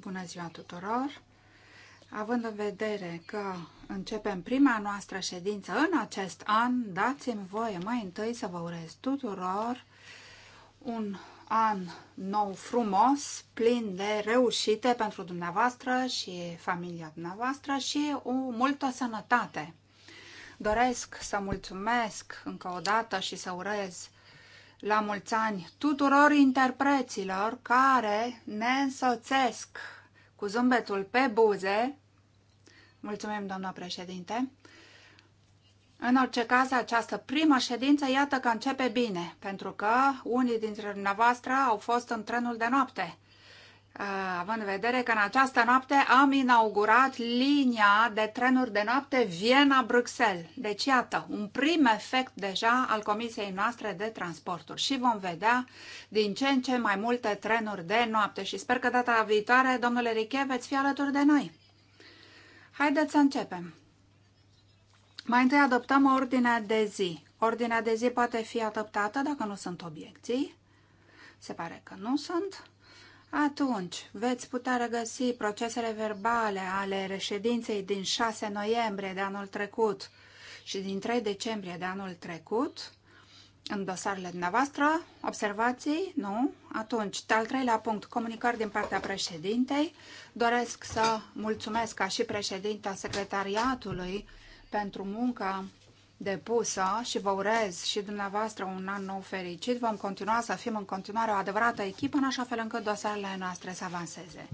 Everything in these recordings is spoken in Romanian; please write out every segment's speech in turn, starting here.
Bună ziua tuturor! Având în vedere că începem prima noastră ședință în acest an, dați-mi voie mai întâi să vă urez tuturor un an nou frumos, plin de reușite pentru dumneavoastră și familia dumneavoastră și o multă sănătate. Doresc să mulțumesc încă o dată și să urez la mulți ani tuturor interpreților care ne însoțesc cu zâmbetul pe buze. Mulțumim, doamna președinte! În orice caz, această primă ședință, iată că începe bine, pentru că unii dintre dumneavoastră au fost în trenul de noapte Ah, având în vedere că în această noapte am inaugurat linia de trenuri de noapte Viena-Bruxelles. Deci, iată, un prim efect deja al Comisiei noastre de transporturi și vom vedea din ce în ce mai multe trenuri de noapte și sper că data viitoare, domnule Riche, veți fi alături de noi. Haideți să începem. Mai întâi adoptăm o ordine de zi. Ordinea de zi poate fi adoptată dacă nu sunt obiecții. Se pare că nu sunt. Atunci veți putea regăsi procesele verbale ale reședinței din 6 noiembrie de anul trecut și din 3 decembrie de anul trecut în dosarele dumneavoastră. Observații? Nu? Atunci, al treilea punct, comunicări din partea președintei. Doresc să mulțumesc ca și președinta secretariatului pentru munca depusă și vă urez și dumneavoastră un an nou fericit. Vom continua să fim în continuare o adevărată echipă în așa fel încât dosarele noastre să avanseze.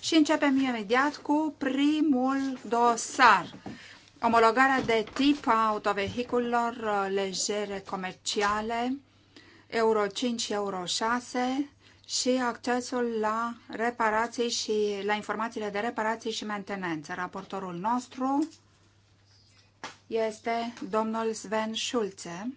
Și începem imediat cu primul dosar. Omologarea de tip a autovehiculelor uh, legere comerciale, Euro 5 și Euro 6 și accesul la reparații și la informațiile de reparații și mentenență. Raportorul nostru este domnul Sven Schulze.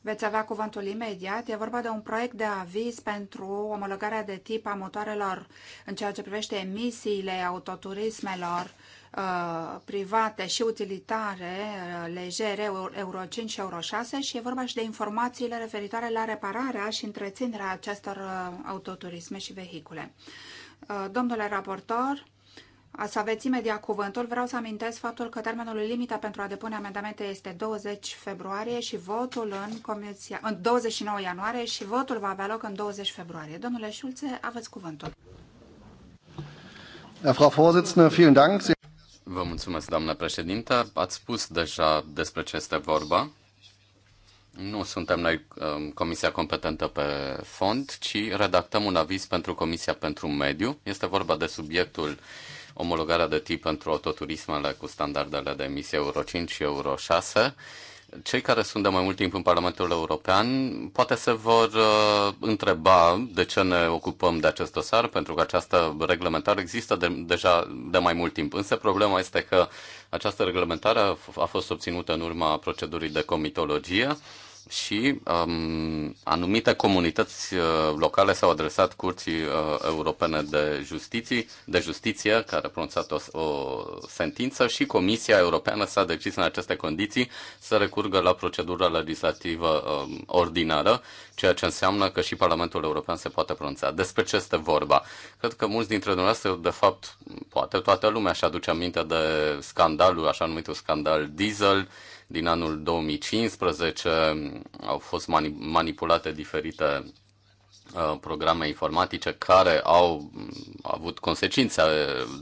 Veți avea cuvântul imediat. E vorba de un proiect de aviz pentru omologarea de tip a motoarelor în ceea ce privește emisiile autoturismelor uh, private și utilitare uh, legere Euro 5 și Euro 6 și e vorba și de informațiile referitoare la repararea și întreținerea acestor uh, autoturisme și vehicule. Uh, domnule raportor, să aveți imediat cuvântul, vreau să amintesc faptul că termenul limită pentru a depune amendamente este 20 februarie și votul în, comisia, în 29 ianuarie și votul va avea loc în 20 februarie. Domnule Șulțe, aveți cuvântul. Vă mulțumesc, doamnă președintă. Ați spus deja despre ce este vorba. Nu suntem noi um, comisia competentă pe fond, ci redactăm un aviz pentru Comisia pentru Mediu. Este vorba de subiectul uh, omologarea de tip pentru autoturismele cu standardele de emisie Euro 5 și Euro 6, cei care sunt de mai mult timp în Parlamentul European poate se vor uh, întreba de ce ne ocupăm de acest dosar, pentru că această reglementare există de, deja de mai mult timp. Însă problema este că această reglementare a, a fost obținută în urma procedurii de comitologie și um, anumite comunități uh, locale s-au adresat Curții uh, Europene de Justiție, de Justiție, care a pronunțat o, o sentință și Comisia Europeană s-a decis în aceste condiții să recurgă la procedura legislativă um, ordinară, ceea ce înseamnă că și Parlamentul European se poate pronunța. Despre ce este vorba? Cred că mulți dintre dumneavoastră, de fapt, poate toată lumea și aduce aminte de scandalul, așa numitul scandal diesel, din anul 2015, au fost mani- manipulate diferite uh, programe informatice care au mm, avut consecințe,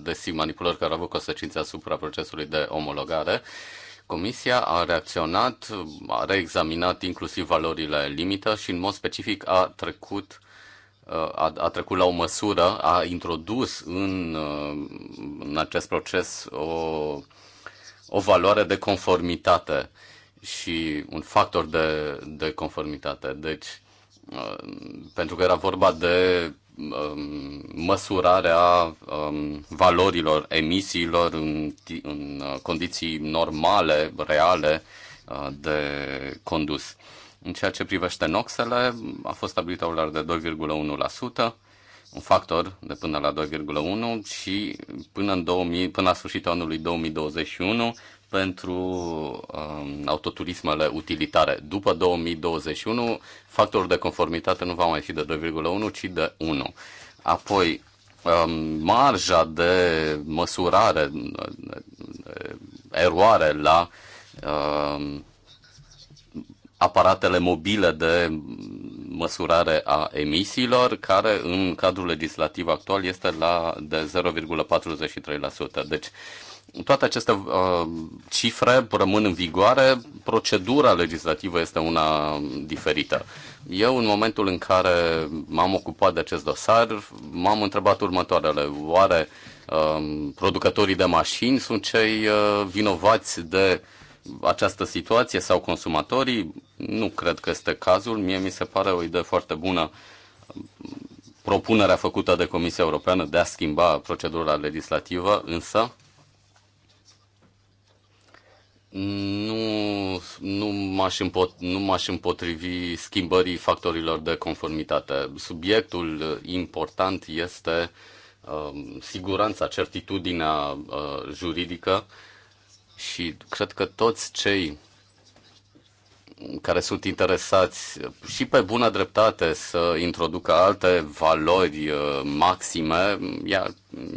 desi manipulări care au avut consecințe asupra procesului de omologare. Comisia a reacționat, a reexaminat inclusiv valorile limită și în mod specific a trecut uh, a, a trecut la o măsură, a introdus în, uh, în acest proces o o valoare de conformitate și un factor de, de conformitate. Deci, uh, pentru că era vorba de um, măsurarea um, valorilor emisiilor în, în uh, condiții normale, reale uh, de condus. În ceea ce privește noxele, a fost stabilită o de 2,1%, un factor de până la 2,1 și până, în 2000, până la sfârșitul anului 2021 pentru um, autoturismele utilitare. După 2021, factorul de conformitate nu va mai fi de 2,1, ci de 1. Apoi, um, marja de măsurare, eroare la um, aparatele mobile de măsurare a emisiilor, care în cadrul legislativ actual este la de 0,43%. Deci, toate aceste uh, cifre rămân în vigoare, procedura legislativă este una diferită. Eu, în momentul în care m-am ocupat de acest dosar, m-am întrebat următoarele. Oare uh, producătorii de mașini sunt cei uh, vinovați de uh, această situație sau consumatorii, nu cred că este cazul. Mie mi se pare o idee foarte bună propunerea făcută de Comisia Europeană de a schimba procedura legislativă, însă nu, nu, m-aș împot, nu m-aș împotrivi schimbării factorilor de conformitate. Subiectul important este uh, siguranța, certitudinea uh, juridică și cred că toți cei care sunt interesați și pe bună dreptate să introducă alte valori uh, maxime,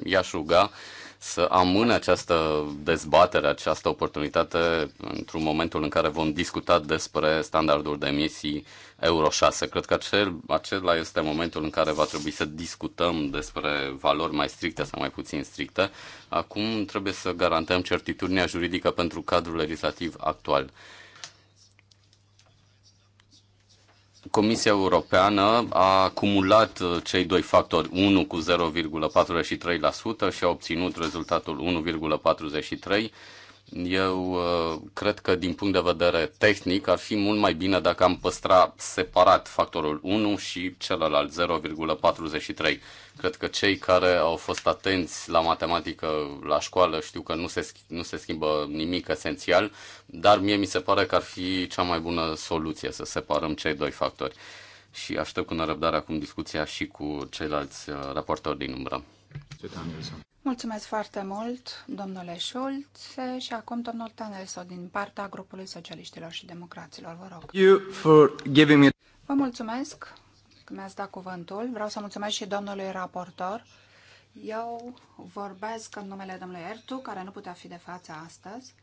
i-aș ruga să amână această dezbatere, această oportunitate într-un momentul în care vom discuta despre standardul de emisii Euro 6. Cred că acel, acela este momentul în care va trebui să discutăm despre valori mai stricte sau mai puțin stricte. Acum trebuie să garantăm certitudinea juridică pentru cadrul legislativ actual. Comisia Europeană a acumulat uh, cei doi factori, 1 cu 0,43% și a obținut rezultatul 1,43%, eu uh, cred că din punct de vedere tehnic ar fi mult mai bine dacă am păstra separat factorul 1 și celălalt 0,43. Cred că cei care au fost atenți la matematică la școală știu că nu se, nu se schimbă nimic esențial, dar mie mi se pare că ar fi cea mai bună soluție să separăm cei doi factori. Și aștept cu nerăbdare acum discuția și cu ceilalți uh, raportori din umbră. Mulțumesc foarte mult, domnule Schulz, și acum domnul Tanelso din partea grupului socialiștilor și democraților, vă rog. You for giving me... Vă mulțumesc că mi-ați dat cuvântul. Vreau să mulțumesc și domnului raportor. Eu vorbesc în numele domnului Ertu, care nu putea fi de față astăzi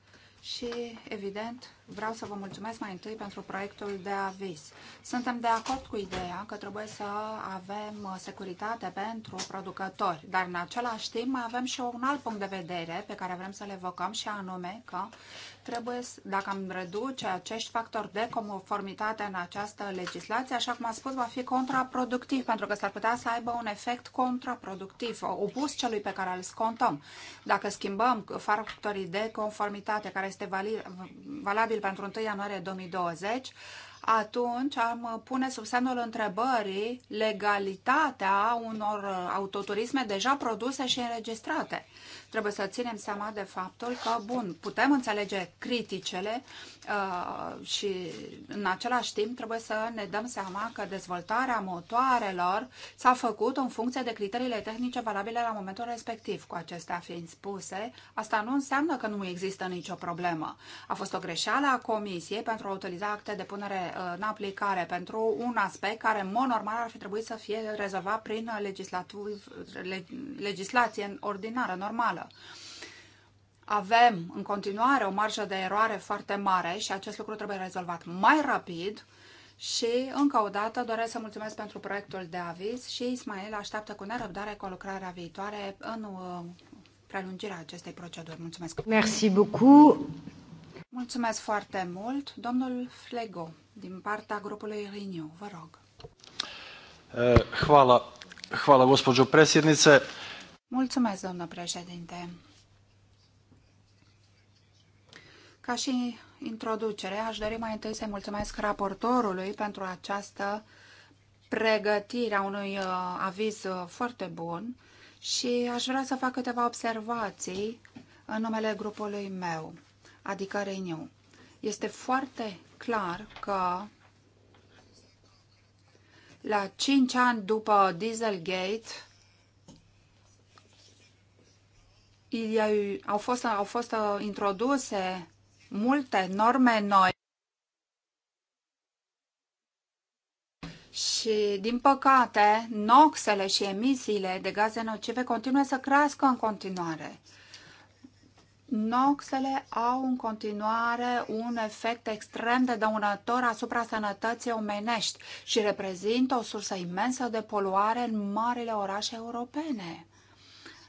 și, evident, vreau să vă mulțumesc mai întâi pentru proiectul de aviz. Suntem de acord cu ideea că trebuie să avem uh, securitate pentru producători, dar în același timp mai avem și un alt punct de vedere pe care vrem să-l evocăm și anume că trebuie, dacă am reduce acești factori de conformitate în această legislație, așa cum am spus, va fi contraproductiv, pentru că s-ar putea să aibă un efect contraproductiv, opus celui pe care îl scontăm. Dacă schimbăm factorii de conformitate care este valid, valabil pentru 1 ianuarie 2020, atunci am uh, pune sub semnul întrebării legalitatea unor uh, autoturisme deja produse și înregistrate trebuie să ținem seama de faptul că, bun, putem înțelege criticele uh, și în același timp trebuie să ne dăm seama că dezvoltarea motoarelor s-a făcut în funcție de criteriile tehnice valabile la momentul respectiv. Cu acestea fiind spuse, asta nu înseamnă că nu există nicio problemă. A fost o greșeală a Comisiei pentru a utiliza acte de punere uh, în aplicare pentru un aspect care, în mod normal, ar fi trebuit să fie rezolvat prin legislativ, legislație ordinară, normală. Avem în continuare o marjă de eroare foarte mare și acest lucru trebuie rezolvat mai rapid și încă o dată doresc să mulțumesc pentru proiectul de aviz și Ismail așteaptă cu nerăbdare cu lucrarea viitoare în uh, prelungirea acestei proceduri. Mulțumesc! Merci beaucoup! Mulțumesc foarte mult, domnul Flego, din partea grupului Renew. Vă rog. Eh, hvala, hvala gospođo predsjednice. Mulțumesc, domnul președinte. Ca și introducere, aș dori mai întâi să-i mulțumesc raportorului pentru această pregătire a unui uh, aviz uh, foarte bun și aș vrea să fac câteva observații în numele grupului meu, adică Renew. Este foarte clar că la 5 ani după Dieselgate, eu, au fost, au fost uh, introduse multe norme noi și, din păcate, noxele și emisiile de gaze nocive continuă să crească în continuare. Noxele au în continuare un efect extrem de dăunător asupra sănătății omenești și reprezintă o sursă imensă de poluare în marile orașe europene.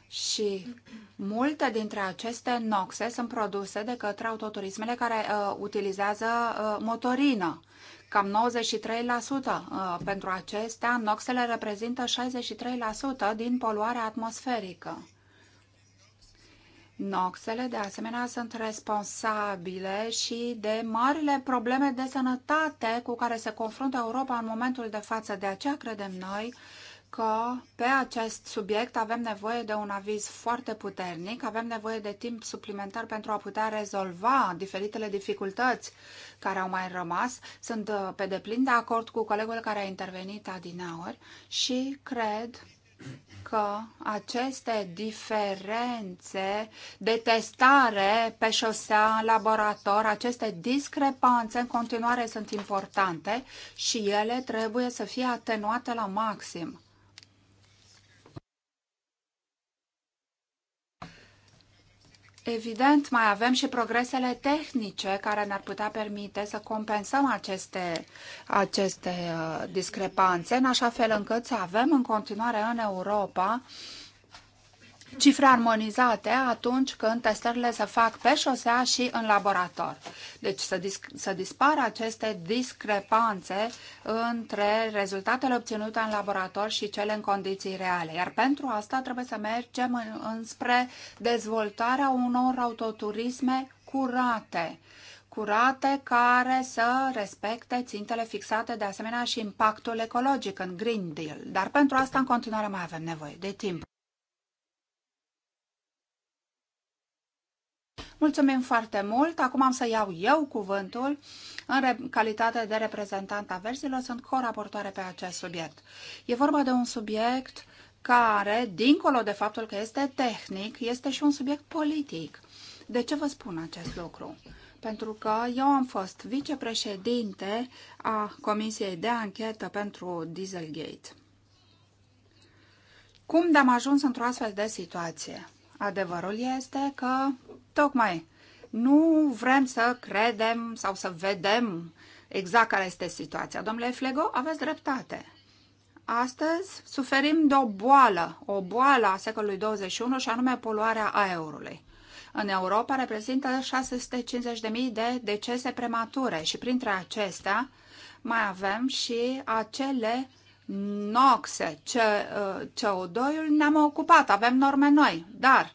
Și multe dintre aceste noxe sunt produse de către autoturismele care uh, utilizează uh, motorină. Cam 93% uh, pentru acestea, noxele reprezintă 63% din poluarea atmosferică. Noxele, de asemenea, sunt responsabile și de marile probleme de sănătate cu care se confruntă Europa în momentul de față. De aceea credem noi că pe acest subiect avem nevoie de un aviz foarte puternic, avem nevoie de timp suplimentar pentru a putea rezolva diferitele dificultăți care au mai rămas. Sunt uh, pe deplin de acord cu colegul care a intervenit adinaori și cred că aceste diferențe de testare pe șosea, în laborator, aceste discrepanțe în continuare sunt importante și ele trebuie să fie atenuate la maxim. Evident, mai avem și progresele tehnice care ne-ar putea permite să compensăm aceste, aceste uh, discrepanțe, în așa fel încât să avem în continuare în Europa uh, cifre armonizate atunci când testările se fac pe șosea și în laborator. Deci să, dis- să dispară aceste discrepanțe între rezultatele obținute în laborator și cele în condiții reale. Iar pentru asta trebuie să mergem în, înspre dezvoltarea unor autoturisme curate curate care să respecte țintele fixate de asemenea și impactul ecologic în Green Deal. Dar pentru asta în continuare mai avem nevoie de timp. Mulțumim foarte mult. Acum am să iau eu cuvântul. În calitate de reprezentant a verzilor, sunt coraportoare pe acest subiect. E vorba de un subiect care, dincolo de faptul că este tehnic, este și un subiect politic. De ce vă spun acest lucru? Pentru că eu am fost vicepreședinte a Comisiei de Anchetă pentru Dieselgate. Cum de-am ajuns într-o astfel de situație? Adevărul este că Tocmai nu vrem să credem sau să vedem exact care este situația. Domnule Flego, aveți dreptate. Astăzi suferim de o boală, o boală a secolului 21 și anume poluarea aerului. În Europa reprezintă 650.000 de decese premature și printre acestea mai avem și acele noxe, CO2-ul uh, ne-am ocupat, avem norme noi, dar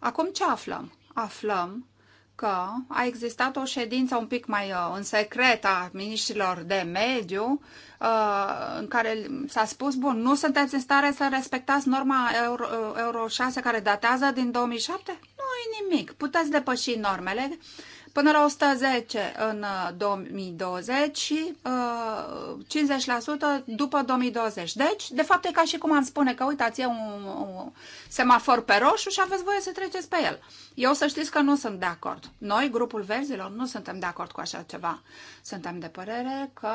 acum ce aflăm? aflăm că a existat o ședință un pic mai uh, în secret a miniștrilor de mediu uh, în care s-a spus, bun, nu sunteți în stare să respectați norma Euro, uh, Euro 6 care datează din 2007? Nu e nimic, puteți depăși normele până la 110 în 2020 uh, și uh, 50% după 2020. Deci, de fapt, e ca și cum am spune că, uitați, e un, un semafor pe roșu și aveți voie să treceți pe el. Eu să știți că nu sunt de acord. Noi, grupul verzilor, nu suntem de acord cu așa ceva. Suntem de părere că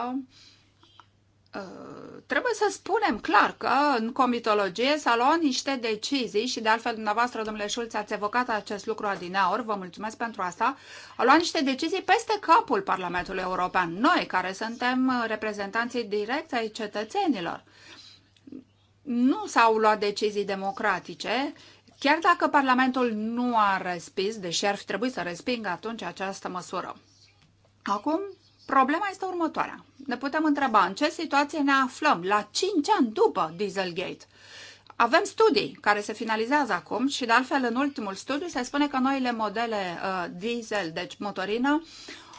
uh, trebuie să spunem clar că în comitologie s-au luat niște decizii și de altfel dumneavoastră, domnule Șulț, ați evocat acest lucru adineaori, vă mulțumesc pentru asta, au luat niște decizii peste capul Parlamentului European, noi care suntem reprezentanții direct ai cetățenilor. Nu s-au luat decizii democratice, chiar dacă Parlamentul nu a respins, deși ar fi trebuit să respingă atunci această măsură. Acum Problema este următoarea. Ne putem întreba în ce situație ne aflăm la 5 ani după Dieselgate. Avem studii care se finalizează acum și, de altfel, în ultimul studiu se spune că noile modele uh, diesel, deci motorină,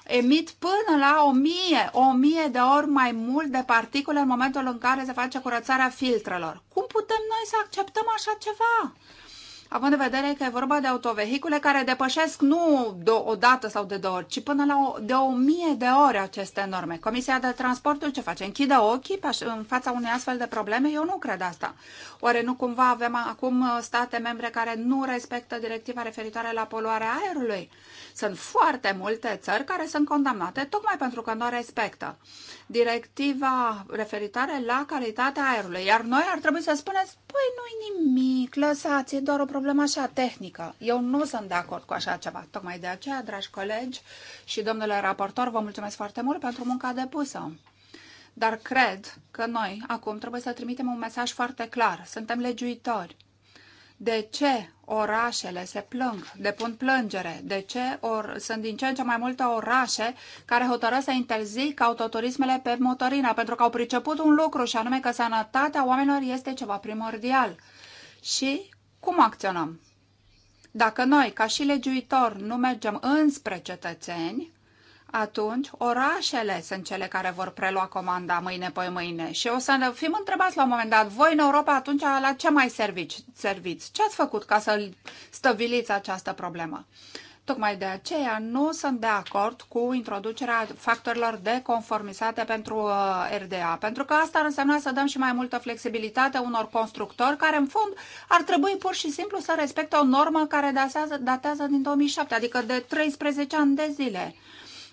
emit până la 1000, 1000 de ori mai mult de particule în momentul în care se face curățarea filtrelor. Cum putem noi să acceptăm așa ceva? având în vedere că e vorba de autovehicule care depășesc nu de o dată sau de două ori, ci până la o, de o mie de ori aceste norme. Comisia de Transportul ce face? Închide ochii în fața unei astfel de probleme? Eu nu cred asta. Oare nu cumva avem acum state membre care nu respectă directiva referitoare la poluarea aerului? Sunt foarte multe țări care sunt condamnate tocmai pentru că nu respectă directiva referitoare la calitatea aerului. Iar noi ar trebui să spuneți, păi nu-i nimic, lăsați, e doar o problemă așa tehnică. Eu nu sunt de acord cu așa ceva. Tocmai de aceea, dragi colegi și domnule raportor, vă mulțumesc foarte mult pentru munca depusă dar cred că noi acum trebuie să trimitem un mesaj foarte clar. Suntem legiuitori de ce orașele se plâng, depun plângere, de ce or, sunt din ce în ce mai multe orașe care hotărăsc să interzică autoturismele pe motorina, pentru că au priceput un lucru și anume că sănătatea oamenilor este ceva primordial. Și cum acționăm? Dacă noi, ca și legiuitor, nu mergem înspre cetățeni, atunci orașele sunt cele care vor prelua comanda mâine pe mâine și o să ne fim întrebați la un moment dat, voi în Europa atunci la ce mai servici, serviți? Ce ați făcut ca să stăviliți această problemă? Tocmai de aceea nu sunt de acord cu introducerea factorilor de conformitate pentru uh, RDA, pentru că asta ar însemna să dăm și mai multă flexibilitate unor constructori care, în fond, ar trebui pur și simplu să respecte o normă care datează, datează din 2007, adică de 13 ani de zile.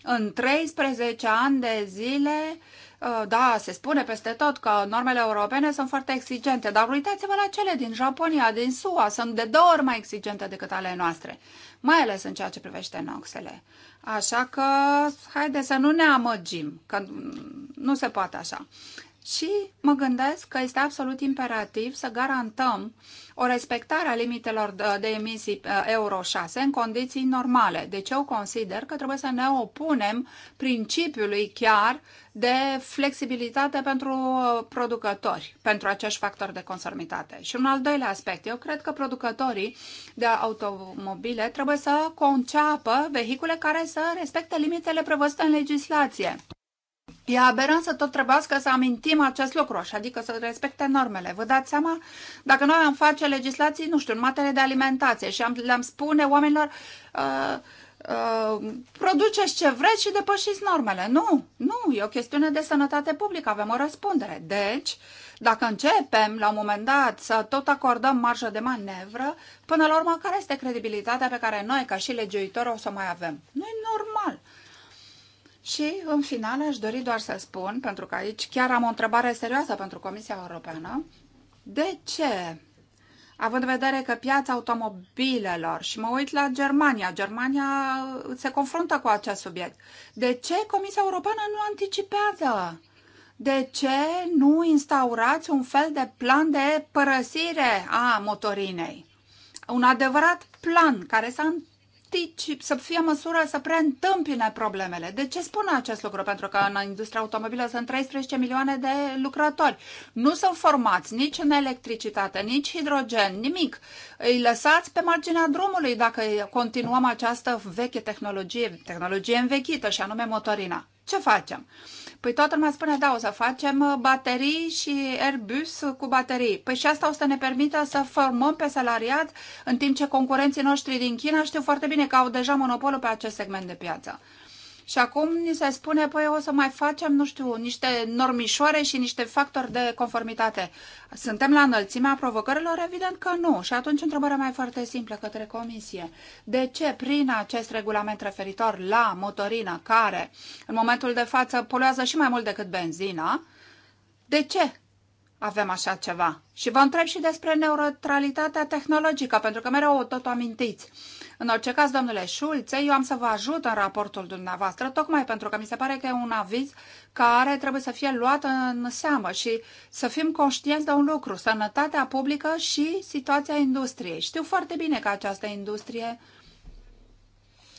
În 13 ani de zile, uh, da, se spune peste tot că normele europene sunt foarte exigente, dar uitați-vă la cele din Japonia, din SUA, sunt de două ori mai exigente decât ale noastre, mai ales în ceea ce privește noxele. Așa că, haide să nu ne amăgim, că nu se poate așa și mă gândesc că este absolut imperativ să garantăm o respectare a limitelor de emisii uh, Euro 6 în condiții normale. Deci eu consider că trebuie să ne opunem principiului chiar de flexibilitate pentru uh, producători, pentru acești factori de conformitate. Și un al doilea aspect, eu cred că producătorii de automobile trebuie să conceapă vehicule care să respecte limitele prevăzute în legislație. E aberant să tot trebuiască să amintim acest lucru, așa, adică să respecte normele. Vă dați seama? Dacă noi am face legislații, nu știu, în materie de alimentație și am, le-am spune oamenilor uh, uh, produceți ce vreți și depășiți normele. Nu, nu, e o chestiune de sănătate publică, avem o răspundere. Deci, dacă începem la un moment dat să tot acordăm marjă de manevră, până la urmă, care este credibilitatea pe care noi, ca și legiuitori, o să mai avem? Nu e normal. Și, în final, aș dori doar să spun, pentru că aici chiar am o întrebare serioasă pentru Comisia Europeană, de ce, având în vedere că piața automobilelor, și mă uit la Germania, Germania se confruntă cu acest subiect, de ce Comisia Europeană nu anticipează? De ce nu instaurați un fel de plan de părăsire a motorinei? Un adevărat plan care să anticip, să fie măsură să preîntâmpine problemele. De ce spun acest lucru? Pentru că în industria automobilă sunt 13 milioane de lucrători. Nu sunt formați nici în electricitate, nici hidrogen, nimic. Îi lăsați pe marginea drumului dacă continuăm această veche tehnologie, tehnologie învechită și anume motorina. Ce facem? Păi toată lumea spune, da, o să facem uh, baterii și Airbus cu baterii. Păi și asta o să ne permită să formăm pe salariat, în timp ce concurenții noștri din China știu foarte bine că au deja monopolul pe acest segment de piață. Și acum ni se spune, păi o să mai facem, nu știu, niște normișoare și niște factori de conformitate. Suntem la înălțimea provocărilor? Evident că nu. Și atunci întrebarea mai foarte simplă către comisie. De ce prin acest regulament referitor la motorină care în momentul de față poluează și mai mult decât benzina, de ce avem așa ceva? Și vă întreb și despre neutralitatea tehnologică, pentru că mereu o tot amintiți. În orice caz, domnule Șulțe, eu am să vă ajut în raportul dumneavoastră, tocmai pentru că mi se pare că e un aviz care trebuie să fie luat în seamă și să fim conștienți de un lucru, sănătatea publică și situația industriei. Știu foarte bine că această industrie uh,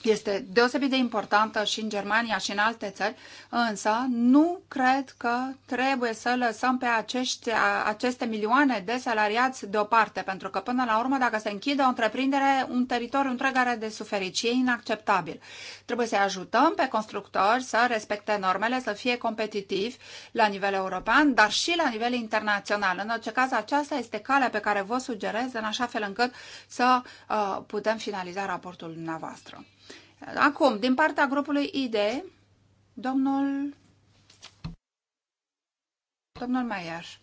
este deosebit de importantă și în Germania și în alte țări, însă nu cred că trebuie să lăsăm pe acești, aceste milioane de salariați deoparte, pentru că până la urmă, dacă se închide o întreprindere, un teritoriu întreg are de suferit și e inacceptabil. Trebuie să ajutăm pe constructori să respecte normele, să fie competitivi la nivel european, dar și la nivel internațional. În orice caz, aceasta este calea pe care vă sugerez, în așa fel încât să uh, putem finaliza raportul dumneavoastră. Acum, din partea grupului ID, domnul, domnul Maiaș,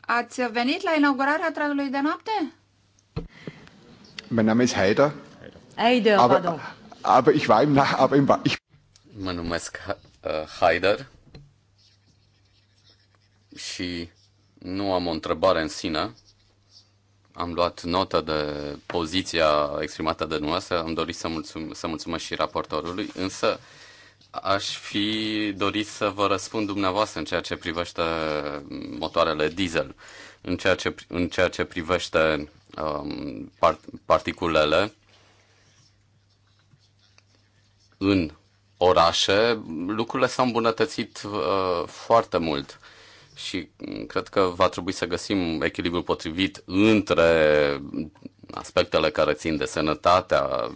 ați venit la inaugurarea tradului de noapte? Mă Name Heider. Heider, aber, pardon. Aber ich war im, aber im, ich... Mă numesc uh, Haider și nu am o întrebare în sine, am luat notă de poziția exprimată de dumneavoastră, am dorit să, mulțum- să mulțumesc și raportorului, însă aș fi dorit să vă răspund dumneavoastră în ceea ce privește motoarele diesel, în ceea ce, în ceea ce privește um, part- particulele în orașe, lucrurile s-au îmbunătățit uh, foarte mult și cred că va trebui să găsim echilibrul potrivit între aspectele care țin de sănătatea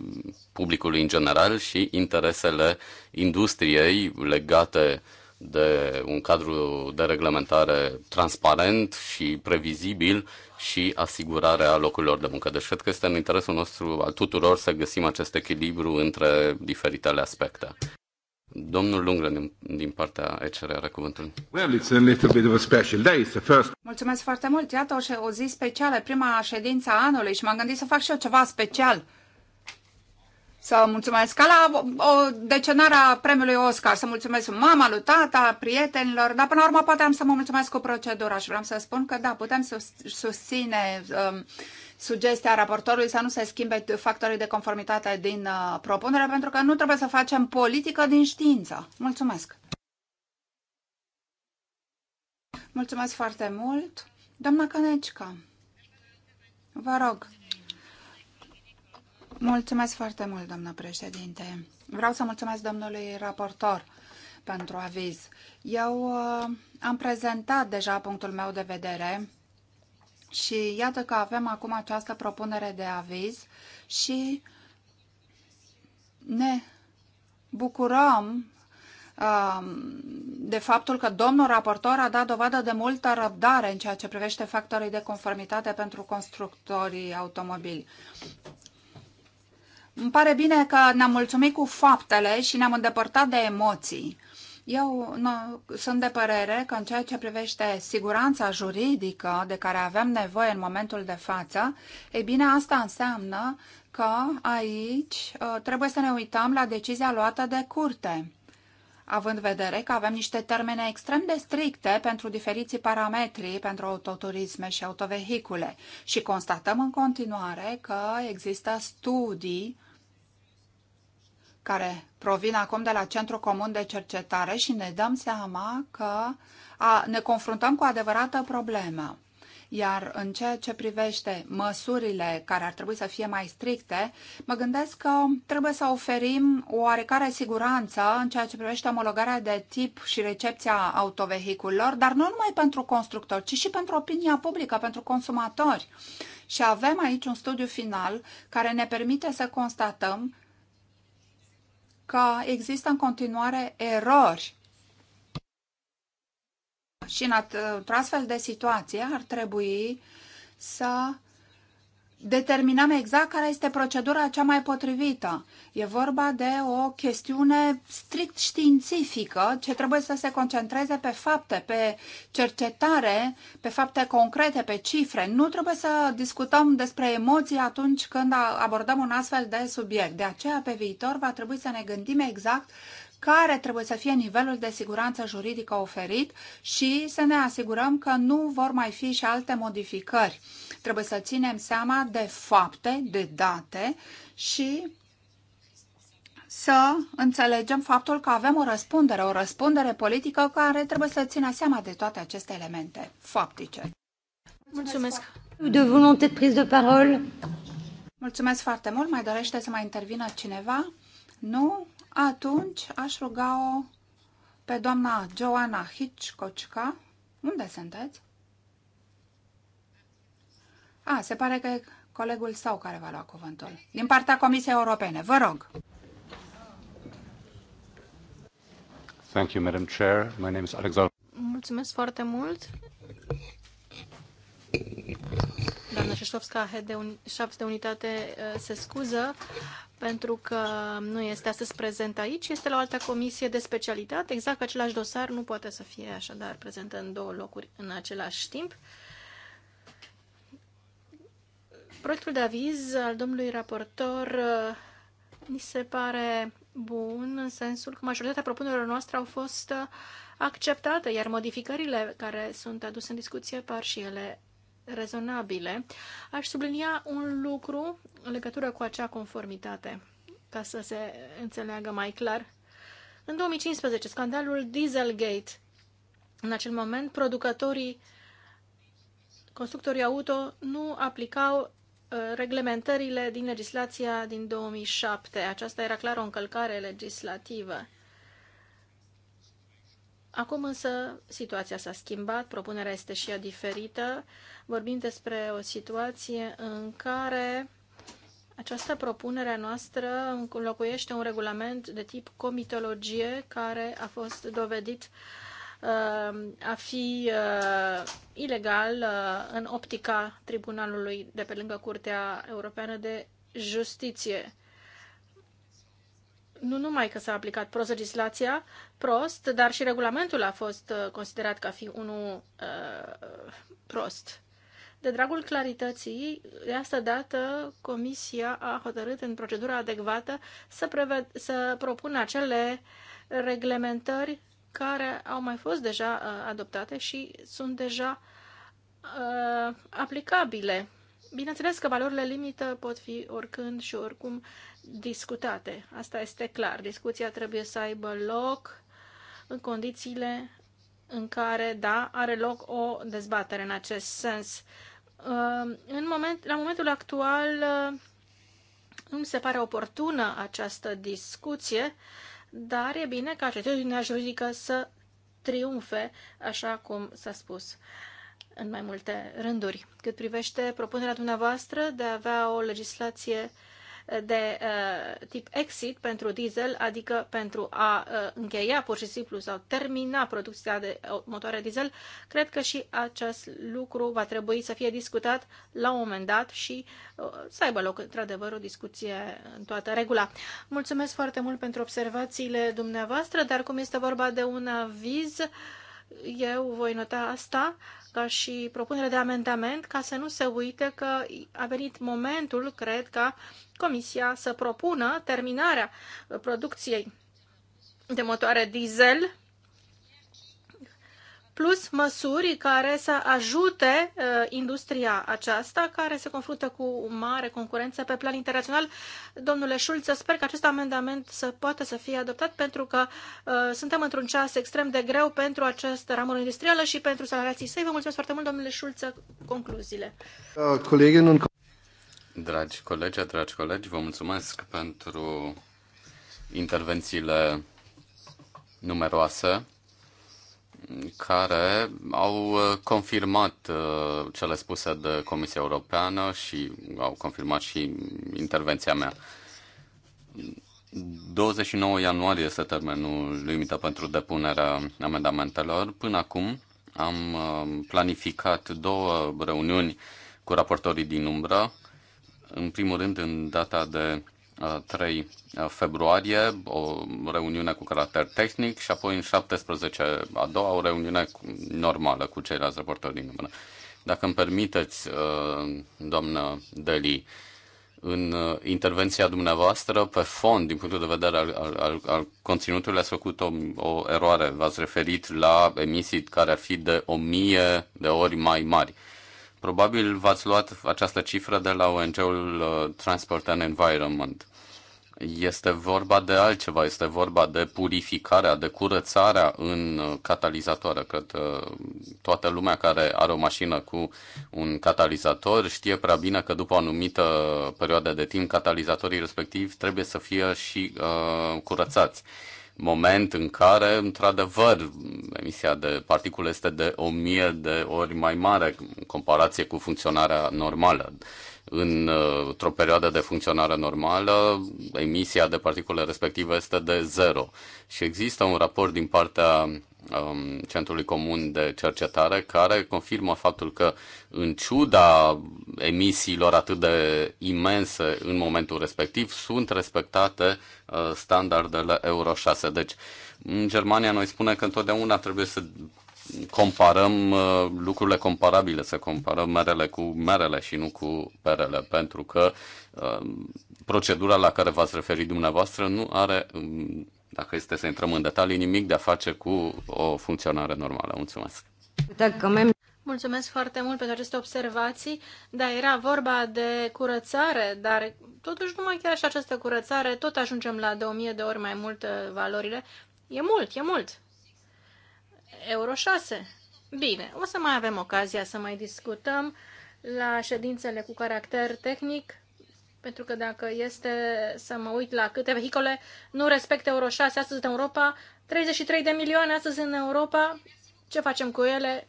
publicului în general și interesele industriei legate de un cadru de reglementare transparent și previzibil și asigurarea locurilor de muncă. Deci cred că este în interesul nostru al tuturor să găsim acest echilibru între diferitele aspecte. Domnul Lungră, din, din partea ECR are cuvântul. Well, it's a little bit of a special day. the first... Mulțumesc foarte mult. Iată o, o zi specială, prima ședință a anului și m-am gândit să fac și eu ceva special. Să mulțumesc ca la o, o decenare a premiului Oscar, să mulțumesc mama lui tata, prietenilor, dar până la urmă poate am să mă mulțumesc cu procedura și vreau să spun că da, putem sus, susține um, sugestia raportorului să nu se schimbe factorii de conformitate din uh, propunere, pentru că nu trebuie să facem politică din știință. Mulțumesc! Mulțumesc foarte mult! Doamna Canecica, vă rog! Mulțumesc foarte mult, doamnă președinte. Vreau să mulțumesc domnului raportor pentru aviz. Eu uh, am prezentat deja punctul meu de vedere și iată că avem acum această propunere de aviz și ne bucurăm um, de faptul că domnul raportor a dat dovadă de multă răbdare în ceea ce privește factorii de conformitate pentru constructorii automobili. Îmi pare bine că ne-am mulțumit cu faptele și ne-am îndepărtat de emoții. Eu nu, sunt de părere că în ceea ce privește siguranța juridică de care avem nevoie în momentul de față, e bine, asta înseamnă că aici ă, trebuie să ne uităm la decizia luată de curte având vedere că avem niște termene extrem de stricte pentru diferiții parametri pentru autoturisme și autovehicule și constatăm în continuare că există studii care provin acum de la Centrul Comun de Cercetare și ne dăm seama că a, ne confruntăm cu adevărată problemă. Iar în ceea ce privește măsurile care ar trebui să fie mai stricte, mă gândesc că trebuie să oferim o oarecare siguranță în ceea ce privește omologarea de tip și recepția autovehiculor, dar nu numai pentru constructori, ci și pentru opinia publică, pentru consumatori. Și avem aici un studiu final care ne permite să constatăm că există în continuare erori și în, într astfel de situație ar trebui să determinăm exact care este procedura cea mai potrivită. E vorba de o chestiune strict științifică ce trebuie să se concentreze pe fapte, pe cercetare, pe fapte concrete, pe cifre. Nu trebuie să discutăm despre emoții atunci când abordăm un astfel de subiect. De aceea, pe viitor, va trebui să ne gândim exact care trebuie să fie nivelul de siguranță juridică oferit și să ne asigurăm că nu vor mai fi și alte modificări. Trebuie să ținem seama de fapte, de date și să înțelegem faptul că avem o răspundere, o răspundere politică care trebuie să țină seama de toate aceste elemente faptice. Mulțumesc. De volonté de prise de parole. Mulțumesc foarte mult. Mai dorește să mai intervină cineva? Nu? atunci aș ruga-o pe doamna Joana Hitchcock. Unde sunteți? A, se pare că e colegul său care va lua cuvântul. Din partea Comisiei Europene, vă rog. Thank you, Madam Chair. My name is Alexander. Mulțumesc foarte mult. Doamna Șeșovska, de un, de unitate, uh, se scuză pentru că nu este astăzi prezent aici, este la o altă comisie de specialitate, exact același dosar nu poate să fie așadar prezent în două locuri în același timp. Proiectul de aviz al domnului raportor mi uh, se pare bun în sensul că majoritatea propunerilor noastre au fost uh, acceptate, iar modificările care sunt aduse în discuție par și ele rezonabile. Aș sublinia un lucru în legătură cu acea conformitate, ca să se înțeleagă mai clar. În 2015, scandalul Dieselgate. În acel moment, producătorii, constructorii auto nu aplicau uh, reglementările din legislația din 2007. Aceasta era clar o încălcare legislativă. Acum însă situația s-a schimbat, propunerea este și ea diferită vorbim despre o situație în care această propunere a noastră înlocuiește un regulament de tip comitologie care a fost dovedit uh, a fi uh, ilegal uh, în optica tribunalului de pe lângă Curtea Europeană de Justiție nu numai că s-a aplicat prost legislația, prost, dar și regulamentul a fost considerat ca fi unul uh, prost. De dragul clarității, de asta dată, Comisia a hotărât în procedura adecvată să, preved, să propună acele reglementări care au mai fost deja uh, adoptate și sunt deja uh, aplicabile. Bineînțeles că valorile limită pot fi oricând și oricum discutate. Asta este clar. Discuția trebuie să aibă loc în condițiile în care, da, are loc o dezbatere în acest sens. În moment, la momentul actual nu mi se pare oportună această discuție, dar e bine ca cetățenia juridică să triumfe, așa cum s-a spus în mai multe rânduri. Cât privește propunerea dumneavoastră de a avea o legislație uh, de uh, tip exit pentru diesel, adică pentru a uh, încheia pur și simplu sau termina producția de uh, motoare diesel, cred că și acest lucru va trebui să fie discutat la un moment dat și uh, să aibă loc într-adevăr o discuție în toată regula. Mulțumesc foarte mult pentru observațiile dumneavoastră, dar cum este vorba de un aviz, eu voi nota asta ca și propunere de amendament ca să nu se uite că a venit momentul, cred, ca Comisia să propună terminarea producției de motoare diesel plus măsuri care să ajute uh, industria aceasta care se confruntă cu mare concurență pe plan internațional. Domnule Schulz, sper că acest amendament să poată să fie adoptat pentru că uh, suntem într-un ceas extrem de greu pentru această ramură industrială și pentru salariații săi. Vă mulțumesc foarte mult, domnule Schulz, concluziile. Uh, Dragi colegi, dragi colegi, vă mulțumesc pentru intervențiile numeroase care au uh, confirmat uh, cele spuse de Comisia Europeană și au confirmat și intervenția mea. 29 ianuarie este termenul limită pentru depunerea amendamentelor. Până acum am uh, planificat două reuniuni cu raportorii din umbră în primul rând, în data de 3 februarie, o reuniune cu caracter tehnic și apoi în 17 a doua o reuniune normală cu ceilalți raportori din numără. Dacă îmi permiteți, doamnă Deli, în intervenția dumneavoastră, pe fond, din punctul de vedere al, al, al conținutului, ați făcut o, o eroare. V-ați referit la emisii care ar fi de o mie de ori mai mari. Probabil v-ați luat această cifră de la ONG-ul uh, Transport and Environment. Este vorba de altceva, este vorba de purificarea, de curățarea în uh, catalizatoare. Cred că uh, toată lumea care are o mașină cu un catalizator știe prea bine că după o anumită perioadă de timp catalizatorii respectivi trebuie să fie și uh, curățați. Uh, moment în care, într-adevăr, emisia de particule este de o mie de ori mai mare în comparație cu funcționarea normală. În, uh, într-o perioadă de funcționare normală, emisia de particule respectivă este de zero. Și există un raport din partea um, Centrului Comun de Cercetare care confirmă faptul că în ciuda emisiilor atât de imense în momentul respectiv, sunt respectate uh, standardele Euro 6. Deci, în Germania noi spunem că întotdeauna trebuie să comparăm uh, lucrurile comparabile, să comparăm merele cu merele și nu cu perele, pentru că uh, procedura la care v-ați referit dumneavoastră nu are, um, dacă este să intrăm în detalii, nimic de a face cu o funcționare normală. Mulțumesc! Dacă Mulțumesc foarte mult pentru aceste observații. Da, era vorba de curățare, dar totuși numai chiar și această curățare, tot ajungem la 2000 de ori mai mult uh, valorile. E mult, e mult. Euro 6. Bine, o să mai avem ocazia să mai discutăm la ședințele cu caracter tehnic, pentru că dacă este să mă uit la câte vehicole nu respectă Euro 6 astăzi în Europa, 33 de milioane astăzi în Europa, ce facem cu ele?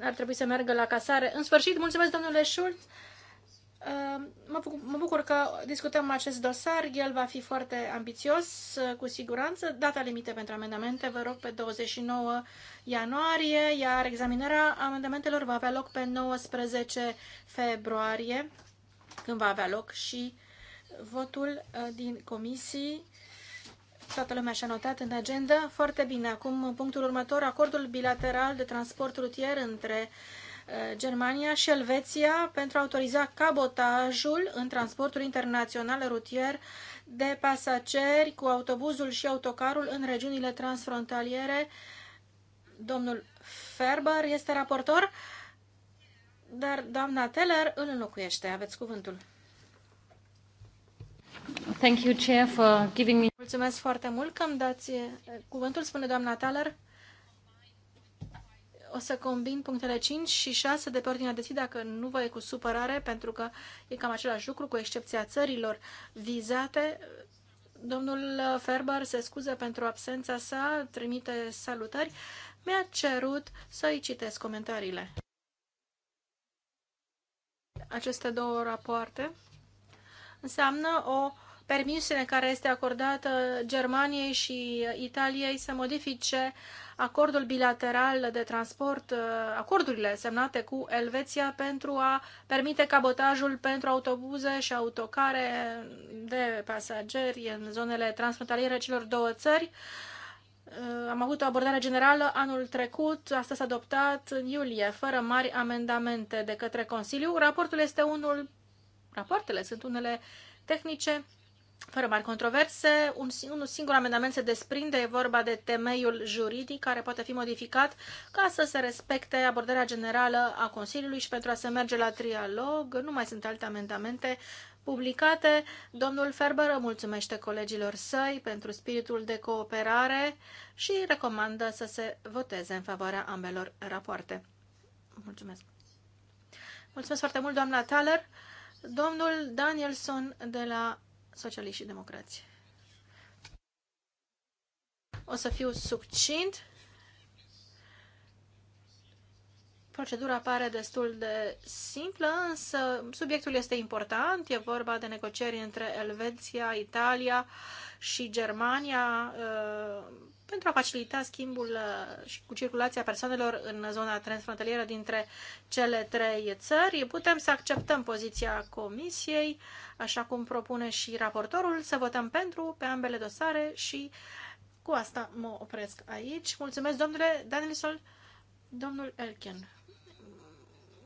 ar trebui să meargă la casare. În sfârșit, mulțumesc domnule Schulz. Uh, mă bucur că discutăm acest dosar. El va fi foarte ambițios, uh, cu siguranță. Data limită pentru amendamente, vă rog, pe 29 ianuarie, iar examinarea amendamentelor va avea loc pe 19 februarie, când va avea loc și votul uh, din comisii Toată lumea și-a notat în agenda. Foarte bine. Acum, punctul următor, acordul bilateral de transport rutier între uh, Germania și Elveția pentru a autoriza cabotajul în transportul internațional rutier de pasageri cu autobuzul și autocarul în regiunile transfrontaliere. Domnul Ferber este raportor, dar doamna Teller îl înlocuiește. Aveți cuvântul. Thank you, Chair, for giving me... Mulțumesc foarte mult că îmi dați eh, cuvântul, spune doamna Thaler. O să combin punctele 5 și 6 de pe ordinea de zi, dacă nu vă e cu supărare, pentru că e cam același lucru, cu excepția țărilor vizate. Domnul Ferber se scuză pentru absența sa, trimite salutări. Mi-a cerut să-i citesc comentariile. Aceste două rapoarte înseamnă o permisiune care este acordată Germaniei și Italiei să modifice acordul bilateral de transport, uh, acordurile semnate cu Elveția pentru a permite cabotajul pentru autobuze și autocare de pasageri în zonele transfrontaliere celor două țări. Uh, am avut o abordare generală anul trecut, asta s-a adoptat în iulie, fără mari amendamente de către Consiliu. Raportul este unul, rapoartele sunt unele tehnice fără mari controverse, un, un singur amendament se desprinde, e vorba de temeiul juridic care poate fi modificat ca să se respecte abordarea generală a Consiliului și pentru a se merge la trialog. Nu mai sunt alte amendamente publicate. Domnul Ferber mulțumește colegilor săi pentru spiritul de cooperare și recomandă să se voteze în favoarea ambelor rapoarte. Mulțumesc! Mulțumesc foarte mult, doamna Thaler. Domnul Danielson de la socialiști și democrați. O să fiu succint. Procedura pare destul de simplă, însă subiectul este important. E vorba de negocieri între Elveția, Italia și Germania uh, pentru a facilita schimbul uh, și cu circulația persoanelor în zona transfrontalieră dintre cele trei țări. Putem să acceptăm poziția Comisiei, așa cum propune și raportorul, să votăm pentru pe ambele dosare și cu asta mă opresc aici. Mulțumesc, domnule Danielson, domnul Elken.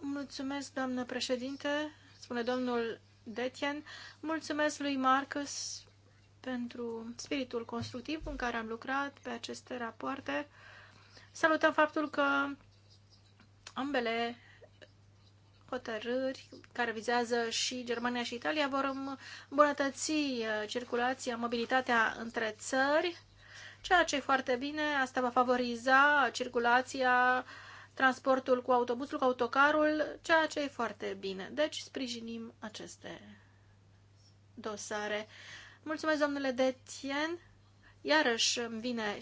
Mulțumesc, doamnă președinte, spune domnul Detien. Mulțumesc lui Marcus pentru spiritul constructiv în care am lucrat pe aceste rapoarte. Salutăm faptul că ambele hotărâri care vizează și Germania și Italia vor îmbunătăți uh, circulația, mobilitatea între țări, ceea ce e foarte bine. Asta va favoriza circulația, transportul cu autobuzul, cu autocarul, ceea ce e foarte bine. Deci sprijinim aceste dosare. Mulțumesc, domnule Detien. Iarăși îmi vine,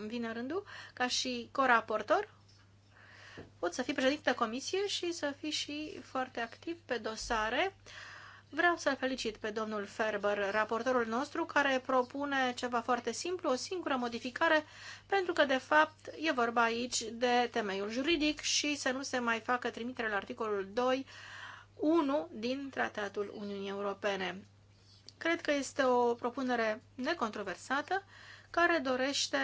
îmi vine rândul, ca și coraportor, pot să fii președinte comisie și să fii și foarte activ pe dosare. Vreau să-l felicit pe domnul Ferber, raportorul nostru, care propune ceva foarte simplu, o singură modificare, pentru că, de fapt, e vorba aici de temeiul juridic și să nu se mai facă trimitere la articolul 2.1 din Tratatul Uniunii Europene. Cred că este o propunere necontroversată care dorește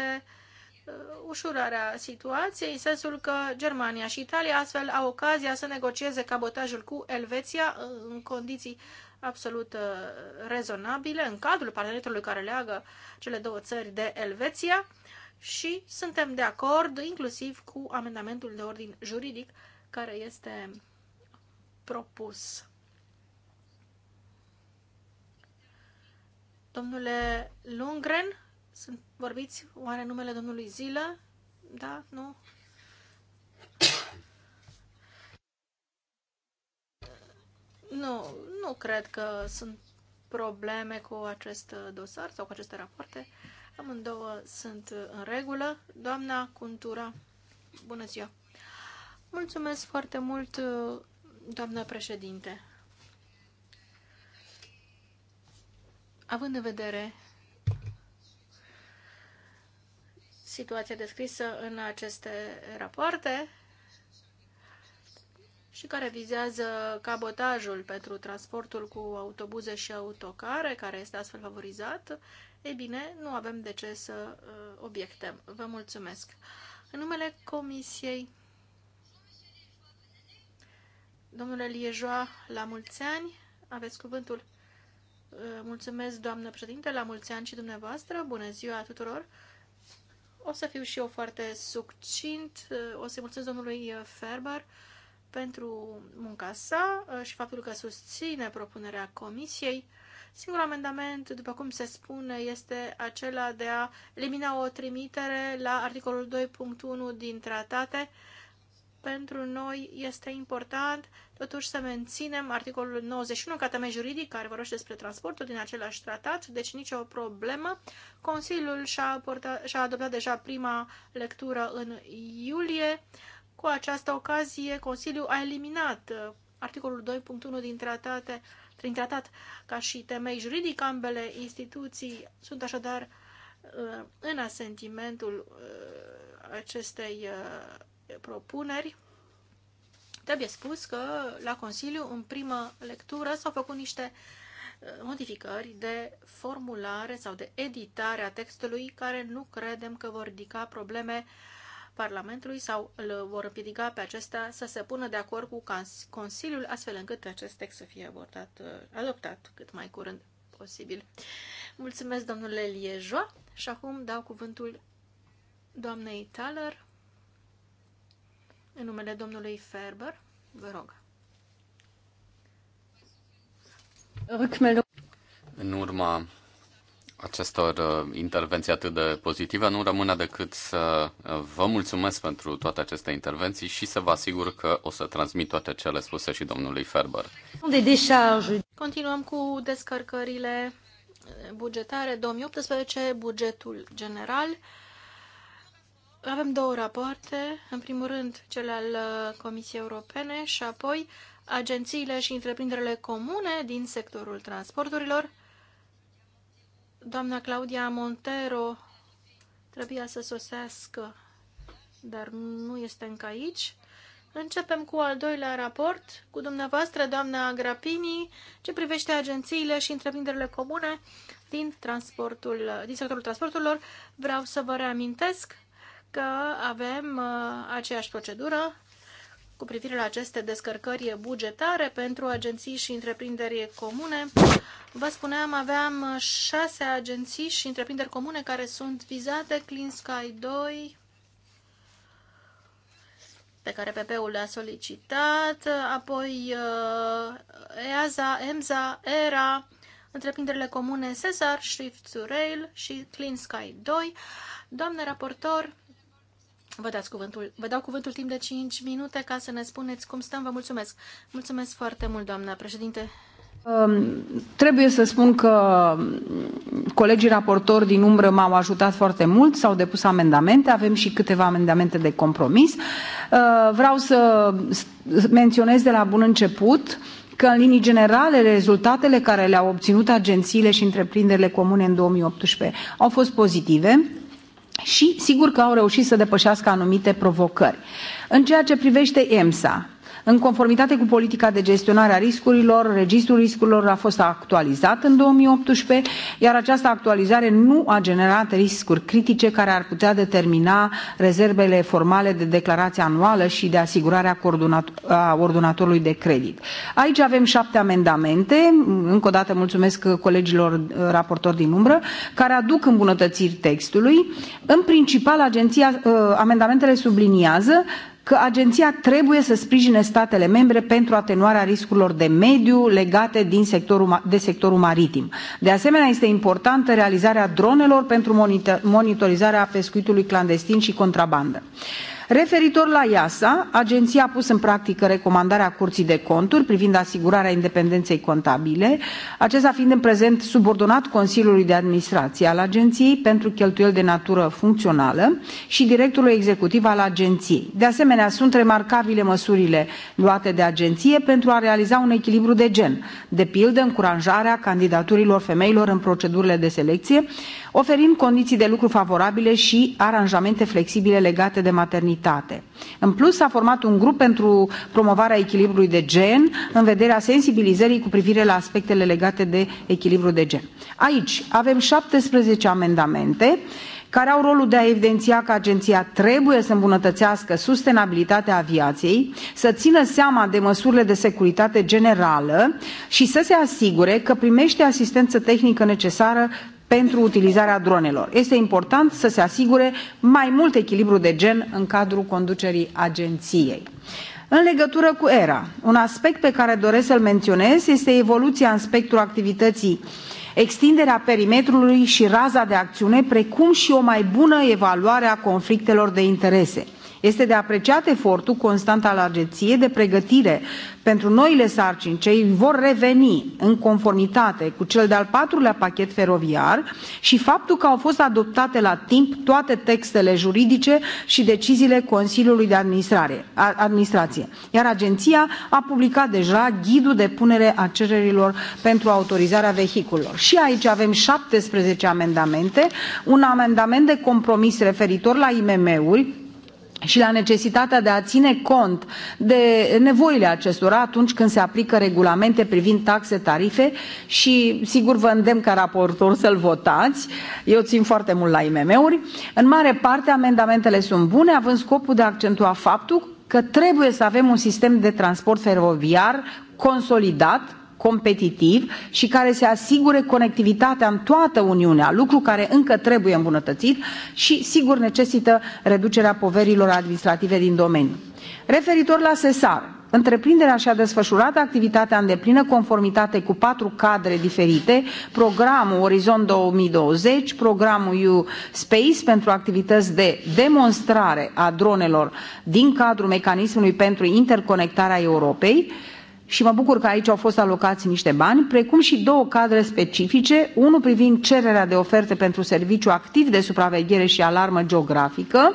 uh, ușurarea situației, în sensul că Germania și Italia astfel au ocazia să negocieze cabotajul cu Elveția uh, în condiții absolut uh, rezonabile, în cadrul parteneriatului care leagă cele două țări de Elveția și suntem de acord inclusiv cu amendamentul de ordin juridic care este propus. Domnule Lundgren, sunt, vorbiți oare numele domnului Zilă? Da? Nu? Nu, nu cred că sunt probleme cu acest dosar sau cu aceste rapoarte. Amândouă sunt în regulă. Doamna Cuntura, bună ziua! Mulțumesc foarte mult, doamnă președinte! Având în vedere situația descrisă în aceste rapoarte și care vizează cabotajul pentru transportul cu autobuze și autocare, care este astfel favorizat, ei bine, nu avem de ce să uh, obiectăm. Vă mulțumesc. În numele Comisiei, domnule Liejoa, la mulți ani, aveți cuvântul. Eh, mulțumesc, doamnă președinte, la mulți ani și dumneavoastră. Bună ziua tuturor! O să fiu și eu foarte succint. Eh, o să-i mulțumesc domnului eh, Ferber pentru munca sa și faptul că susține propunerea comisiei. Singurul amendament, după cum se spune, este acela de a elimina o trimitere la articolul 2.1 din tratate, uh, pentru noi este important totuși să menținem articolul 91 ca juridic care vorbește despre transportul din același tratat, deci nicio problemă. Consiliul și-a, și-a adoptat deja prima lectură în iulie. Cu această ocazie, Consiliul a eliminat uh, articolul 2.1 din tratate, prin tratat ca și temei juridic. Ambele instituții sunt așadar uh, în asentimentul uh, acestei propuneri, trebuie spus că la Consiliu, în primă lectură, s-au făcut niște uh, modificări de formulare sau de editare a textului care nu credem că vor ridica probleme Parlamentului sau îl vor împiedica pe acesta să se pună de acord cu Consiliul, astfel încât acest text să fie abordat, uh, adoptat cât mai curând posibil. Mulțumesc, domnule Liejoa, și acum dau cuvântul doamnei Thaler în numele domnului Ferber. Vă rog. În urma acestor uh, intervenții atât de pozitive, nu rămâne decât să uh, vă mulțumesc pentru toate aceste intervenții și să vă asigur că o să transmit toate cele spuse și domnului Ferber. Continuăm cu descărcările bugetare 2018, bugetul general avem două rapoarte, în primul rând cel al uh, Comisiei Europene și apoi agențiile și întreprinderile comune din sectorul transporturilor. Doamna Claudia Montero trebuia să sosească, dar nu este încă aici. Începem cu al doilea raport, cu dumneavoastră, doamna Grapini, ce privește agențiile și întreprinderile comune din, transportul, din sectorul transporturilor. Vreau să vă reamintesc că avem uh, aceeași procedură cu privire la aceste descărcări bugetare pentru agenții și întreprinderi comune. Vă spuneam, aveam șase agenții și întreprinderi comune care sunt vizate, Clean Sky 2, pe care PP-ul le-a solicitat, apoi uh, EASA, EMSA, ERA, întreprinderile comune Cesar, Shift to Rail și Clean Sky 2. Doamne raportor, Vă, dați cuvântul, vă dau cuvântul timp de 5 minute ca să ne spuneți cum stăm. Vă mulțumesc. Mulțumesc foarte mult, doamna președinte. Um, trebuie să spun că um, colegii raportori din umbră m-au ajutat foarte mult, s-au depus amendamente, avem și câteva amendamente de compromis. Uh, vreau să menționez de la bun început că în linii generale rezultatele care le-au obținut agențiile și întreprinderile comune în 2018 au fost pozitive și sigur că au reușit să depășească anumite provocări. în ceea ce privește emsa în conformitate cu politica de gestionare a riscurilor registrul riscurilor a fost actualizat în două mii optsprezece iar această actualizare nu a generat riscuri critice care ar putea determina rezervele formale de declarație anuală și de asigurare a ordonatorului de credit. aici avem șapte amendamente încă o dată mulțumesc colegilor uh, raportori din umbră care aduc îmbunătățiri textului. în principal agenția, uh, amendamentele subliniază că agenția trebuie să sprijine statele membre pentru atenuarea riscurilor de mediu legate din sectorul, de sectorul maritim. De asemenea, este importantă realizarea dronelor pentru monitorizarea pescuitului clandestin și contrabandă referitor la easa agenția a pus în practică recomandarea curții de conturi privind asigurarea independenței contabile acesta fiind în prezent subordonat consiliului de administrație al agenției pentru cheltuieli de natură funcțională și directorului executiv al agenției. de asemenea sunt remarcabile măsurile luate de agenție pentru a realiza un echilibru de gen de pildă încurajarea candidaturilor femeilor în procedurile de selecție oferim condiții de lucru favorabile și aranjamente flexibile legate de maternitate. În plus, s-a format un grup pentru promovarea echilibrului de gen în vederea sensibilizării cu privire la aspectele legate de echilibru de gen. Aici avem 17 amendamente care au rolul de a evidenția că agenția trebuie să îmbunătățească sustenabilitatea aviației, să țină seama de măsurile de securitate generală și să se asigure că primește asistență tehnică necesară pentru utilizarea dronelor. Este important să se asigure mai mult echilibru de gen în cadrul conducerii agenției. În legătură cu ERA, un aspect pe care doresc să-l menționez este evoluția în spectrul activității, extinderea perimetrului și raza de acțiune, precum și o mai bună evaluare a conflictelor de interese este de apreciat efortul constant al agenției de pregătire pentru noile sarcini ce îi vor reveni în conformitate cu cel de al patrulea pachet feroviar și faptul că au fost adoptate la timp toate textele juridice și deciziile consiliului de administrație iar agenția a publicat deja ghidul de punere a cererilor pentru autorizarea vehiculelor. și aici avem 17 amendamente un amendament de compromis referitor la imm uri și la necesitatea de a ține cont de nevoile acestora atunci când se aplică regulamente privind taxe tarife și sigur vă îndemn ca raportor să l votați eu țin foarte mult la imm uri în mare parte amendamentele sunt bune având scopul de a accentua faptul că trebuie să avem un sistem de transport feroviar consolidat competitiv și care să asigure conectivitatea în toată Uniunea, lucru care încă trebuie îmbunătățit și, sigur, necesită reducerea poverilor administrative din domeniu. Referitor la SESAR, Întreprinderea și-a desfășurat activitatea în deplină conformitate cu patru cadre diferite, programul Orizont 2020, programul EU Space pentru activități de demonstrare a dronelor din cadrul mecanismului pentru interconectarea Europei, și mă bucur că aici au fost alocați niște bani, precum și două cadre specifice, unul privind cererea de oferte pentru serviciu activ de supraveghere și alarmă geografică,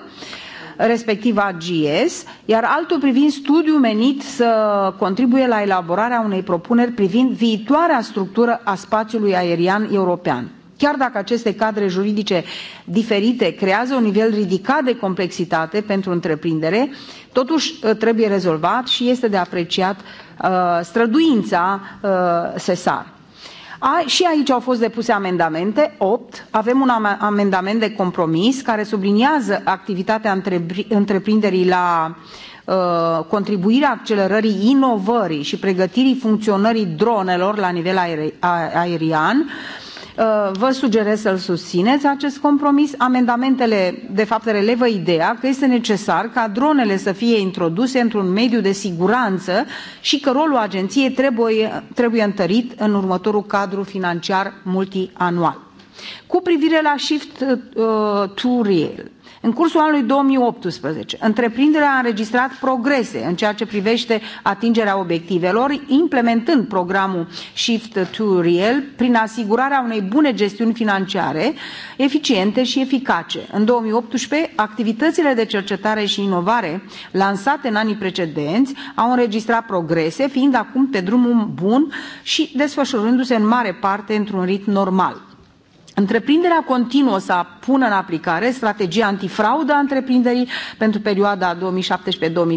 respectiv AGS, iar altul privind studiu menit să contribuie la elaborarea unei propuneri privind viitoarea structură a spațiului aerian european. Chiar dacă aceste cadre juridice diferite creează un nivel ridicat de complexitate pentru întreprindere, totuși ă, trebuie rezolvat și este de apreciat Uh, străduința uh, sesar. A, și aici au fost depuse amendamente, opt. Avem un amendament de compromis care subliniază activitatea întreprinderii la uh, contribuirea accelerării inovării și pregătirii funcționării dronelor la nivel aer, aerian. Uh, Uh, vă sugerez să-l susțineți acest compromis. Amendamentele, de fapt, relevă ideea că este necesar ca dronele să fie introduse într-un mediu de siguranță și că rolul agenției trebuie, trebuie întărit în următorul cadru financiar multianual. Cu privire la Shift uh, to Real, în cursul anului două mii optsprezece întreprinderea a înregistrat progrese în ceea ce privește atingerea obiectivelor implementând programul shift to real prin asigurarea unei bune gestiuni financiare eficiente și eficace. în două mii optsprezece activitățile de cercetare și inovare lansate în anii precedenți au înregistrat progrese fiind acum pe drumul bun și desfășurându se în mare parte într un ritm normal. Întreprinderea continuă să pună în aplicare strategia antifraudă a întreprinderii pentru perioada 2017-2020,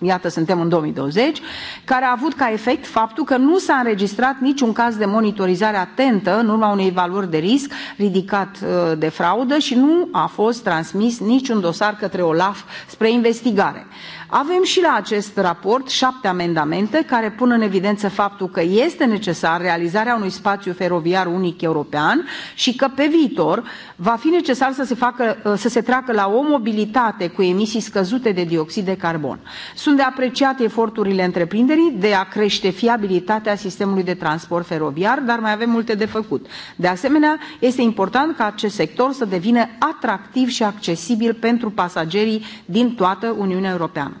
iată suntem în 2020, care a avut ca efect faptul că nu s-a înregistrat niciun caz de monitorizare atentă în urma unei valori de risc ridicat uh, de fraudă și nu a fost transmis niciun dosar către OLAF spre investigare. Avem și la acest raport șapte amendamente care pun în evidență faptul că este necesar realizarea unui spațiu feroviar unic european și că pe viitor va fi necesar să se, facă, uh, să se treacă la o mobilitate cu emisii scăzute de dioxid de carbon. Sunt sunt de apreciat eforturile întreprinderii de a crește fiabilitatea sistemului de transport feroviar, dar mai avem multe de făcut. De asemenea, este important ca acest sector să devină atractiv și accesibil pentru pasagerii din toată Uniunea Europeană.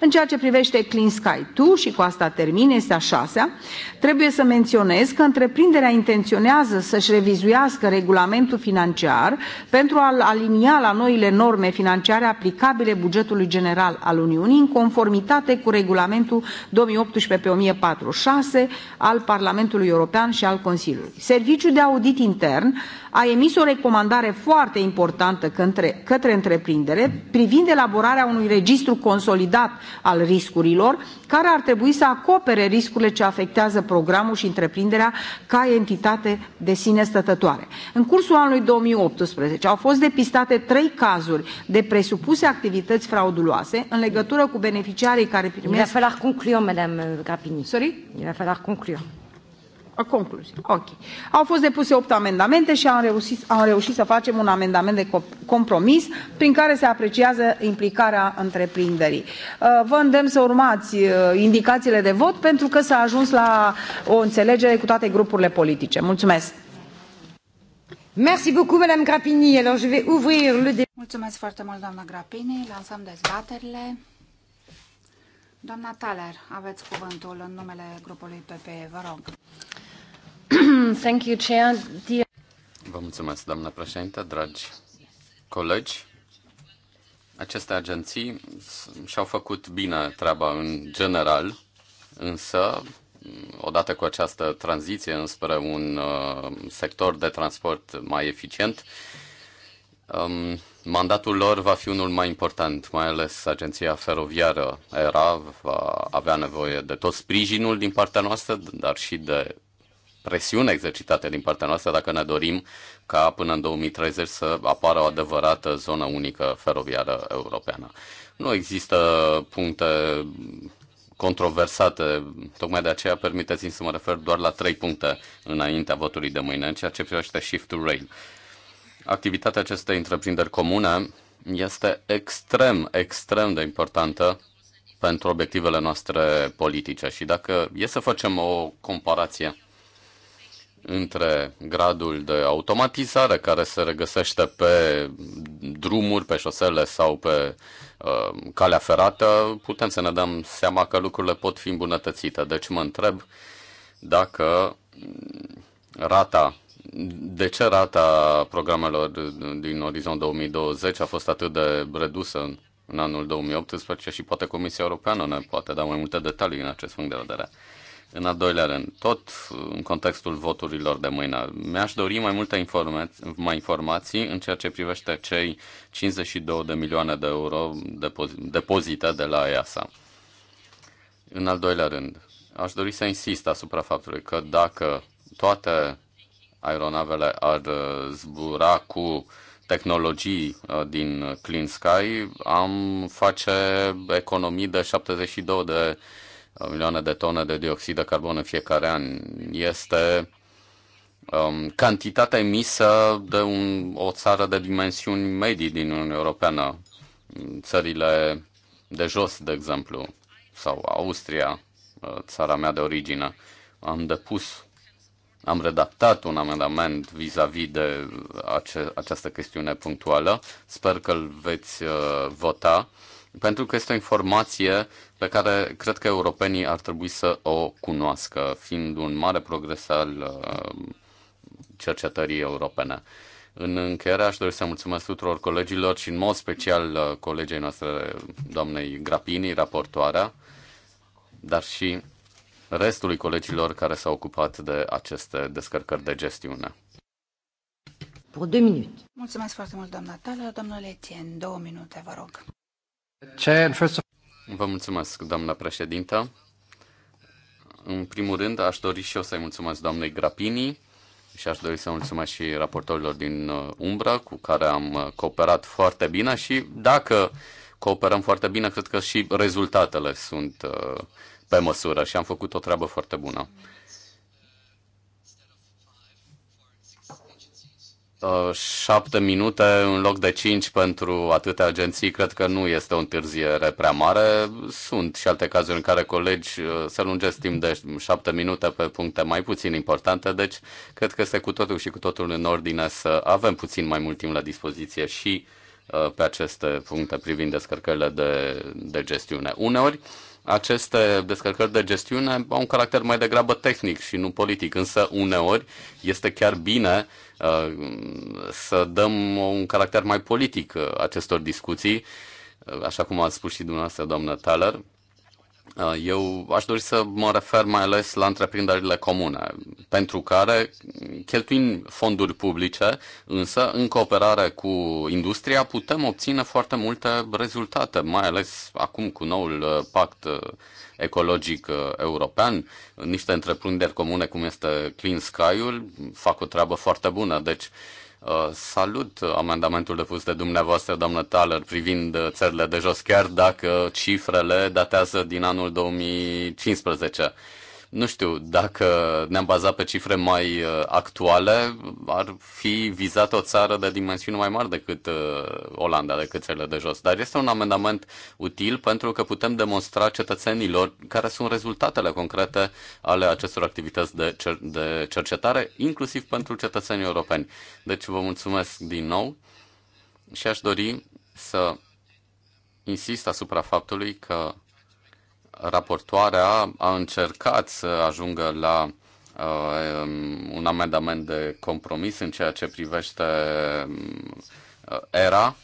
În ceea ce privește Clean Sky 2, și cu asta termin, este a șasea, trebuie să menționez că întreprinderea intenționează să-și revizuiască regulamentul financiar pentru a-l alinia la noile norme financiare aplicabile bugetului general al Uniunii în conformitate cu regulamentul 2018 1046 al Parlamentului European și al Consiliului. Serviciul de audit intern a emis o recomandare foarte importantă către, către întreprindere privind elaborarea unui registru consolidat al riscurilor, care ar trebui să acopere riscurile ce afectează programul și întreprinderea ca entitate de sine stătătoare. În cursul anului 2018 au fost depistate trei cazuri de presupuse activități frauduloase în legătură cu beneficiarii care primesc... Il va falloir conclure, Madame Grappini. Sorry? Il va falloir conclure. Concluzie. Ok. Au fost depuse opt amendamente și am reușit, am reușit să facem un amendament de compromis prin care se apreciază implicarea întreprinderii. Uh, vă îndemn să urmați uh, indicațiile de vot pentru că s-a ajuns la o înțelegere cu toate grupurile politice. Mulțumesc! Merci beaucoup, Madame Grappini. Alors, je vais ouvrir le débat. Mulțumesc foarte mult, doamna Grappini. Lansăm dezbaterile. Doamna Thaler, aveți cuvântul în numele grupului PPE, vă rog. Thank you, Vă mulțumesc, președintă, dragi colegi. Aceste agenții și-au făcut bine treaba în general, însă odată cu această tranziție înspre un uh, sector de transport mai eficient, um, mandatul lor va fi unul mai important, mai ales agenția feroviară ERA va avea nevoie de tot sprijinul din partea noastră, dar și de presiune exercitată din partea noastră dacă ne dorim ca până în 2030 să apară o adevărată zonă unică feroviară europeană. Nu există puncte controversate, tocmai de aceea permiteți-mi să mă refer doar la trei puncte înaintea votului de mâine, în ceea ce privește Shift to Rail. Activitatea acestei întreprinderi comune este extrem, extrem de importantă pentru obiectivele noastre politice și dacă e să facem o comparație între gradul de automatizare care se regăsește pe drumuri, pe șosele sau pe uh, calea ferată, putem să ne dăm seama că lucrurile pot fi îmbunătățite. Deci mă întreb dacă rata de ce rata programelor din Orizont 2020 a fost atât de redusă în, în anul 2018 și poate Comisia Europeană ne poate da mai multe detalii în acest punct de vedere. În al doilea rând, tot în contextul voturilor de mâine, mi-aș dori mai multe informa- mai informații în ceea ce privește cei 52 de milioane de euro depozite de la EASA. În al doilea rând, aș dori să insist asupra faptului că dacă toate aeronavele ar uh, zbura cu tehnologii uh, din Clean Sky, am face economii de 72 de Uh, milioane de tone de dioxid de carbon în fiecare an. Este um, cantitatea emisă de un, o țară de dimensiuni medii din Uniunea Europeană, țările de jos, de exemplu, sau Austria, uh, țara mea de origine. Am depus, am redactat un amendament vis-a-vis -vis de ace- această chestiune punctuală. Sper că îl veți uh, vota, pentru că este o informație pe care cred că europenii ar trebui să o cunoască, fiind un mare progres al uh, cercetării europene. În încheiere aș dori să mulțumesc tuturor colegilor și în mod special uh, colegei noastre, doamnei Grapini, raportoarea, dar și restului colegilor care s-au ocupat de aceste descărcări de gestiune. Mulțumesc foarte mult, doamna Tala, Domnule Etienne, două minute, vă rog. Ce, first of Vă mulțumesc, doamna președintă. În primul rând, aș dori și eu să-i mulțumesc doamnei Grapini și aș dori să mulțumesc și raportorilor din uh, Umbra, cu care am uh, cooperat foarte bine și dacă cooperăm foarte bine, cred că și rezultatele sunt uh, pe măsură și am făcut o treabă foarte bună. Uh, șapte minute în loc de cinci pentru atâtea agenții, cred că nu este o întârziere prea mare. Sunt și alte cazuri în care colegi uh, se lungesc timp de șapte minute pe puncte mai puțin importante, deci cred că este cu totul și cu totul în ordine să avem puțin mai mult timp la dispoziție și uh, pe aceste puncte privind descărcările de, de gestiune. Uneori, aceste descărcări de gestiune au un caracter mai degrabă tehnic și nu politic, însă uneori este chiar bine uh, să dăm un caracter mai politic uh, acestor discuții, uh, așa cum ați spus și dumneavoastră, doamnă Taler. Uh, eu aș dori să mă refer mai ales la întreprinderile comune, pentru care cheltuim fonduri publice, însă în cooperare cu industria putem obține foarte multe rezultate, mai ales acum cu noul uh, pact uh, ecologic european. Niște întreprinderi comune cum este Clean Sky-ul fac o treabă foarte bună, deci Uh, salut amendamentul depus de dumneavoastră, doamnă Thaler, privind uh, țările de jos, chiar dacă cifrele datează din anul 2015. Nu știu, dacă ne-am bazat pe cifre mai uh, actuale, ar fi vizată o țară de dimensiuni mai mari decât uh, Olanda, decât cele de jos. Dar este un amendament util pentru că putem demonstra cetățenilor care sunt rezultatele concrete ale acestor activități de, cer- de cercetare, inclusiv pentru cetățenii europeni. Deci vă mulțumesc din nou și aș dori să insist asupra faptului că raportoarea a încercat să ajungă la uh, um, un amendament de compromis în ceea ce privește uh, era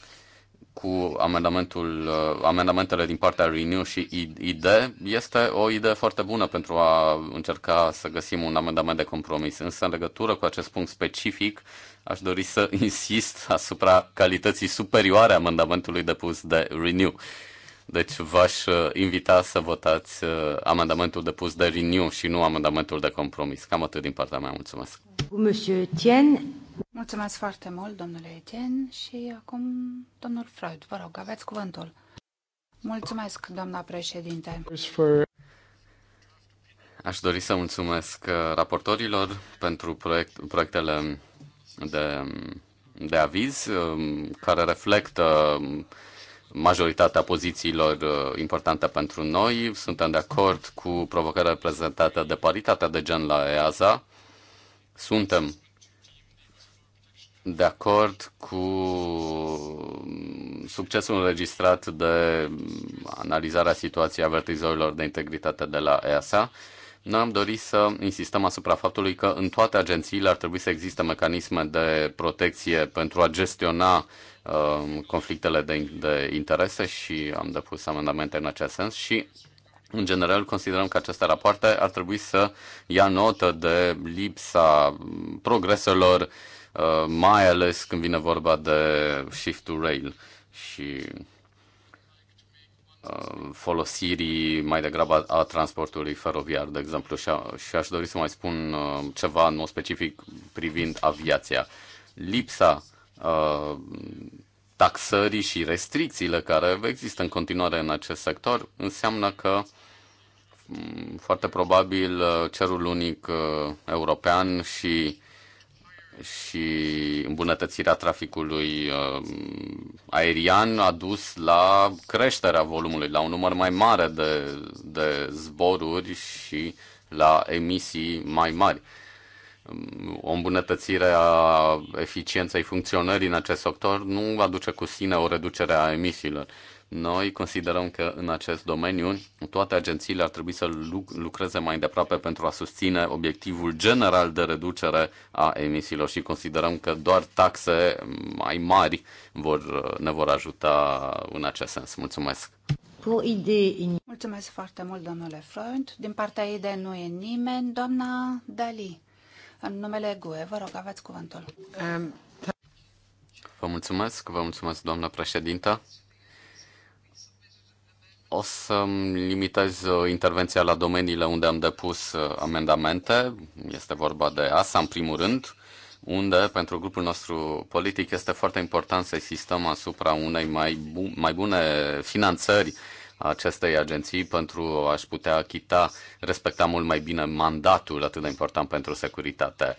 cu amendamentul, uh, amendamentele din partea Renew și ID este o idee foarte bună pentru a încerca să găsim un amendament de compromis. Însă, în legătură cu acest punct specific, aș dori să insist asupra calității superioare a amendamentului depus de Renew. Uh, deci v-aș uh, invita să votați uh, amendamentul depus de Renew și nu amendamentul de compromis. Cam atât din partea mea. Mulțumesc. Mulțumesc foarte mult, domnule Etienne. Și acum, domnul Freud, vă rog, aveți cuvântul. Mulțumesc, doamna președinte. Aș dori să mulțumesc uh, raportorilor pentru proiect, proiectele de, de aviz um, care reflectă um, majoritatea pozițiilor uh, importante pentru noi. Suntem de acord cu provocarea reprezentată de paritatea de gen la EASA. Suntem de acord cu mm, succesul înregistrat de mm, analizarea situației avertizorilor de integritate de la EASA. Noi am dorit să insistăm asupra faptului că în toate agențiile ar trebui să existe mecanisme de protecție pentru a gestiona uh, Um, conflictele de, de interese și am depus amendamente în acest sens și în general, considerăm că aceste rapoarte ar trebui să ia notă de lipsa progreselor, uh, mai ales când vine vorba de shift to rail și uh, folosirii mai degrabă a transportului feroviar, de exemplu. Și aș dori să mai spun uh, ceva în mod specific privind aviația. Lipsa Uh, taxării și restricțiile care există în continuare în acest sector, înseamnă că mm, foarte probabil uh, cerul unic uh, european și și îmbunătățirea traficului aerian a dus la creșterea volumului, la un număr mai mare de, de zboruri și la emisii mai mari o îmbunătățire a eficienței funcționării în acest sector nu aduce cu sine o reducere a emisiilor. Noi considerăm că în acest domeniu toate agențiile ar trebui să lucreze mai îndeaproape pentru a susține obiectivul general de reducere a emisiilor și considerăm că doar taxe mai mari vor, ne vor ajuta în acest sens. Mulțumesc! Mulțumesc foarte mult, domnule Freund. Din partea de nu e nimeni. Doamna Dali, în numele GUE, vă rog, aveți cuvântul. Vă mulțumesc, vă mulțumesc, doamna președintă. O să-mi limitez uh, intervenția la domeniile unde am depus uh, amendamente. Este vorba de asta, în primul rând, unde pentru grupul nostru politic este foarte important să existăm asupra unei mai, bu- mai bune finanțări acestei agenții pentru a-și putea achita, respecta mult mai bine mandatul atât de important pentru securitate.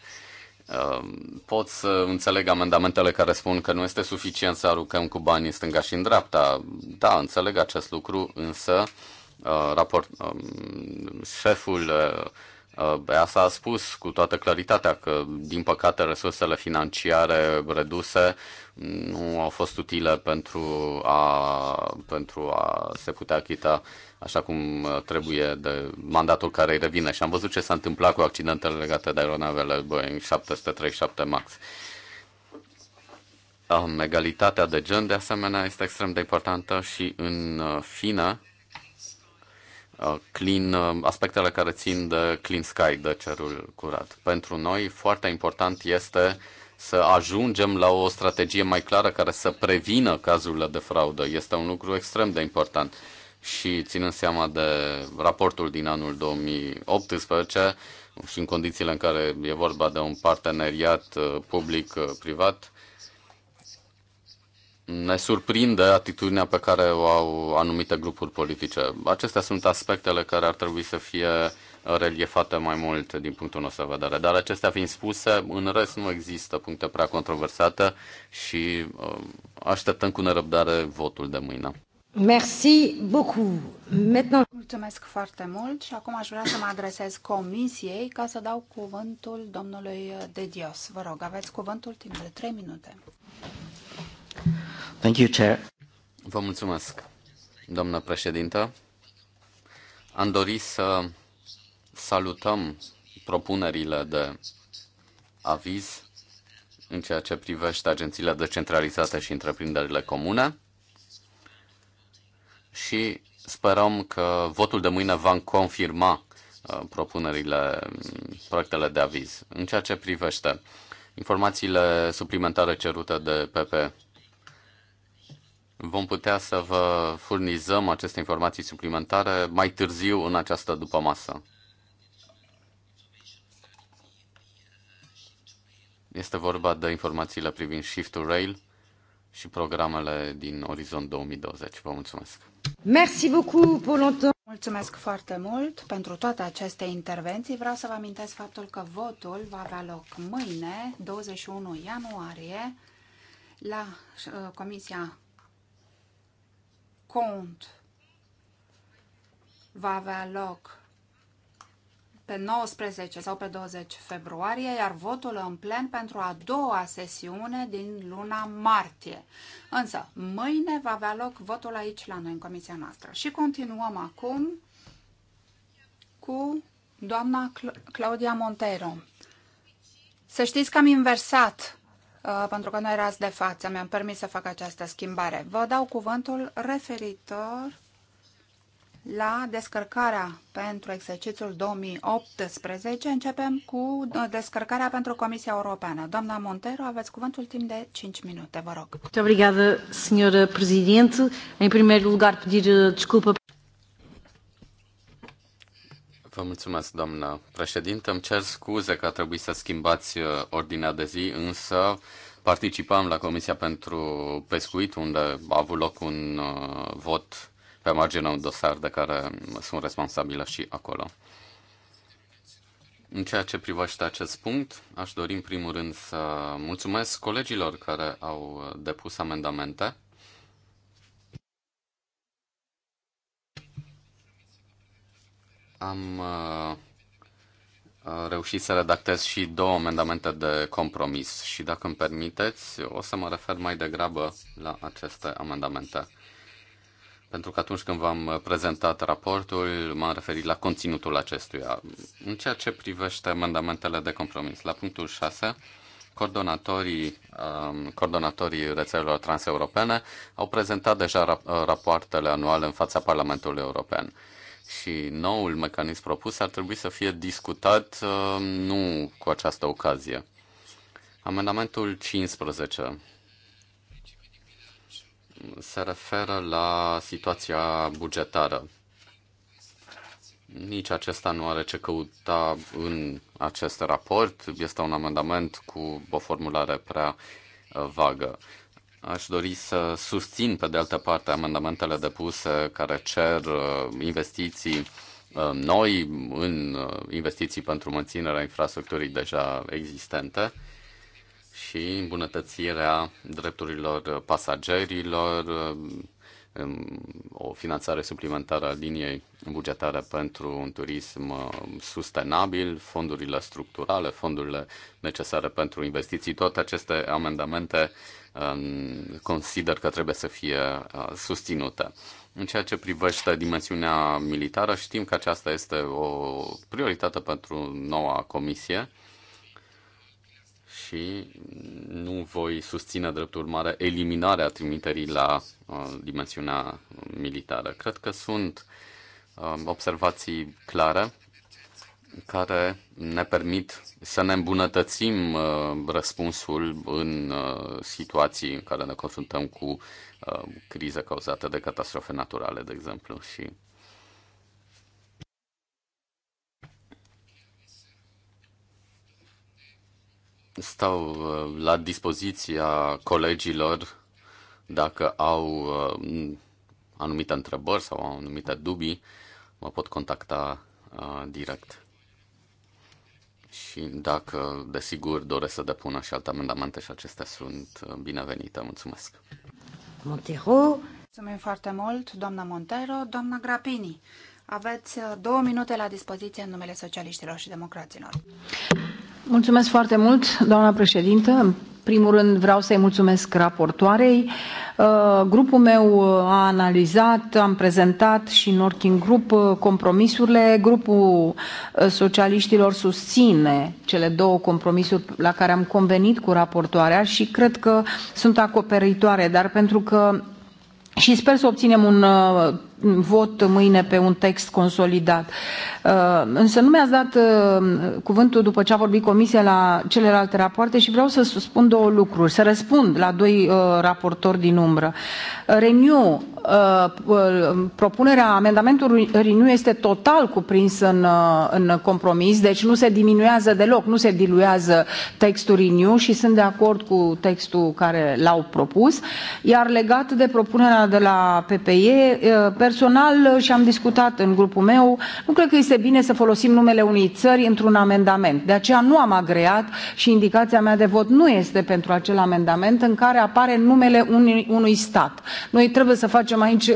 Ehm, pot să înțeleg amendamentele care spun că nu este suficient să aruncăm cu bani în stânga și în dreapta. Da, înțeleg acest lucru, însă ehm, raport, ehm, șeful Uh, EASA a spus cu toată claritatea că, din păcate, resursele financiare reduse nu au fost utile pentru a, pentru a se putea achita așa cum uh, trebuie de mandatul care îi revine. Și am văzut ce s-a întâmplat cu accidentele legate de aeronavele Boeing 737 MAX. Um, egalitatea de gen, de asemenea, este extrem de importantă și, în uh, fine, Uh, clean, uh, aspectele care țin de clean sky, de cerul curat. Pentru noi, foarte important este să ajungem la o strategie mai clară care să prevină cazurile de fraudă. Este un lucru extrem de important. Și ținând seama de raportul din anul 2018 și în condițiile în care e vorba de un parteneriat uh, public-privat, ne surprinde atitudinea pe care o au anumite grupuri politice. Acestea sunt aspectele care ar trebui să fie reliefate mai mult din punctul nostru de vedere. Dar acestea fiind spuse, în rest nu există puncte prea controversate și uh, așteptăm cu nerăbdare votul de mâine. Merci beaucoup. Maintenant... Mulțumesc foarte mult și acum aș vrea să mă adresez comisiei ca să dau cuvântul domnului De Dios. Vă rog, aveți cuvântul timp de 3 minute. Thank you, Chair. Vă mulțumesc, doamnă președintă. Am dorit să salutăm propunerile de aviz în ceea ce privește agențiile decentralizate și întreprinderile comune și sperăm că votul de mâine va confirma uh, propunerile, proiectele de aviz. În ceea ce privește informațiile suplimentare cerute de PP Vom putea să vă furnizăm aceste informații suplimentare mai târziu în această masă. Este vorba de informațiile privind Shift to Rail și programele din Orizont 2020. Vă mulțumesc! Merci beaucoup pour longtemps. Mulțumesc foarte mult pentru toate aceste intervenții. Vreau să vă amintesc faptul că votul va avea loc mâine, 21 ianuarie, la uh, Comisia cont va avea loc pe 19 sau pe 20 februarie, iar votul în plen pentru a doua sesiune din luna martie. Însă, mâine va avea loc votul aici la noi, în comisia noastră. Și continuăm acum cu doamna Cla Claudia Monteiro. Să știți că am inversat Uh, pentru că nu erați de față. Mi-am permis să fac această schimbare. Vă dau cuvântul referitor la descărcarea pentru exercițiul 2018. Începem cu uh, descărcarea pentru Comisia Europeană. Doamna Montero, aveți cuvântul timp de 5 minute, vă rog. Muito obrigada, senhora Presidente. Em primeiro lugar, pedir uh, desculpa. Vă mulțumesc, doamnă președintă. Îmi cer scuze că a trebuit să schimbați uh, ordinea de zi, însă participam la Comisia pentru Pescuit, unde a avut loc un uh, vot pe marginea un dosar de care sunt responsabilă și acolo. În ceea ce privește acest punct, aș dori în primul rând să mulțumesc colegilor care au uh, depus amendamente Am uh, uh, reușit să redactez și două amendamente de compromis și dacă îmi permiteți, o să mă refer mai degrabă la aceste amendamente. Pentru că atunci când v-am prezentat raportul, m-am referit la conținutul acestuia. În ceea ce privește amendamentele de compromis, la punctul 6, coordonatorii, um, coordonatorii rețelelor transeuropene au prezentat deja rapoartele anuale în fața Parlamentului European și noul mecanism propus ar trebui să fie discutat uh, nu cu această ocazie. Amendamentul 15 se referă la situația bugetară. Nici acesta nu are ce căuta în acest raport. Este un amendament cu o formulare prea uh, vagă. Aș dori să susțin, pe de altă parte, amendamentele depuse care cer uh, investiții uh, noi în uh, investiții pentru menținerea infrastructurii deja existente și îmbunătățirea drepturilor pasagerilor, o finanțare suplimentară a liniei bugetare pentru un turism um, sustenabil, fondurile structurale, fondurile necesare pentru investiții, toate aceste amendamente um, consider că trebuie să fie uh, susținute. În ceea ce privește dimensiunea militară, știm că aceasta este o prioritate pentru noua comisie și nu voi susține drept urmare eliminarea trimiterii la uh, dimensiunea militară. Cred că sunt uh, observații clare care ne permit să ne îmbunătățim uh, răspunsul în uh, situații în care ne confruntăm cu uh, crize cauzate de catastrofe naturale, de exemplu. Și stau uh, la dispoziția colegilor dacă au uh, anumite întrebări sau anumite dubii, mă pot contacta uh, direct. Și dacă, desigur, doresc să depună și alte amendamente și acestea sunt binevenite. Mulțumesc! Montero. Mulțumim foarte mult, doamna Montero. Doamna Grapini, aveți două minute la dispoziție în numele socialiștilor și democraților. Mulțumesc foarte mult, doamna președintă. În primul rând vreau să-i mulțumesc raportoarei. Uh, grupul meu uh, a analizat, am prezentat și în working group uh, compromisurile. Grupul socialiștilor susține cele două compromisuri la care am convenit cu raportoarea și cred că sunt acoperitoare, dar pentru că și sper să obținem un vot mâine pe un text consolidat. Uh, însă nu mi-ați dat uh, cuvântul după ce a vorbit Comisia la celelalte rapoarte și vreau să spun două lucruri, să răspund la doi uh, raportori din umbră. Renew, propunerea amendamentului Renew este total cuprins în, în compromis, deci nu se diminuează deloc, nu se diluează textul Renew și sunt de acord cu textul care l-au propus. Iar legat de propunerea de la PPE, per personal uh, și am discutat în grupul meu, nu cred că este bine să folosim numele unei țări într-un amendament. De aceea nu am agreat și indicația mea de vot nu este pentru acel amendament în care apare numele unui, unui stat. Noi trebuie să facem aici uh,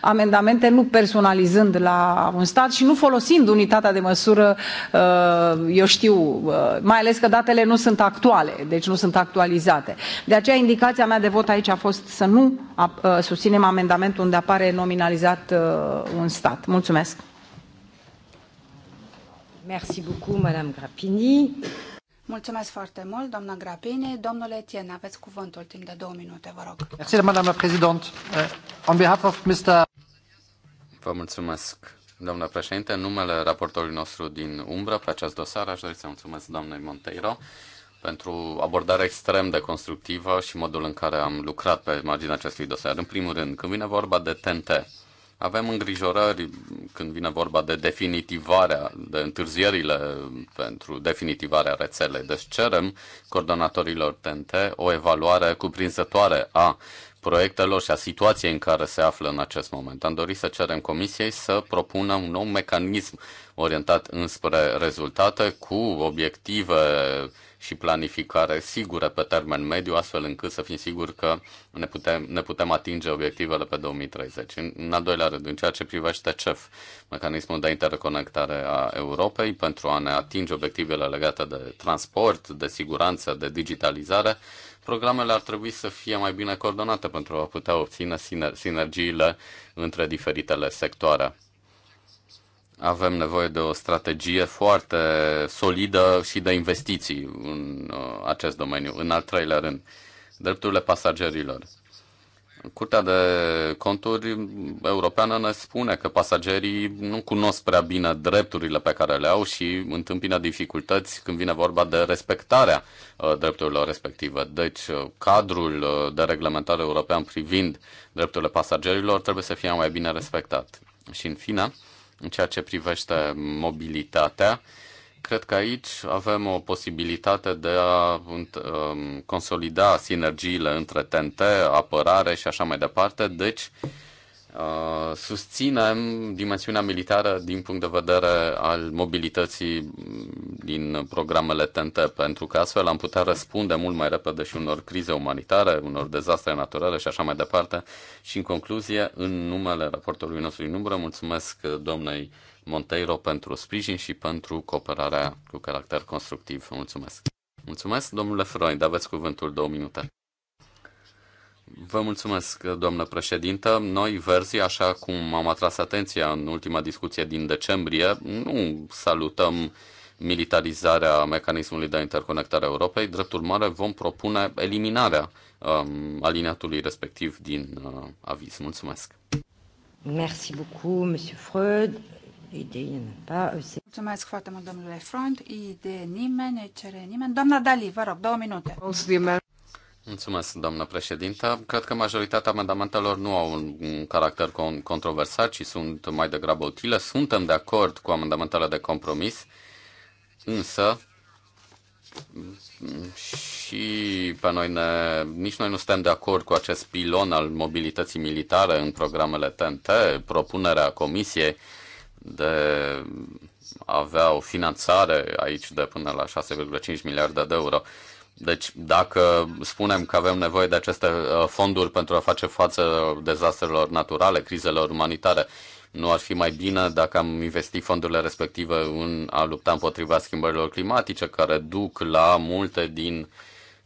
amendamente nu personalizând la un stat și nu folosind unitatea de măsură, uh, eu știu, uh, mai ales că datele nu sunt actuale, deci nu sunt actualizate. De aceea indicația mea de vot aici a fost să nu uh, susținem amendamentul unde apare nominal criminalizat uh, un stat. Mulțumesc! Merci beaucoup, Madame Grappini. Mulțumesc foarte mult, doamna Grapini. Domnule Etienne, aveți cuvântul timp de două minute, vă rog. Merci, doamna președinte. Uh, on behalf of Mr. Vă mulțumesc, doamna președinte. În numele raportorului nostru din umbră pe acest dosar, aș dori să mulțumesc doamnei Monteiro pentru abordarea extrem de constructivă și modul în care am lucrat pe marginea acestui dosar. În primul rând, când vine vorba de TNT, avem îngrijorări când vine vorba de definitivarea, de întârzierile pentru definitivarea rețelei. Deci cerem coordonatorilor TNT o evaluare cuprinzătoare a proiectelor și a situației în care se află în acest moment. Am dorit să cerem Comisiei să propună un nou mecanism orientat înspre rezultate cu obiective și planificare sigură pe termen mediu, astfel încât să fim siguri că ne putem, ne putem atinge obiectivele pe 2030. În, în al doilea rând, în ceea ce privește CEF, mecanismul de interconectare a Europei, pentru a ne atinge obiectivele legate de transport, de siguranță, de digitalizare, programele ar trebui să fie mai bine coordonate pentru a putea obține sinergiile între diferitele sectoare. Avem nevoie de o strategie foarte solidă și de investiții în uh, acest domeniu. În al treilea rând, drepturile pasagerilor. Curtea de conturi europeană ne spune că pasagerii nu cunosc prea bine drepturile pe care le au și întâmpină dificultăți când vine vorba de respectarea uh, drepturilor respective. Deci, uh, cadrul de reglementare european privind drepturile pasagerilor trebuie să fie mai bine respectat. Și, în fine, în ceea ce privește mobilitatea, cred că aici avem o posibilitate de a um, consolida sinergiile între TNT, apărare și așa mai departe. Deci, Uh, susținem dimensiunea militară din punct de vedere al mobilității din programele TNT, pentru că astfel am putea răspunde mult mai repede și unor crize umanitare, unor dezastre naturale și așa mai departe. Și în concluzie, în numele raportului nostru în umbră, mulțumesc domnului Monteiro pentru sprijin și pentru cooperarea cu caracter constructiv. Mulțumesc! Mulțumesc, domnule Freund, aveți cuvântul două minute. Vă mulțumesc, doamnă președintă. Noi, verzi, așa cum am atras atenția în ultima discuție din decembrie, nu salutăm militarizarea mecanismului de interconectare a Europei. Drept urmare, vom propune eliminarea um, aliniatului respectiv din uh, aviz. Mulțumesc. Merci beaucoup, monsieur Freud. Uh, mulțumesc foarte mult, domnule Front. Idee nimeni, ne cere nimeni. Doamna Dali, vă rog, două minute. Mulțumesc, doamnă președintă. Cred că majoritatea amendamentelor nu au un caracter controversat, ci sunt mai degrabă utile. Suntem de acord cu amendamentele de compromis, însă și pe noi ne, nici noi nu suntem de acord cu acest pilon al mobilității militare în programele TNT, propunerea Comisiei de a avea o finanțare aici de până la 6,5 miliarde de euro. Deci, dacă spunem că avem nevoie de aceste uh, fonduri pentru a face față dezastrelor naturale, crizelor umanitare, nu ar fi mai bine dacă am investit fondurile respective în a lupta împotriva schimbărilor climatice, care duc la multe din,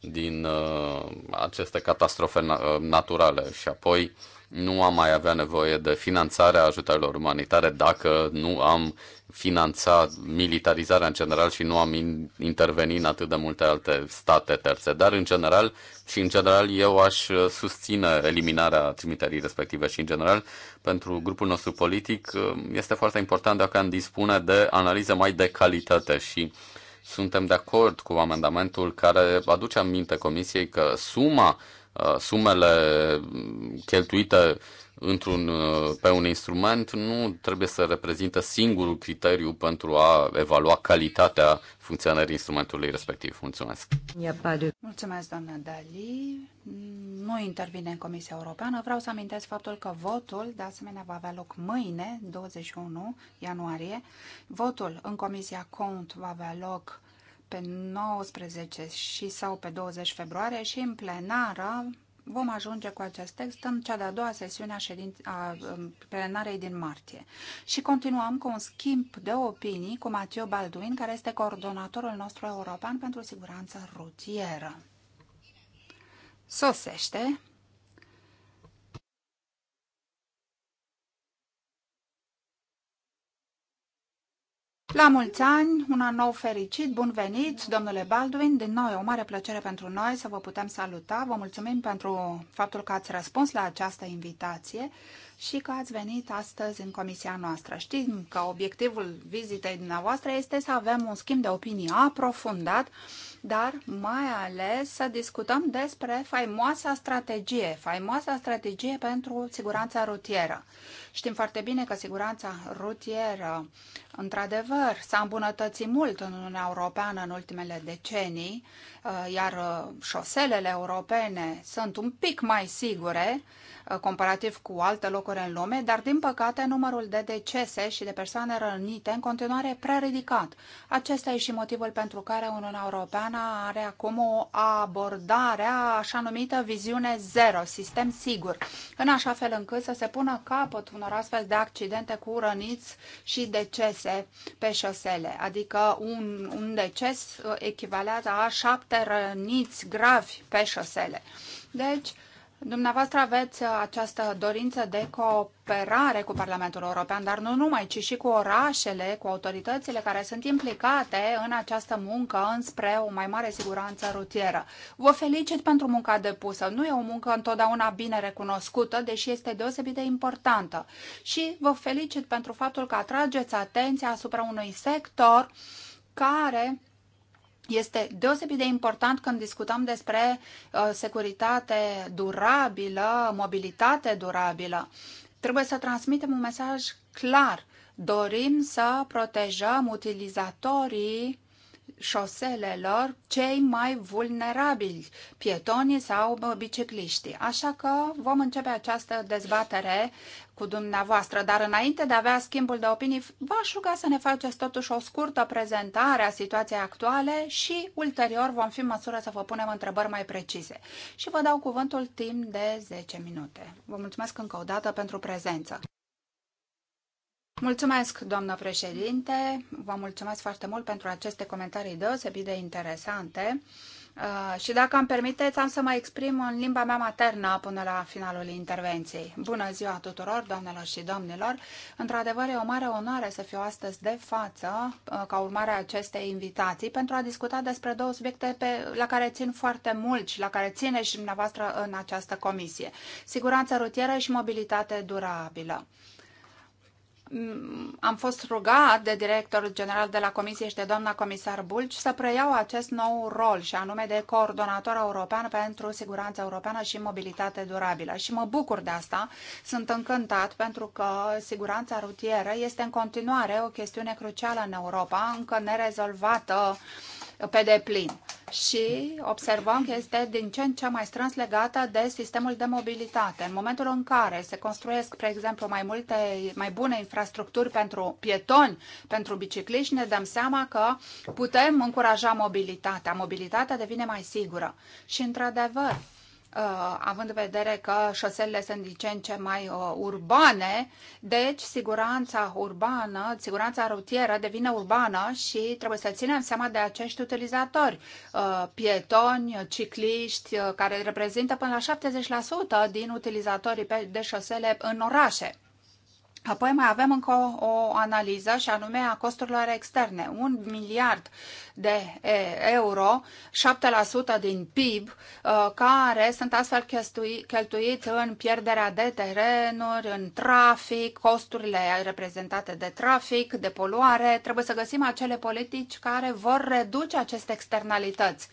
din uh, aceste catastrofe na- uh, naturale. Și apoi, uh, nu am mai avea nevoie de finanțarea ajutorilor umanitare dacă nu am finanțat militarizarea în general și nu am intervenit în atât de multe alte state terțe. Dar în general și în general eu aș uh, susține eliminarea trimiterii respective și în general pentru grupul nostru politic uh, este foarte important dacă am dispune de analiză mai de calitate și suntem de acord cu amendamentul care aduce aminte Comisiei că suma Uh, sumele cheltuite într-un, uh, pe un instrument nu trebuie să reprezinte singurul criteriu pentru a evalua calitatea funcționării instrumentului respectiv. Mulțumesc! Mulțumesc, doamna Dali. Nu intervine în Comisia Europeană. Vreau să amintesc faptul că votul, de asemenea, va avea loc mâine, 21 ianuarie. Votul în Comisia Cont va avea loc pe 19 și sau pe 20 februarie și în plenară vom ajunge cu acest text în cea de-a doua sesiune a, ședin... a um, plenarei din martie. Și continuăm cu un schimb de opinii cu Matteo Balduin, care este coordonatorul nostru european pentru siguranța rutieră. Sosește La mulți ani, un an nou fericit, bun venit, domnule Baldwin. Din nou, e o mare plăcere pentru noi să vă putem saluta. Vă mulțumim pentru faptul că ați răspuns la această invitație și că ați venit astăzi în comisia noastră. Știm că obiectivul vizitei dumneavoastră este să avem un schimb de opinii aprofundat, dar mai ales să discutăm despre faimoasa strategie, faimoasa strategie pentru siguranța rutieră. Știm foarte bine că siguranța rutieră, într-adevăr, s-a îmbunătățit mult în Uniunea Europeană în ultimele decenii, uh, iar uh, șoselele europene sunt un pic mai sigure uh, comparativ cu alte locuri în lume, dar din păcate numărul de decese și de persoane rănite în continuare e prea ridicat. Acesta e și motivul pentru care Uniunea Europeană are acum o abordare așa numită viziune zero, sistem sigur, în așa fel încât să se pună capăt unor unor astfel de accidente cu răniți și decese pe șosele, adică un, un deces uh, echivalează a șapte răniți gravi pe șosele. Deci, Dumneavoastră aveți uh, această dorință de cooperare cu Parlamentul European, dar nu numai, ci și cu orașele, cu autoritățile care sunt implicate în această muncă înspre o mai mare siguranță rutieră. Vă felicit pentru munca depusă. Nu e o muncă întotdeauna bine recunoscută, deși este deosebit de importantă. Și vă felicit pentru faptul că atrageți atenția asupra unui sector care este deosebit de important când discutăm despre uh, securitate durabilă, mobilitate durabilă. Trebuie să transmitem un mesaj clar. Dorim să protejăm utilizatorii șoselelor cei mai vulnerabili, pietonii sau bicicliștii. Așa că vom începe această dezbatere cu dumneavoastră, dar înainte de a avea schimbul de opinii, v-aș ruga să ne faceți totuși o scurtă prezentare a situației actuale și ulterior vom fi în măsură să vă punem întrebări mai precise. Și vă dau cuvântul timp de 10 minute. Vă mulțumesc încă o dată pentru prezență. Mulțumesc, doamnă președinte, vă mulțumesc foarte mult pentru aceste comentarii deosebit de interesante. Uh, și dacă îmi permiteți, am să mă exprim în limba mea maternă până la finalul intervenției. Bună ziua tuturor, doamnelor și domnilor! Într-adevăr, e o mare onoare să fiu astăzi de față, uh, ca urmare a acestei invitații, pentru a discuta despre două subiecte pe, la care țin foarte mult și la care ține și dumneavoastră în această comisie. Siguranța rutieră și mobilitate durabilă am fost rugat de directorul general de la Comisie și de doamna comisar Bulci să preiau acest nou rol și anume de coordonator european pentru siguranța europeană și mobilitate durabilă. Și mă bucur de asta, sunt încântat pentru că siguranța rutieră este în continuare o chestiune crucială în Europa, încă nerezolvată uh, pe deplin. Și observăm că este din ce în ce mai strâns legată de sistemul de mobilitate. În momentul în care se construiesc, pe exemplu, mai multe, mai bune infrastructuri pentru pietoni, pentru bicicliști, ne dăm seama că putem încuraja mobilitatea. Mobilitatea devine mai sigură. Și, într-adevăr, Uh, având în vedere că șoselele sunt din ce în ce mai uh, urbane, deci siguranța urbană, siguranța rutieră devine urbană și trebuie să ținem seama de acești utilizatori, uh, pietoni, cicliști, care reprezintă până la 70% din utilizatorii de șosele în orașe. Apoi mai avem încă o, o analiză și anume a costurilor externe. Un miliard de euro, 7% din PIB, uh, care sunt astfel cheltuiți în pierderea de terenuri, în trafic, costurile reprezentate de trafic, de poluare. Trebuie să găsim acele politici care vor reduce aceste externalități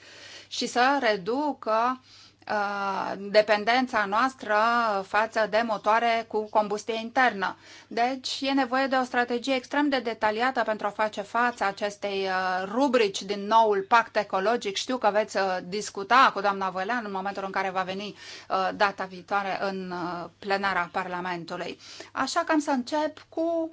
și să reducă uh, Uh, dependența noastră față de motoare cu combustie internă. Deci e nevoie de o strategie extrem de detaliată pentru a face față acestei uh, rubrici din noul pact ecologic. Știu că veți uh, discuta cu doamna Vălean în momentul în care va veni data viitoare în plenara Parlamentului. Așa că am să încep cu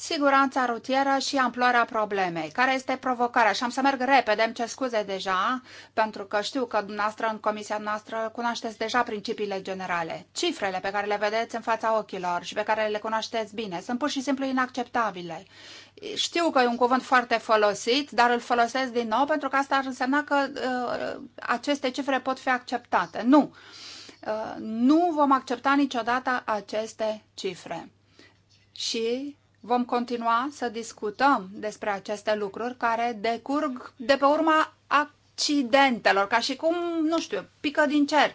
siguranța rutieră și amploarea problemei. Care este provocarea? Și am să merg repede, îmi ce scuze deja, pentru că știu că dumneavoastră în comisia noastră cunoașteți deja principiile generale. Cifrele pe care le vedeți în fața ochilor și pe care le cunoașteți bine sunt pur și simplu inacceptabile. Știu că e un cuvânt foarte folosit, dar îl folosesc din nou pentru că asta ar însemna că uh, aceste cifre pot fi acceptate. Nu! Uh, nu vom accepta niciodată aceste cifre. Și vom continua să discutăm despre aceste lucruri care decurg de pe urma accidentelor, ca și cum, nu știu, pică din cer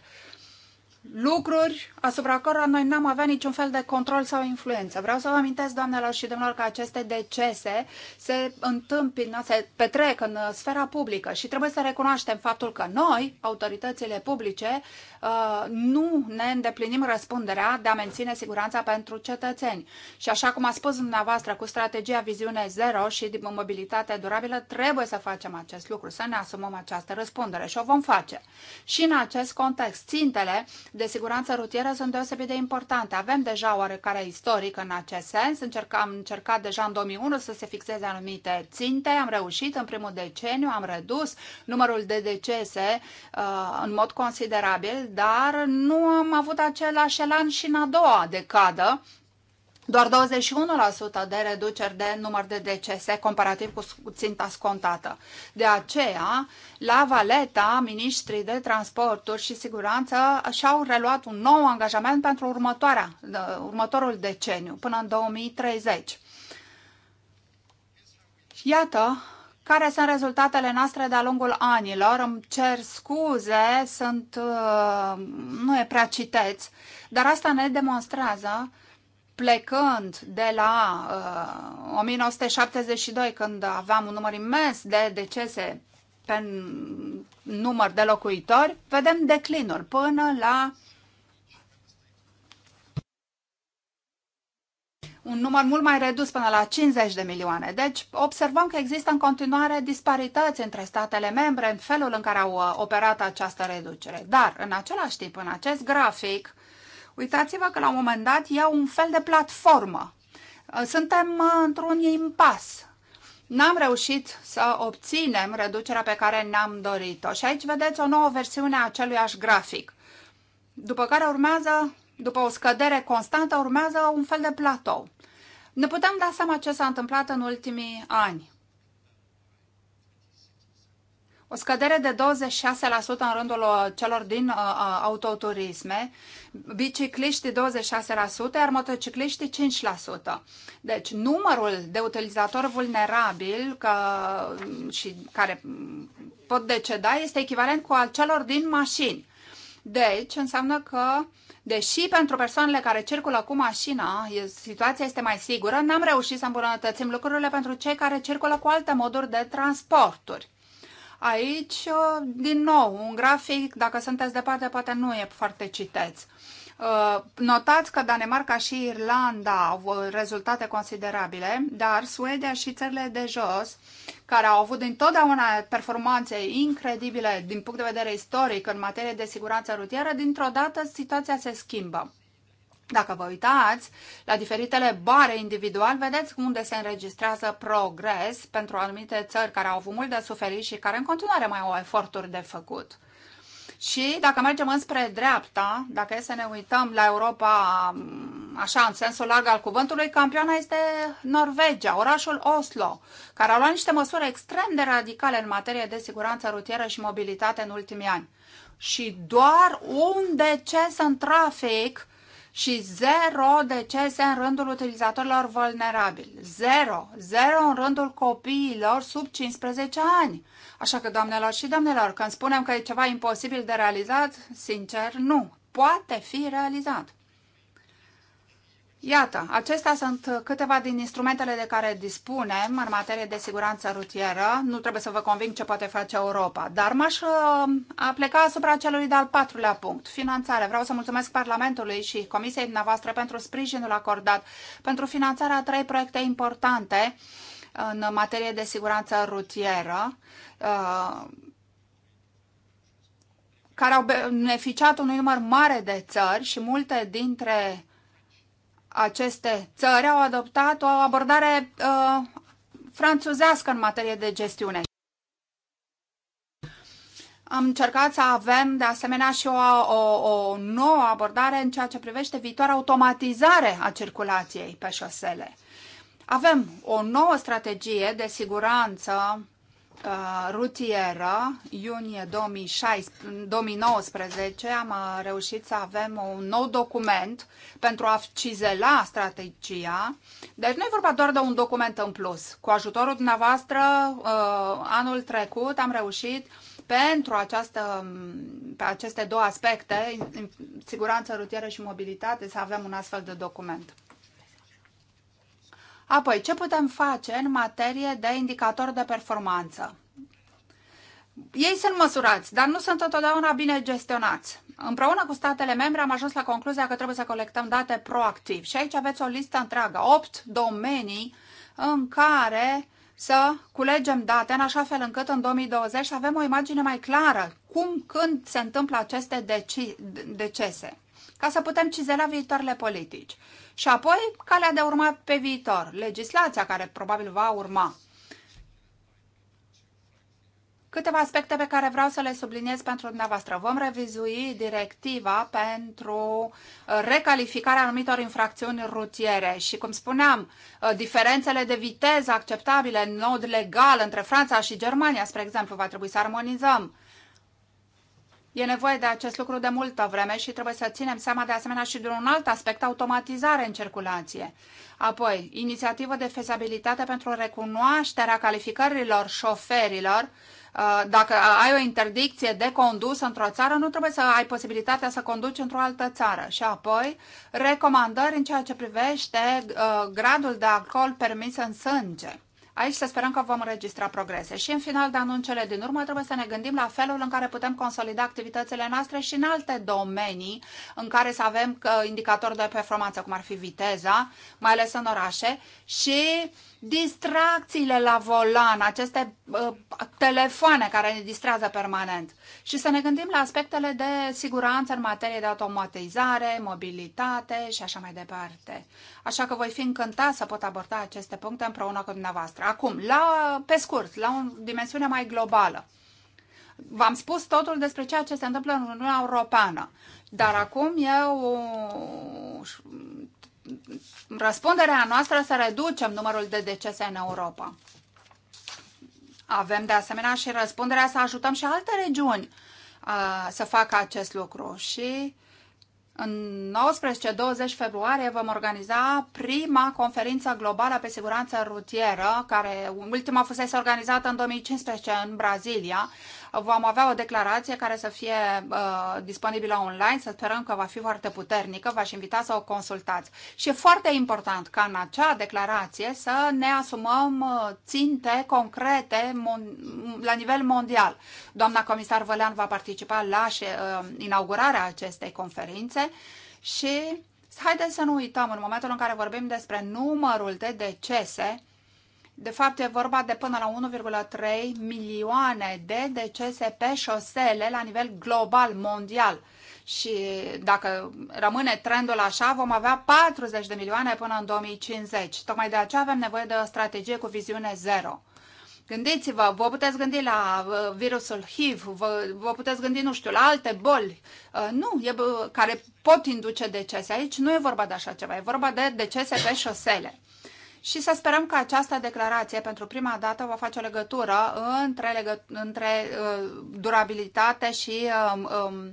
lucruri asupra cărora noi n-am avea niciun fel de control sau influență. Vreau să vă amintesc, doamnelor și domnilor, că aceste decese se întâmplă, se petrec în sfera publică și trebuie să recunoaștem faptul că noi, autoritățile publice, uh, nu ne îndeplinim răspunderea de a menține siguranța pentru cetățeni. Și așa cum a spus dumneavoastră, cu strategia Viziune Zero și mobilitate durabilă, trebuie să facem acest lucru, să ne asumăm această răspundere și o vom face. Și în acest context, țintele de siguranță rutieră sunt deosebit de importante. Avem deja oarecare istoric în acest sens. Încercam, am încercat deja în 2001 să se fixeze anumite ținte. Am reușit în primul deceniu, am redus numărul de decese uh, în mod considerabil, dar nu am avut același elan și în a doua decadă doar 21% de reduceri de număr de decese comparativ cu ținta scontată. De aceea, la Valeta, ministrii de transporturi și siguranță și-au reluat un nou angajament pentru următoarea, următorul deceniu, până în 2030. Iată care sunt rezultatele noastre de-a lungul anilor. Îmi cer scuze, sunt, uh, nu e prea citeți, dar asta ne demonstrează plecând de la uh, 1972, când aveam un număr imens de decese pe număr de locuitori, vedem declinul până la un număr mult mai redus până la 50 de milioane. Deci observăm că există în continuare disparități între statele membre în felul în care au uh, operat această reducere. Dar, în același timp, în acest grafic, Uitați-vă că la un moment dat iau un fel de platformă. Uh, suntem uh, într-un impas. N-am reușit să obținem reducerea pe care ne-am dorit-o. Și aici vedeți o nouă versiune a aceluiași grafic. După care urmează, după o scădere constantă, urmează un fel de platou. Ne putem da seama ce s-a întâmplat în ultimii ani o scădere de 26% în rândul uh, celor din uh, uh autoturisme, bicicliștii 26%, iar motocicliștii 5%. Deci numărul de utilizatori vulnerabili că, mm, și care pot deceda este echivalent cu al celor din mașini. Deci înseamnă că Deși pentru persoanele care circulă cu mașina situația este mai sigură, n-am reușit să îmbunătățim lucrurile pentru cei care circulă cu alte moduri de transporturi. Aici, uh, din nou, un grafic, dacă sunteți departe, poate nu e foarte citeț. Uh, notați că Danemarca și Irlanda au rezultate considerabile, dar Suedia și țările de jos, care au avut întotdeauna performanțe incredibile din punct de vedere istoric în materie de siguranță rutieră, dintr-o dată situația se schimbă. Dacă vă uitați la diferitele bare individual, vedeți unde se înregistrează progres pentru anumite țări care au avut mult de suferit și care în continuare mai au eforturi de făcut. Și dacă mergem înspre dreapta, dacă e să ne uităm la Europa, așa, în sensul larg al cuvântului, campioana este Norvegia, orașul Oslo, care a luat niște măsuri extrem de radicale în materie de siguranță rutieră și mobilitate în ultimii ani. Și doar un deces în trafic și zero decese în rândul utilizatorilor vulnerabili. Zero. Zero în rândul copiilor sub 15 ani. Așa că, doamnelor și domnilor, când spunem că e ceva imposibil de realizat, sincer, nu. Poate fi realizat. Iată, acestea sunt câteva din instrumentele de care dispunem în materie de siguranță rutieră. Nu trebuie să vă conving ce poate face Europa, dar m-aș uh, pleca asupra celui de-al patrulea punct, finanțare. Vreau să mulțumesc Parlamentului și Comisiei dumneavoastră pentru sprijinul acordat pentru finanțarea trei proiecte importante în materie de siguranță rutieră uh, care au beneficiat unui număr mare de țări și multe dintre aceste țări au adoptat o abordare uh, franțuzească în materie de gestiune. Am încercat să avem, de asemenea, și o, o, o nouă abordare în ceea ce privește viitoarea automatizare a circulației pe șosele. Avem o nouă strategie de siguranță Uh, rutieră, iunie 2016, 2019, am uh, reușit să avem un nou document pentru a cizela strategia. Deci nu e vorba doar de un document în plus. Cu ajutorul dumneavoastră, uh, anul trecut am reușit pentru această, pe aceste două aspecte, siguranță rutieră și mobilitate, să avem un astfel de document. Apoi, ce putem face în materie de indicator de performanță? Ei sunt măsurați, dar nu sunt întotdeauna bine gestionați. Împreună cu statele membre am ajuns la concluzia că trebuie să colectăm date proactiv. Și aici aveți o listă întreagă, 8 domenii în care să culegem date în așa fel încât în 2020 să avem o imagine mai clară cum, când se întâmplă aceste deci, decese ca să putem cizela viitoarele politici. Și apoi, calea de urmat pe viitor, legislația care probabil va urma. Câteva aspecte pe care vreau să le subliniez pentru dumneavoastră. Vom revizui directiva pentru uh, recalificarea anumitor infracțiuni rutiere și, cum spuneam, uh, diferențele de viteză acceptabile în mod legal între Franța și Germania, spre exemplu, va trebui să armonizăm. E nevoie de acest lucru de multă vreme și trebuie să ținem seama de asemenea și de un alt aspect, automatizare în circulație. Apoi, inițiativă de fezabilitate pentru recunoașterea calificărilor șoferilor. Uh, dacă ai o interdicție de condus într-o țară, nu trebuie să ai posibilitatea să conduci într-o altă țară. Și apoi, recomandări în ceea ce privește uh, gradul de alcool permis în sânge. Aici să sperăm că vom înregistra progrese. Și în final, de anunțele cele din urmă, trebuie să ne gândim la felul în care putem consolida activitățile noastre și în alte domenii în care să avem uh, indicatori de performanță, cum ar fi viteza, mai ales în orașe, și distracțiile la volan, aceste uh, telefoane care ne distrează permanent și să ne gândim la aspectele de siguranță în materie de automatizare, mobilitate și așa mai departe. Așa că voi fi încântat să pot aborda aceste puncte împreună cu dumneavoastră. Acum, la, pe scurt, la o dimensiune mai globală. V-am spus totul despre ceea ce se întâmplă în Uniunea Europeană, dar acum eu răspunderea noastră să reducem numărul de decese în Europa. Avem de asemenea și răspunderea să ajutăm și alte regiuni uh, să facă acest lucru și în 19-20 februarie vom organiza prima conferință globală pe siguranță rutieră, care ultima fusese organizată în 2015 în Brazilia vom avea o declarație care să fie uh, disponibilă online, să sperăm că va fi foarte puternică, v-aș invita să o consultați. Și e foarte important ca în acea declarație să ne asumăm uh, ținte concrete la nivel mondial. Doamna comisar Vălean va participa la uh, inaugurarea acestei conferințe și haideți să nu uităm, în momentul în care vorbim despre numărul de decese, de fapt, e vorba de până la 1,3 milioane de decese pe șosele la nivel global, mondial. Și dacă rămâne trendul așa, vom avea 40 de milioane până în 2050. Tocmai de aceea avem nevoie de o strategie cu viziune zero. Gândiți-vă, vă puteți gândi la uh, virusul HIV, vă, vă puteți gândi, nu știu, la alte boli, uh, nu, e, uh, care pot induce decese. Aici nu e vorba de așa ceva, e vorba de decese pe șosele și să sperăm că această declarație pentru prima dată va face o legătură între, legă, între uh, durabilitate și um, uh,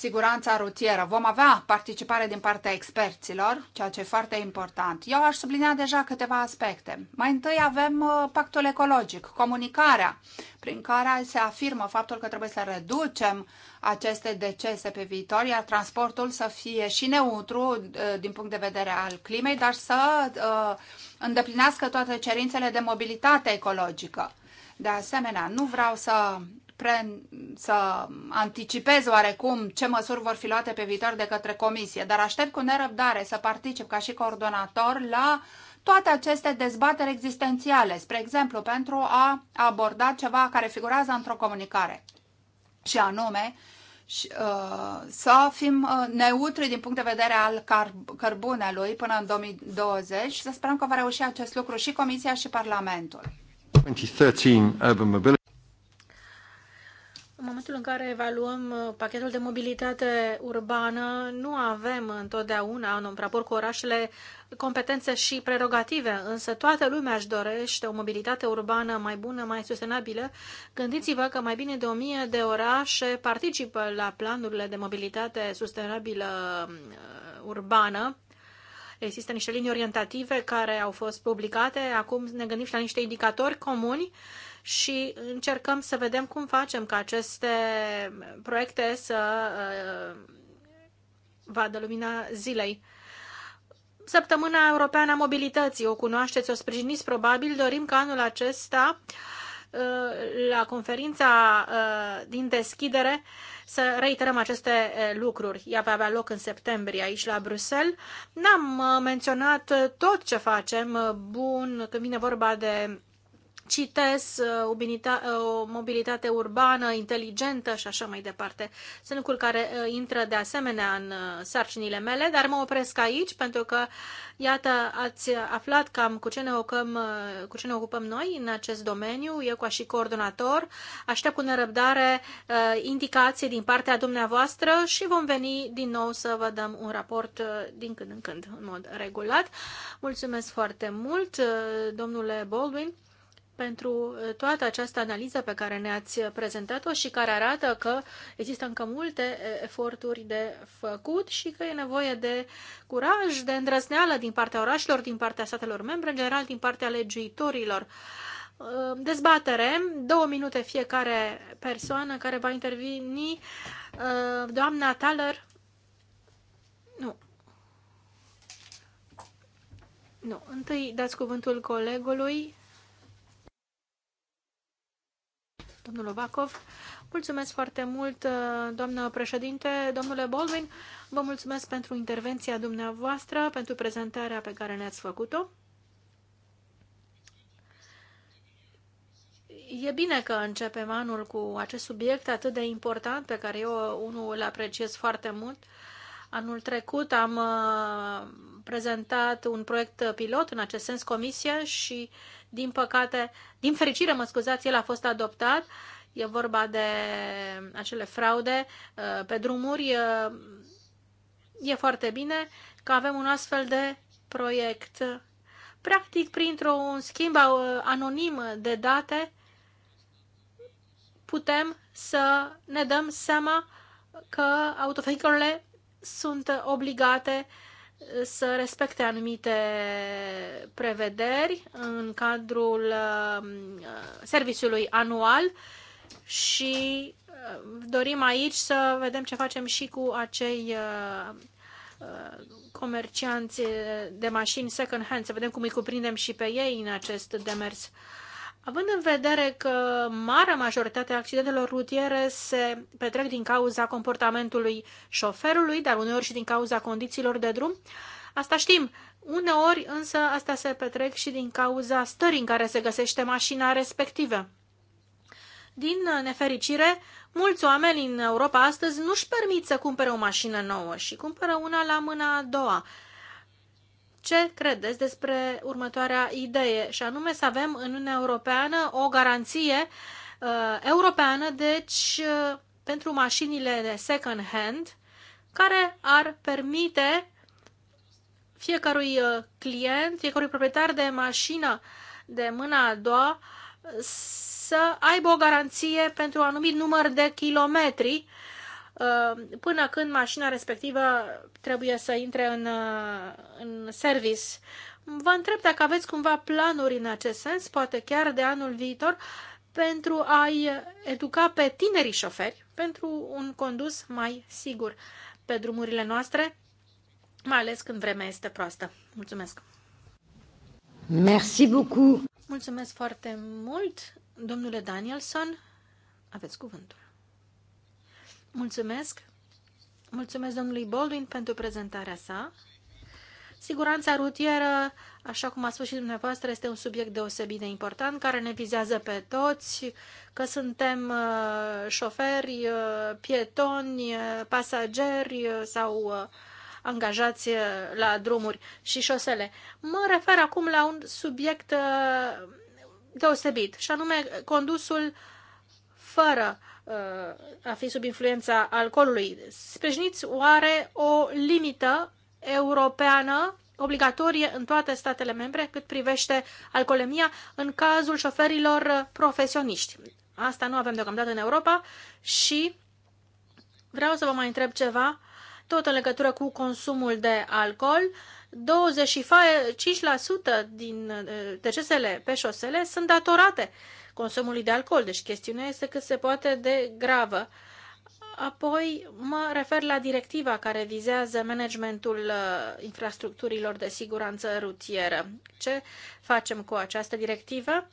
siguranța rutieră. Vom avea participare din partea experților, ceea ce e foarte important. Eu aș sublinea deja câteva aspecte. Mai întâi avem uh, pactul ecologic, comunicarea, prin care se afirmă faptul că trebuie să reducem aceste decese pe viitor, iar transportul să fie și neutru uh, din punct de vedere al climei, dar să uh, îndeplinească toate cerințele de mobilitate ecologică. De asemenea, nu vreau să pre, să anticipez oarecum ce măsuri vor fi luate pe viitor de către comisie, dar aștept cu nerăbdare să particip ca și coordonator la toate aceste dezbateri existențiale, spre exemplu, pentru a aborda ceva care figurează într-o comunicare, și anume și, uh, să fim uh, neutri din punct de vedere al car- cărbunelui până în 2020 și să sperăm că va reuși acest lucru și Comisia și Parlamentul. 2013 Urban Mobility în momentul în care evaluăm uh, pachetul de mobilitate urbană, nu avem întotdeauna, în raport cu orașele, competențe și prerogative, însă toată lumea își dorește o mobilitate urbană mai bună, mai sustenabilă. Gândiți-vă că mai bine de o mie de orașe participă la planurile de mobilitate sustenabilă uh, urbană. Există niște linii orientative care au fost publicate, acum ne gândim și la niște indicatori comuni și încercăm să vedem cum facem ca aceste proiecte să uh, vadă lumina zilei. Săptămâna Europeană a Mobilității, o cunoașteți, o sprijiniți probabil, dorim ca anul acesta uh, la conferința uh, din deschidere să reiterăm aceste lucruri. Ea va avea loc în septembrie aici la Bruxelles. N-am menționat tot ce facem bun când vine vorba de CITES, uh, uh, o mobilitate urbană, inteligentă și așa mai departe. Sunt lucruri care uh, intră de asemenea în sarcinile mele, dar mă opresc aici pentru că, iată, ați aflat cam cu ce ne ocupăm, cu ce ne ocupăm noi în acest domeniu, eu ca și coordonator. Aștept cu nerăbdare indicații din partea dumneavoastră și vom veni din nou să vă dăm un raport din când în când, în mod regulat. Mulțumesc foarte mult, domnule Baldwin pentru uh, toată această analiză pe care ne-ați prezentat-o și care arată că există încă multe uh, eforturi de făcut și că e nevoie de curaj, de îndrăzneală din partea orașelor, din partea statelor membre, în general din partea legiuitorilor. Uh, dezbatere, două minute fiecare persoană care va interveni. Doamna Thaler, nu, nu, întâi dați cuvântul colegului domnul Ovakov. Mulțumesc foarte mult, uh, doamnă președinte, domnule Baldwin. Vă mulțumesc pentru intervenția dumneavoastră, pentru prezentarea pe care ne-ați făcut-o. E bine că începem anul cu acest subiect atât de important, pe care eu unul îl apreciez foarte mult. Anul trecut am uh, prezentat un proiect pilot în acest sens comisie și uh, din păcate, din fericire, mă scuzați, el a fost adoptat. E vorba de uh, acele fraude uh, pe drumuri. Uh, e foarte bine că avem un astfel de proiect. Practic, printr-un schimb anonim de date, putem să ne dăm seama că autovehiculele sunt obligate uh, să respecte anumite prevederi în cadrul um, serviciului anual și uh, dorim aici să vedem ce facem și cu acei uh, uh, comercianți de mașini second hand, să vedem cum îi cuprindem și pe ei în acest demers. Având în vedere că marea majoritate a accidentelor rutiere se petrec din cauza comportamentului șoferului, dar uneori și din cauza condițiilor de drum, asta știm. Uneori însă asta se petrec și din cauza stării în care se găsește mașina respectivă. Din nefericire, mulți oameni în Europa astăzi nu-și permit să cumpere o mașină nouă și cumpără una la mâna a doua ce credeți despre următoarea idee, și anume să avem în Uniunea Europeană o garanție uh, europeană, deci uh, pentru mașinile de second hand, care ar permite fiecărui uh, client, fiecărui proprietar de mașină de mâna a doua uh, să aibă o garanție pentru un anumit număr de kilometri Uh, până când mașina respectivă trebuie să intre în, uh, în service. Vă întreb dacă aveți cumva planuri în acest sens, poate chiar de anul viitor, pentru a-i educa pe tinerii șoferi pentru un condus mai sigur pe drumurile noastre, mai ales când vremea este proastă. Mulțumesc! Merci beaucoup! Mulțumesc foarte mult, domnule Danielson. Aveți cuvântul. Mulțumesc! Mulțumesc domnului Baldwin pentru prezentarea sa. Siguranța rutieră, așa cum a spus și dumneavoastră, este un subiect deosebit de important care ne vizează pe toți, că suntem uh, șoferi, uh, pietoni, uh, pasageri sau angajați la drumuri și șosele. Mă refer acum la un subiect deosebit, și anume condusul fără Uh, a fi sub influența alcoolului. Sprijiniți oare o limită europeană obligatorie în toate statele membre cât privește alcoolemia în cazul șoferilor profesioniști. Asta nu avem deocamdată în Europa și vreau să vă mai întreb ceva, tot în legătură cu consumul de alcool. 25% din uh, decesele pe șosele sunt datorate uh, consumului de alcool. Deci chestiunea este cât se poate de gravă. Apoi mă refer la directiva care vizează managementul uh, infrastructurilor de siguranță rutieră. Ce facem cu această directivă?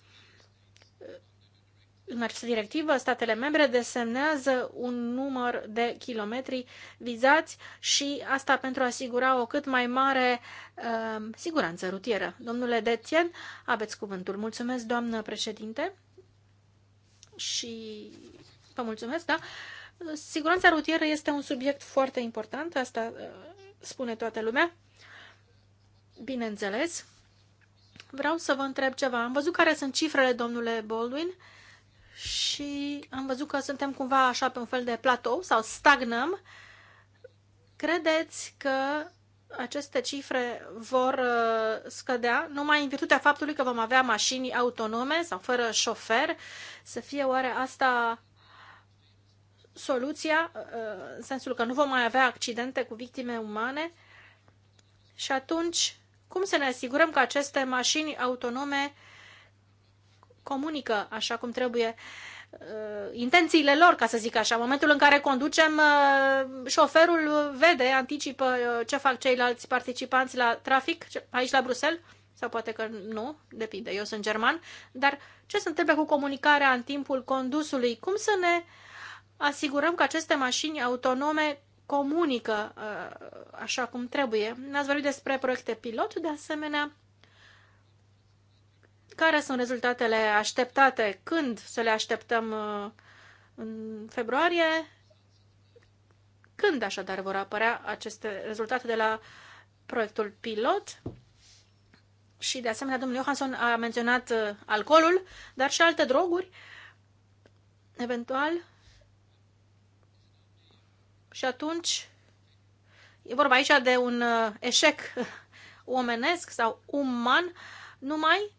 În această directivă, statele membre desemnează un număr de kilometri vizați și asta pentru a asigura o cât mai mare uh, siguranță rutieră. Domnule Detien, aveți cuvântul. Mulțumesc, doamnă președinte și vă mulțumesc, da? Siguranța rutieră este un subiect foarte important, asta uh, spune toată lumea. Bineînțeles. Vreau să vă întreb ceva. Am văzut care sunt cifrele, domnule Baldwin, și am văzut că suntem cumva așa pe un fel de platou sau stagnăm. Credeți că aceste cifre vor uh, scădea numai în virtutea faptului că vom avea mașini autonome sau fără șofer. Să fie oare asta soluția, uh, în sensul că nu vom mai avea accidente cu victime umane? Și atunci, cum să ne asigurăm că aceste mașini autonome comunică așa cum trebuie? Uh, intențiile lor, ca să zic așa. În momentul în care conducem, uh, șoferul vede, anticipă uh, ce fac ceilalți participanți la trafic aici la Bruxelles, sau poate că nu, depinde, eu sunt german, dar ce se întâmplă cu comunicarea în timpul condusului? Cum să ne asigurăm că aceste mașini autonome comunică așa cum trebuie? Ne-ați vorbit despre proiecte pilot, de asemenea, care sunt rezultatele așteptate? Când să le așteptăm uh, în februarie? Când așadar vor apărea aceste rezultate de la proiectul pilot? Și de asemenea, domnul Johansson a menționat uh, alcoolul, dar și alte droguri, eventual. Și atunci, e vorba aici de un uh, eșec omenesc sau uman numai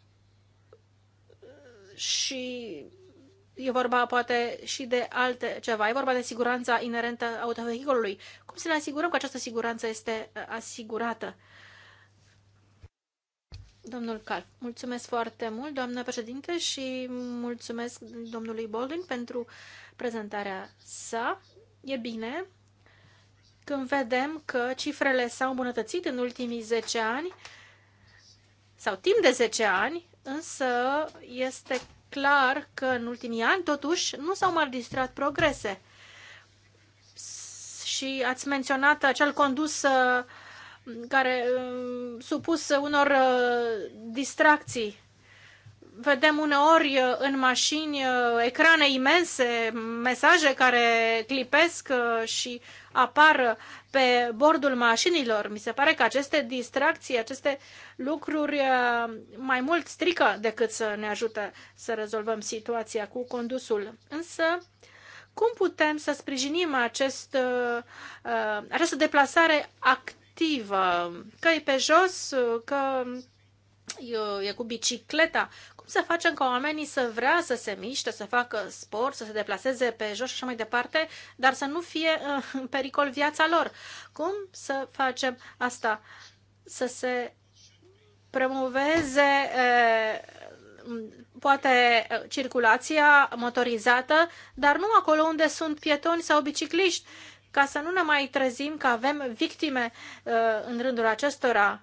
și e vorba poate și de alte ceva. E vorba de siguranța inerentă autovehiculului. Cum să ne asigurăm că această siguranță este uh, asigurată? Domnul Cal, mulțumesc foarte mult, doamna președinte, și mulțumesc domnului Baldwin pentru prezentarea sa. E bine când vedem că cifrele s-au îmbunătățit în ultimii 10 ani sau timp de 10 ani, însă este clar că în ultimii ani, totuși, nu s-au mai distrat progrese. Și ați menționat acel condus uh, care uh, supus unor uh, distracții. Vedem uneori în mașini ecrane imense, mesaje care clipesc și apar pe bordul mașinilor. Mi se pare că aceste distracții, aceste lucruri uh, mai mult strică decât să ne ajute să rezolvăm situația cu condusul. Însă, cum putem să sprijinim acest, uh, uh, această deplasare activă, că e pe jos, că Uh, e cu bicicleta. Cum să facem ca oamenii să vrea să se miște, să facă sport, să se deplaseze pe jos și așa mai departe, dar să nu fie uh, în pericol viața lor? Cum să facem asta? Să se promoveze uh, poate circulația motorizată, dar nu acolo unde sunt pietoni sau bicicliști, ca să nu ne mai trezim că avem victime în rândul acestora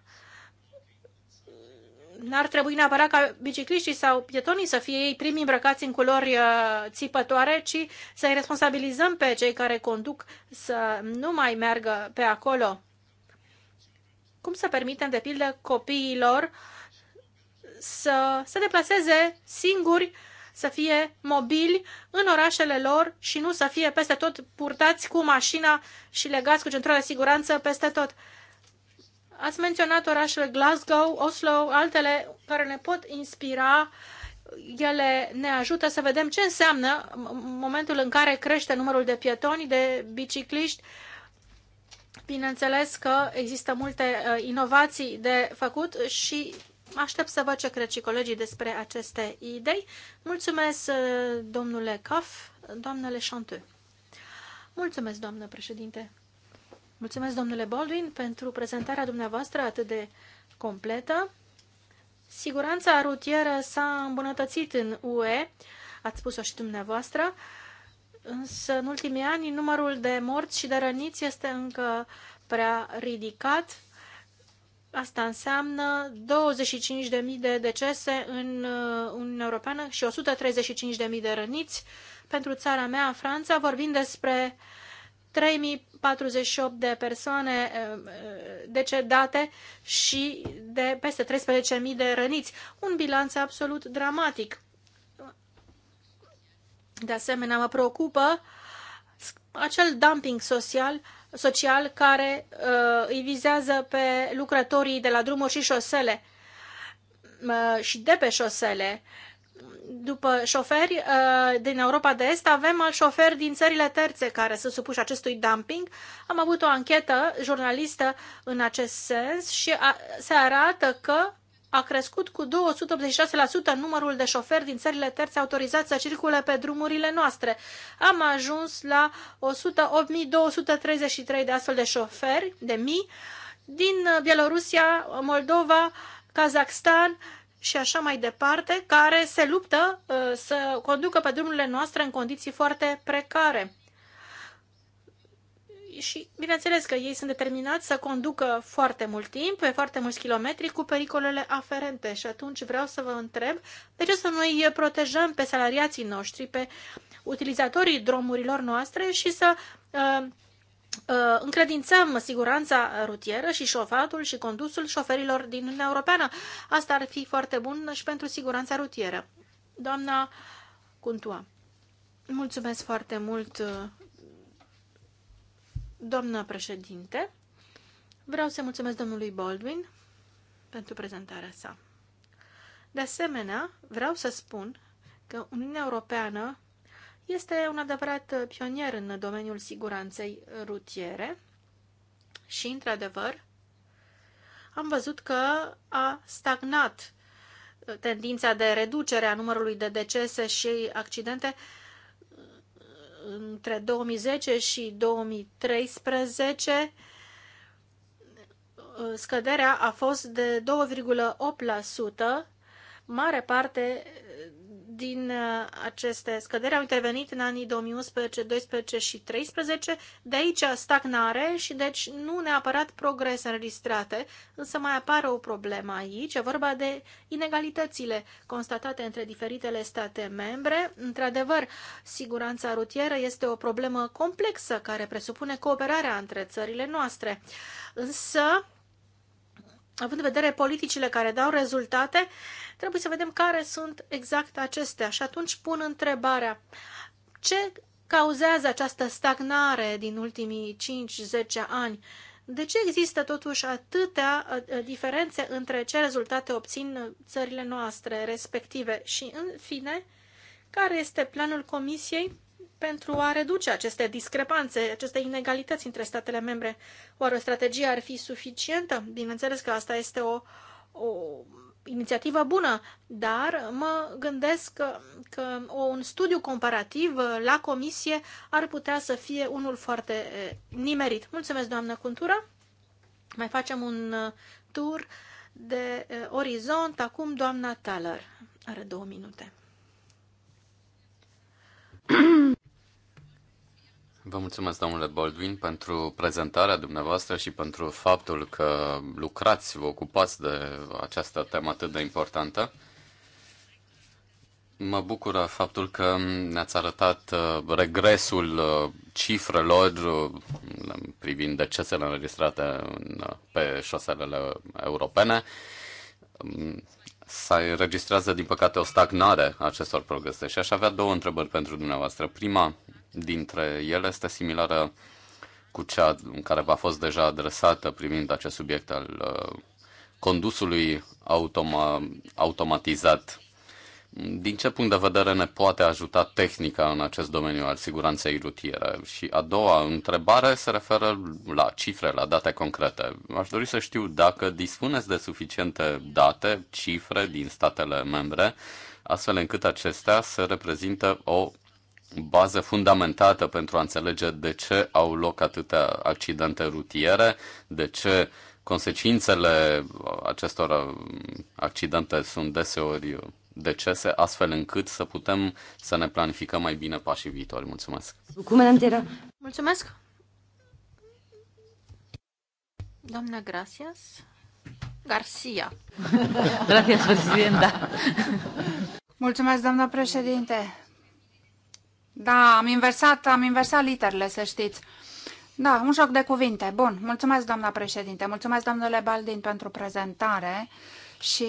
n-ar trebui neapărat ca bicicliștii sau pietonii să fie ei primii îmbrăcați în culori uh, țipătoare, ci să-i responsabilizăm pe cei care conduc să nu mai meargă pe acolo. Cum să permitem, de pildă, copiilor să se deplaseze singuri, să fie mobili în orașele lor și nu să fie peste tot purtați cu mașina și legați cu centura de siguranță peste tot Ați menționat orașele Glasgow, Oslo, altele care ne pot inspira. Ele ne ajută să vedem ce înseamnă momentul în care crește numărul de pietoni, de bicicliști. Bineînțeles că există multe uh, inovații de făcut și aștept să văd ce cred și colegii despre aceste idei. Mulțumesc, uh, domnule Caf, doamnele Chanteu. Mulțumesc, doamnă președinte. Mulțumesc, domnule Baldwin, pentru prezentarea dumneavoastră atât de completă. Siguranța rutieră s-a îmbunătățit în UE, ați spus-o și dumneavoastră, însă în ultimii ani numărul de morți și de răniți este încă prea ridicat. Asta înseamnă 25.000 de decese uh, în Uniunea Europeană și 135.000 de răniți. Pentru țara mea, Franța, vorbim despre 3.000 48 de persoane eh, eh, decedate și de peste 13.000 de răniți. Un bilanț absolut dramatic. De asemenea, mă preocupă acel dumping social social care uh, îi vizează pe lucrătorii de la drumuri și șosele uh, și de pe șosele. Uh, după șoferi uh, din Europa de Est, avem șoferi din țările terțe care sunt supuși acestui dumping. Am avut o anchetă jurnalistă în acest sens și a, se arată că a crescut cu 286% numărul de șoferi din țările terțe autorizați să circule pe drumurile noastre. Am ajuns la 108.233 de astfel de șoferi, de mii, din Bielorusia, Moldova, Kazakhstan și așa mai departe, care se luptă uh, să conducă pe drumurile noastre în condiții foarte precare. Și bineînțeles că ei sunt determinați să conducă foarte mult timp, pe foarte mulți kilometri, cu pericolele aferente. Și atunci vreau să vă întreb, de ce să noi protejăm pe salariații noștri, pe utilizatorii drumurilor noastre și să uh, Uh, încredințăm siguranța rutieră și șofatul și condusul șoferilor din Uniunea Europeană. Asta ar fi foarte bun și pentru siguranța rutieră. Doamna Cuntua, mulțumesc foarte mult, uh, doamnă președinte. Vreau să mulțumesc domnului Baldwin pentru prezentarea sa. De asemenea, vreau să spun că Uniunea Europeană este un adevărat uh, pionier în domeniul siguranței rutiere și, într-adevăr, am văzut că a stagnat uh, tendința de reducere a numărului de decese și accidente uh, între 2010 și 2013 scăderea a fost de 2,8%, mare parte din uh, aceste scăderi au intervenit în anii 2011, 12 și 13, de aici stagnare și deci nu neapărat progrese înregistrate, însă mai apare o problemă aici, e vorba de inegalitățile constatate între diferitele state membre. Într-adevăr, siguranța rutieră este o problemă complexă care presupune cooperarea între țările noastre, însă având în vedere politicile care dau rezultate, trebuie să vedem care sunt exact acestea. Și atunci pun întrebarea, ce cauzează această stagnare din ultimii 5-10 ani? De ce există totuși atâtea uh, uh, diferențe între ce rezultate obțin țările noastre respective? Și, în fine, care este planul Comisiei pentru a reduce aceste discrepanțe, aceste inegalități între statele membre? Oare o strategie ar fi suficientă? Bineînțeles că asta este o, o inițiativă bună, dar mă gândesc că, că un studiu comparativ uh, la comisie ar putea să fie unul foarte uh, nimerit. Mulțumesc, doamnă Cuntura! Mai facem un uh, tur de orizont. Acum doamna Taller are două minute. Vă mulțumesc, domnule Baldwin, pentru prezentarea dumneavoastră și pentru faptul că lucrați, vă ocupați de această temă atât de importantă. Mă bucură faptul că ne-ați arătat uh, regresul uh, cifrelor uh, privind decesele înregistrate pe șoselele europene. Se înregistrează, din păcate, o stagnare a acestor progrese și aș avea două întrebări pentru dumneavoastră. Prima dintre ele este similară cu cea în care v-a fost deja adresată privind acest subiect al uh, condusului automa- automatizat. Din ce punct de vedere ne poate ajuta tehnica în acest domeniu al siguranței rutiere? Și a doua întrebare se referă la cifre, la date concrete. Aș dori să știu dacă dispuneți de suficiente date, cifre din statele membre, astfel încât acestea să reprezintă o bază fundamentată pentru a înțelege de ce au loc atâtea accidente rutiere, de ce consecințele acestor uh, accidente sunt deseori decese, astfel încât să putem să ne planificăm mai bine pașii viitori. Mulțumesc! Mulțumesc! Doamna Gracias. Garcia. Gracias, presidenta. Mulțumesc, doamna președinte. Da, am inversat, am inversat literele, să știți. Da, un joc de cuvinte. Bun, mulțumesc, doamna președinte, mulțumesc, domnule Baldin, pentru prezentare. Și,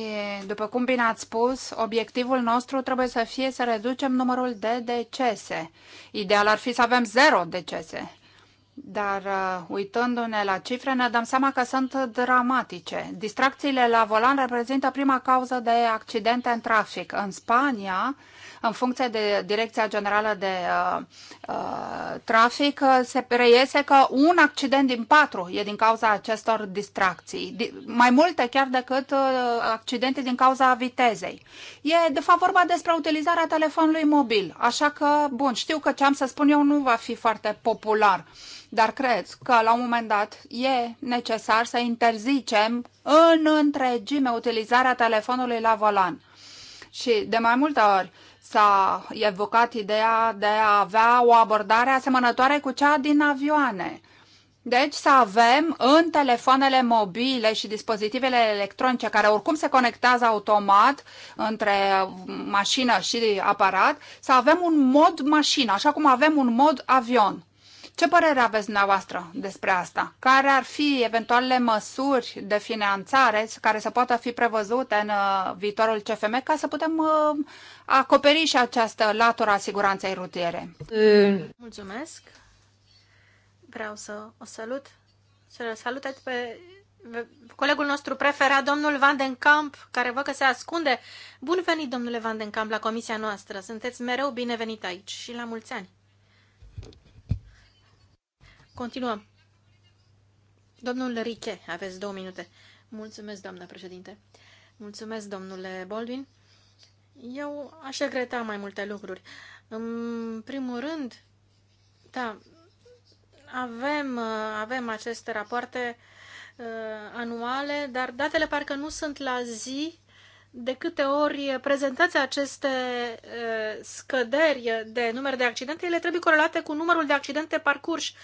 după cum bine ați spus, obiectivul nostru trebuie să fie să reducem numărul de decese. Ideal ar fi să avem zero decese. Dar uh, uitându-ne la cifre, ne dăm seama că sunt dramatice. Distracțiile la volan reprezintă prima cauză de accidente în trafic. În Spania, în funcție de Direcția Generală de uh, uh, Trafic, uh, se reiese că un accident din patru e din cauza acestor distracții, di mai multe chiar decât uh, accidente din cauza vitezei. E, de fapt, vorba despre utilizarea telefonului mobil, așa că, bun, știu că ce am să spun eu nu va fi foarte popular, dar cred că, la un moment dat, e necesar să interzicem în întregime utilizarea telefonului la volan. Și de mai multe ori S-a evocat ideea de a avea o abordare asemănătoare cu cea din avioane. Deci să avem în telefoanele mobile și dispozitivele electronice care oricum se conectează automat între mașină și aparat, să avem un mod mașină, așa cum avem un mod avion. Ce părere aveți dumneavoastră despre asta? Care ar fi eventualele măsuri de finanțare care să poată fi prevăzute în uh, viitorul CFM ca să putem uh, acoperi și această latură a siguranței rutiere? Uh. Mulțumesc! Vreau să o salut, să salutați pe colegul nostru preferat, domnul Van den Camp, care văd că se ascunde. Bun venit, domnule Van den Camp, la comisia noastră. Sunteți mereu binevenit aici și la mulți ani. Continuăm. Domnul Riche, aveți două minute. Mulțumesc, doamna președinte. Mulțumesc, domnule Baldwin. Eu aș regreta mai multe lucruri. În primul rând, da, avem, avem aceste rapoarte uh, anuale, dar datele parcă nu sunt la zi de câte ori prezentați aceste scăderi de număr de accidente, ele trebuie corelate cu numărul de accidente parcurși.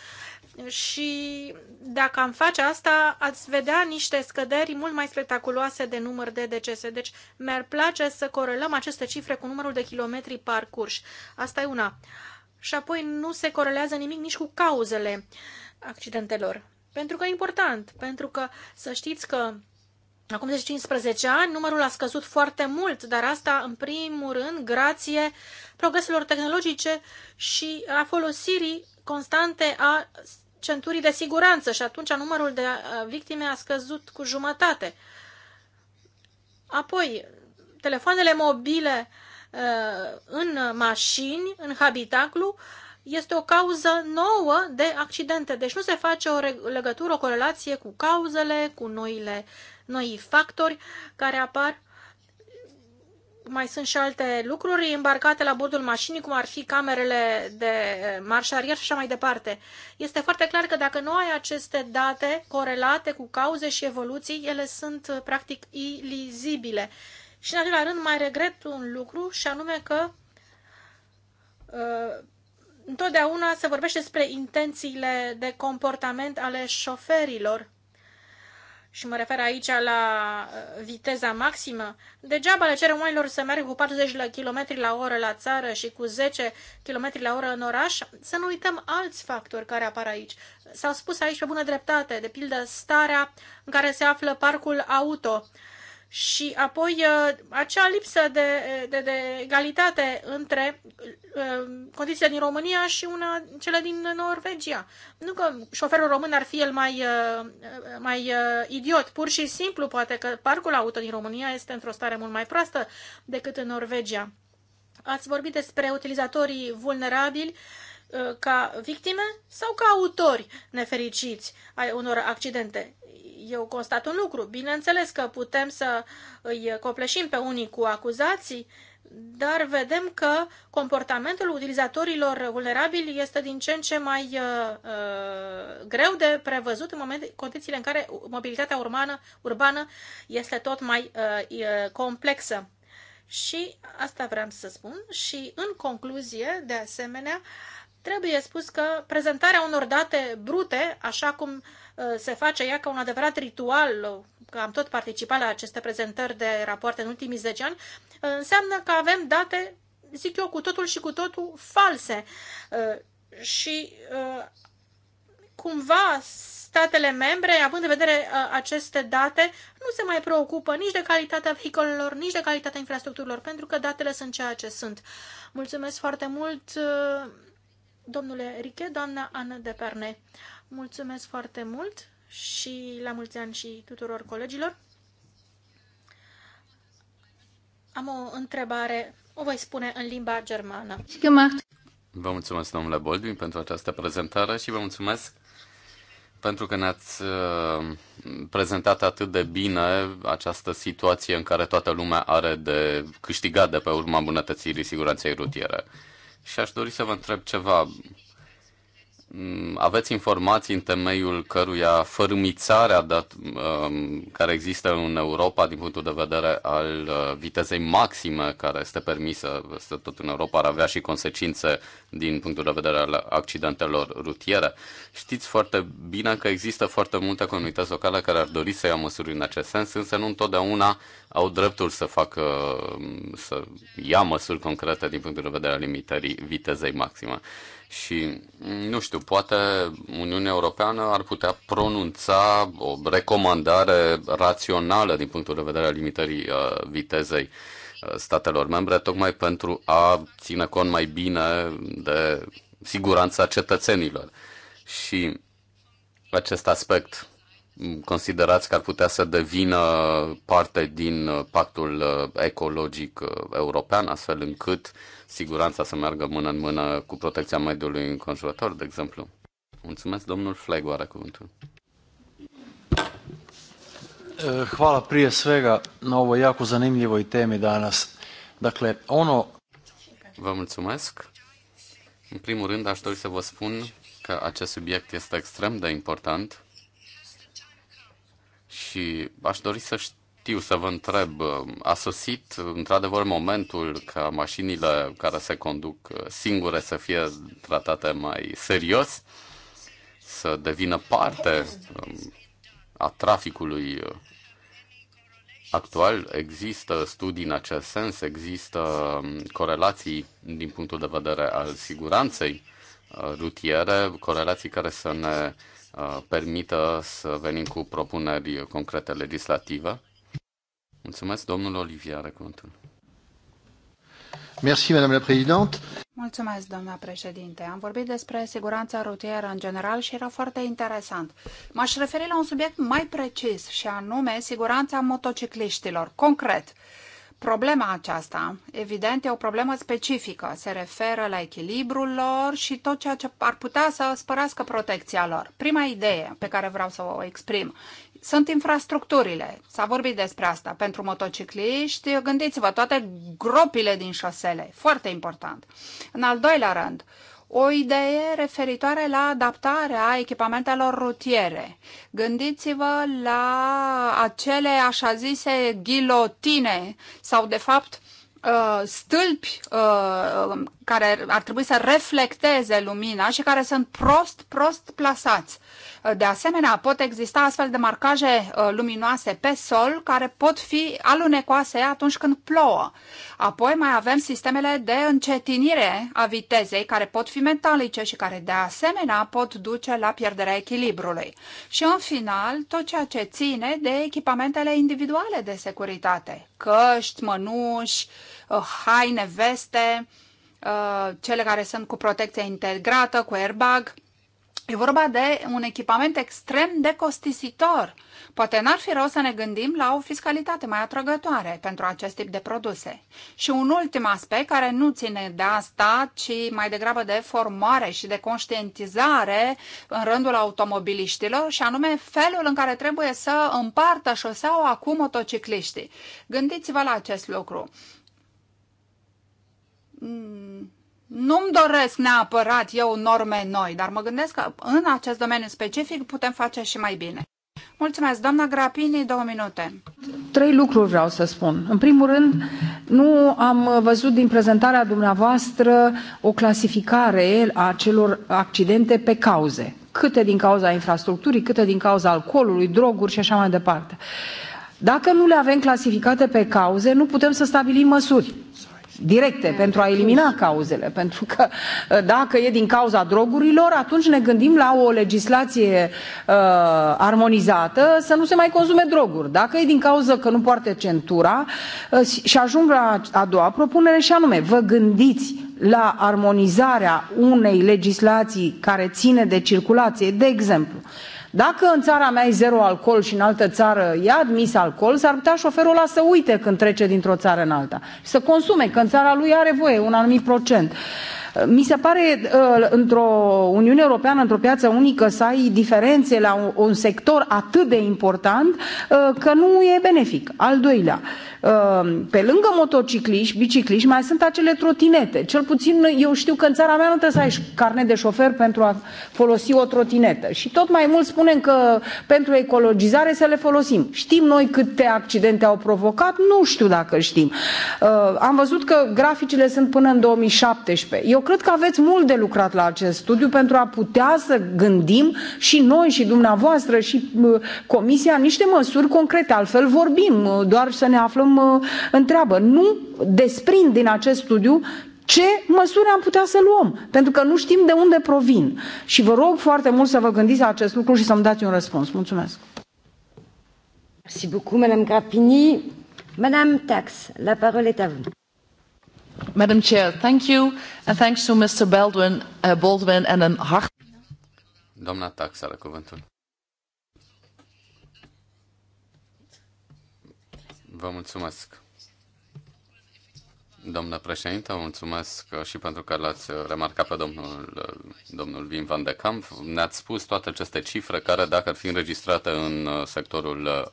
Și dacă am face asta, ați vedea niște scăderi mult mai spectaculoase de număr de decese. Deci mi-ar place să corelăm aceste cifre cu numărul de kilometri parcurși. Asta e una. Și apoi nu se corelează nimic nici cu cauzele accidentelor. Pentru că e important, pentru că să știți că Acum de deci 15 ani numărul a scăzut foarte mult, dar asta în primul rând grație progreselor tehnologice și a folosirii constante a centurii de siguranță și atunci numărul de uh, victime a scăzut cu jumătate. Apoi, telefoanele mobile uh, în mașini, în habitaclu, este o cauză nouă de accidente. Deci nu se face o legătură, o corelație cu cauzele, cu noile noi factori care apar. Mai sunt și alte lucruri îmbarcate la bordul mașinii, cum ar fi camerele de eh, marșarier și așa mai departe. Este foarte clar că dacă nu ai aceste date corelate cu cauze și evoluții, ele sunt eh, practic ilizibile. Și în același rând mai regret un lucru și anume că eh, întotdeauna se vorbește despre intențiile de comportament ale șoferilor și mă refer aici la uh, viteza maximă, degeaba le cerem oamenilor să meargă cu 40 km la oră la țară și cu 10 km la oră în oraș, să nu uităm alți factori care apar aici. S-au spus aici pe bună dreptate, de pildă starea în care se află parcul auto, și apoi uh, acea lipsă de, de, de egalitate între uh, condițiile din România și una, cele din Norvegia. Nu că șoferul român ar fi el mai, uh, mai idiot, pur și simplu poate că parcul auto din România este într-o stare mult mai proastă decât în Norvegia. Ați vorbit despre utilizatorii vulnerabili Uh, ca victime sau ca autori nefericiți ai unor accidente. Eu constat un lucru. Bineînțeles că putem să îi copleșim pe unii cu acuzații, dar vedem că comportamentul utilizatorilor vulnerabili este din ce în ce mai uh, uh greu de prevăzut în moment, condițiile în care mobilitatea urbană, urbană este tot mai uh, uh, complexă. Și asta vreau să spun și în concluzie, de asemenea, uh, Trebuie spus că prezentarea unor date brute, așa cum uh, se face ea ca un adevărat ritual, uh, că am tot participat la aceste prezentări de rapoarte în ultimii 10 ani, uh, înseamnă că avem date, zic eu, cu totul și cu totul false. Și cumva statele membre, având în vedere aceste date, nu se mai preocupă nici de calitatea vehiculelor, nici de calitatea infrastructurilor, pentru că datele sunt ceea ce sunt. Mulțumesc foarte mult! domnule Riche, doamna Ana de Perne. Mulțumesc foarte mult și la mulți ani și tuturor colegilor. Am o întrebare, o voi spune în limba germană. Vă mulțumesc, domnule Boldwin, pentru această prezentare și vă mulțumesc pentru că ne-ați uh, prezentat atât de bine această situație în care toată lumea are de câștigat de pe urma îmbunătățirii siguranței rutiere. Și aș dori să vă întreb ceva. Mm, aveți informații în temeiul căruia fărâmițarea dat, um, care există în Europa din punctul de vedere al uh, vitezei maxime care este permisă este tot în Europa ar avea și consecințe din punctul de vedere al accidentelor rutiere. Știți foarte bine că există foarte multe comunități locale care ar dori să ia măsuri în acest sens, însă nu întotdeauna au dreptul să facă, um, să ia măsuri concrete din punctul de vedere al limitării vitezei maxime. Și, nu știu, poate Uniunea Europeană ar putea pronunța o recomandare rațională din punctul de vedere al limitării uh, vitezei uh, statelor membre, tocmai pentru a ține cont mai bine de siguranța cetățenilor. Și acest aspect considerați că ar putea să devină parte din uh, pactul uh, ecologic european, astfel încât uh, siguranța să meargă mână în mână cu protecția mediului înconjurător, de exemplu. Mulțumesc, domnul Flego are cuvântul. Hvala prije svega na ovoj jako zanimljivoj temi danas. Dakle, ono... Vă mulțumesc. În primul rând, aș dori să vă spun că acest subiect este extrem de important și aș dori să știu știu să vă întreb, a sosit într-adevăr momentul ca mașinile care se conduc uh, singure să fie tratate mai serios, să devină parte um, a traficului uh, actual? Există studii în acest sens? Există um, corelații din punctul de vedere al siguranței uh, rutiere, corelații care să ne permită să venim cu propuneri concrete legislative? Mulțumesc, domnul Olivier, are cuvântul. Merci, Madame la Présidente. Mulțumesc, doamna președinte. Am vorbit despre siguranța rutieră în general și era foarte interesant. M-aș referi la un subiect mai precis și anume siguranța motocicliștilor. Concret, problema aceasta, evident, e o problemă specifică. Se referă la echilibrul lor și tot ceea ce ar putea să spărească protecția lor. Prima idee pe care vreau să o exprim sunt infrastructurile. S-a vorbit despre asta. Pentru motocicliști, gândiți-vă, toate gropile din șosele. Foarte important. În al doilea rând, o idee referitoare la adaptarea echipamentelor rutiere. Gândiți-vă la acele așa zise ghilotine sau, de fapt, uh, stâlpi uh, um, care ar trebui să reflecteze lumina și care sunt prost, prost plasați. De asemenea, pot exista astfel de marcaje uh, luminoase pe sol care pot fi alunecoase atunci când plouă. Apoi mai avem sistemele de încetinire a vitezei care pot fi metalice și care de asemenea pot duce la pierderea echilibrului. Și în final, tot ceea ce ține de echipamentele individuale de securitate, căști, mănuși, uh, haine, veste, uh, cele care sunt cu protecție integrată, cu airbag, E vorba de un echipament extrem de costisitor. Poate n-ar fi rău să ne gândim la o fiscalitate mai atrăgătoare pentru acest tip de produse. Și un ultim aspect care nu ține de asta, ci mai degrabă de formare și de conștientizare în rândul automobiliștilor, și anume felul în care trebuie să împartă șoseaua cu motocicliștii. Gândiți-vă la acest lucru. Mm nu-mi doresc neapărat eu norme noi, dar mă gândesc că în acest domeniu specific putem face și mai bine. Mulțumesc, doamna Grapini, două minute. Trei lucruri vreau să spun. În primul rând, nu am văzut din prezentarea dumneavoastră o clasificare a celor accidente pe cauze. Câte din cauza infrastructurii, câte din cauza alcoolului, droguri și așa mai departe. Dacă nu le avem clasificate pe cauze, nu putem să stabilim măsuri directe mm. pentru a elimina mm. cauzele. Pentru că uh, dacă e din cauza drogurilor, atunci ne gândim la o legislație uh, armonizată să nu se mai consume droguri. Dacă e din cauza că nu poartă centura uh, și ajung la a doua propunere și anume, vă gândiți la armonizarea unei legislații care ține de circulație, de exemplu, dacă în țara mea e zero alcool și în altă țară e admis alcool, s-ar putea șoferul ăla să uite când trece dintr-o țară în alta și să consume, că în țara lui are voie un anumit procent. Mi se pare uh, într-o Uniune Europeană, într-o piață unică, să ai diferențe la un sector atât de important uh, că nu e benefic. Al doilea, uh, pe lângă motocicliști, bicicliști, mai sunt acele trotinete. Cel puțin eu știu că în țara mea nu trebuie să ai carnet de șofer pentru a folosi o trotinetă. Și tot mai mult spunem că pentru ecologizare să le folosim. Știm noi câte accidente au provocat? Nu știu dacă știm. Am văzut că graficele sunt până în 2017. Eu cred că aveți mult de lucrat la acest studiu pentru a putea să gândim și noi și dumneavoastră și uh, Comisia niște măsuri concrete, altfel vorbim, uh, doar să ne aflăm uh, în treabă. Nu desprind din acest studiu ce măsuri am putea să luăm, pentru că nu știm de unde provin. Și vă rog foarte mult să vă gândiți la acest lucru și să-mi dați un răspuns. Mulțumesc. Merci beaucoup, Madame Grappini. Madame Tax, la parole est à vous. Madam Chair, thank you and thanks to Mr. Baldwin, uh, Baldwin and an heart. Doamna Tax are cuvântul. Vă mulțumesc. Doamnă președintă, mulțumesc și pentru că l-ați remarcat pe domnul, domnul Wim Van de Kamp. Ne-ați spus toate aceste cifre care, dacă ar fi înregistrate în uh, sectorul uh,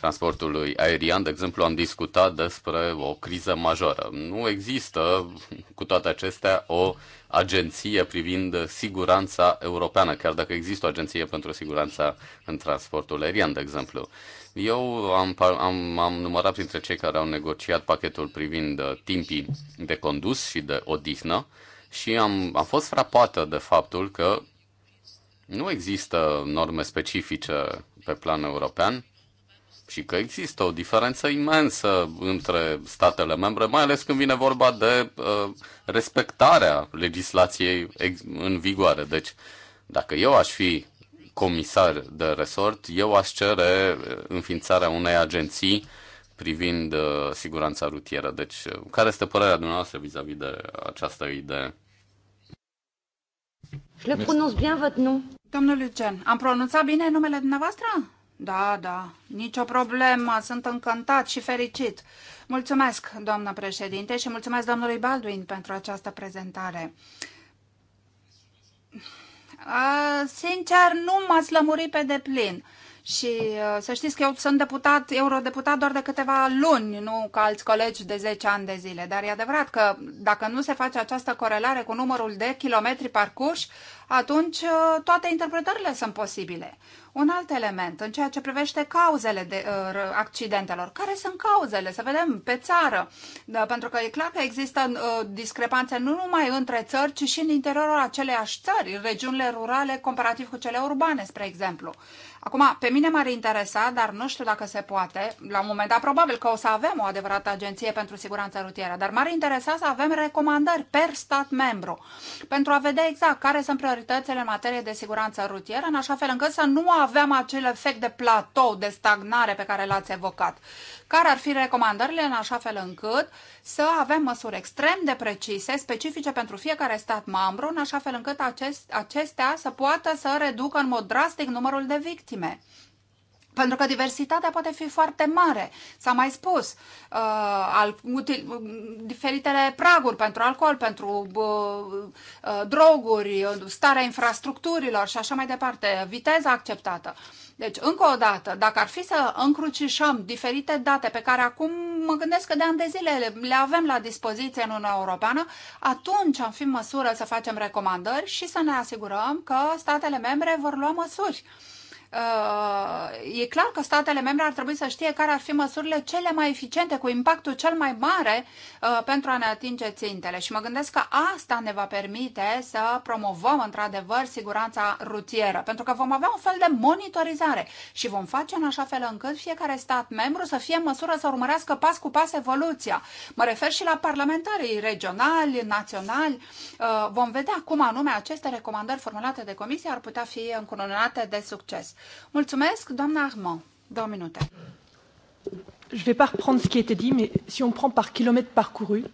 transportului aerian. De exemplu, am discutat despre o criză majoră. Nu există, cu toate acestea, o agenție privind siguranța europeană, chiar dacă există o agenție pentru siguranța în transportul aerian, de exemplu. Eu am, am, am numărat printre cei care au negociat pachetul privind timpii de condus și de odihnă și am, am fost frapată de faptul că nu există norme specifice pe plan european și că există o diferență imensă între statele membre, mai ales când vine vorba de uh, respectarea legislației în vigoare. Deci, dacă eu aș fi comisar de resort, eu aș cere uh, înființarea unei agenții privind uh, siguranța rutieră. Deci, uh, care este părerea dumneavoastră vis-a-vis de această idee? le prononce bien votre nom. Domnul Lucian, am pronunțat bine numele dumneavoastră? Da, da, nicio problemă, sunt încântat și fericit. Mulțumesc, doamnă președinte, și mulțumesc domnului Baldwin pentru această prezentare. A, sincer, nu m-ați lămurit pe deplin. Și uh, să știți că eu sunt deputat, eurodeputat doar de câteva luni, nu ca alți colegi de 10 ani de zile. Dar e adevărat că dacă nu se face această corelare cu numărul de kilometri parcurși, atunci uh, toate interpretările sunt posibile. Un alt element, în ceea ce privește cauzele de, uh, accidentelor, care sunt cauzele? Să vedem pe țară, da, pentru că e clar că există uh, discrepanțe nu numai între țări, ci și în interiorul aceleiași țări, regiunile rurale comparativ cu cele urbane, spre exemplu. Acum, pe mine m-ar interesa, dar nu știu dacă se poate, la un moment dat probabil că o să avem o adevărată agenție pentru siguranța rutieră, dar m-ar interesa să avem recomandări per stat membru pentru a vedea exact care sunt prioritățile în materie de siguranță rutieră, în așa fel încât să nu avem acel efect de platou, de stagnare pe care l-ați evocat care ar fi recomandările în așa fel încât să avem măsuri extrem de precise, specifice pentru fiecare stat membru, în așa fel încât acest, acestea să poată să reducă în mod drastic numărul de victime. Pentru că diversitatea poate fi foarte mare. S-a mai spus, uh, al, util, diferitele praguri pentru alcool, pentru uh, uh, droguri, starea infrastructurilor și așa mai departe, viteza acceptată. Deci, încă o dată, dacă ar fi să încrucișăm diferite date pe care acum mă gândesc că de ani de zile le avem la dispoziție în Uniunea Europeană, atunci am fi în măsură să facem recomandări și să ne asigurăm că statele membre vor lua măsuri. Uh, Uh, e clar că statele membre ar trebui să știe care ar fi măsurile cele mai eficiente, cu impactul cel mai mare uh, pentru a ne atinge țintele. Și mă gândesc că asta ne va permite să promovăm într-adevăr siguranța rutieră, pentru că vom avea un fel de monitorizare și vom face în așa fel încât fiecare stat membru să fie în măsură să urmărească pas cu pas evoluția. Mă refer și la parlamentarii regionali, naționali. Uh, vom vedea cum anume aceste recomandări formulate de comisie ar putea fi încununate de succes. Mulțumesc, doamna Armand. Două minute. Je vais pas reprendre ce qui a été dit, mais si on prend par kilomètre parcouru,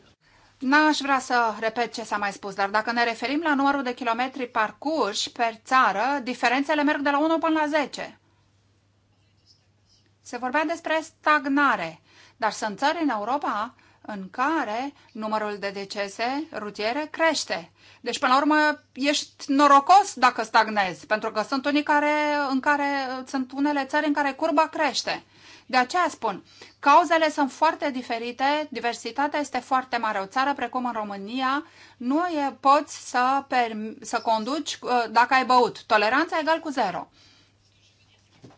N-aș vrea să repet ce s-a mai spus, dar dacă ne referim la numărul de kilometri parcurși per țară, diferențele merg de la 1 până la 10. Se vorbea despre stagnare, dar sunt țări în Europa în care numărul de decese rutiere crește. Deci, până la urmă, ești norocos dacă stagnezi, pentru că sunt, unii care, în care, sunt unele țări în care curba crește. De aceea spun, cauzele sunt foarte diferite, diversitatea este foarte mare. O țară precum în România nu e, poți să, per, să conduci uh, dacă ai băut. Toleranța e egal cu zero.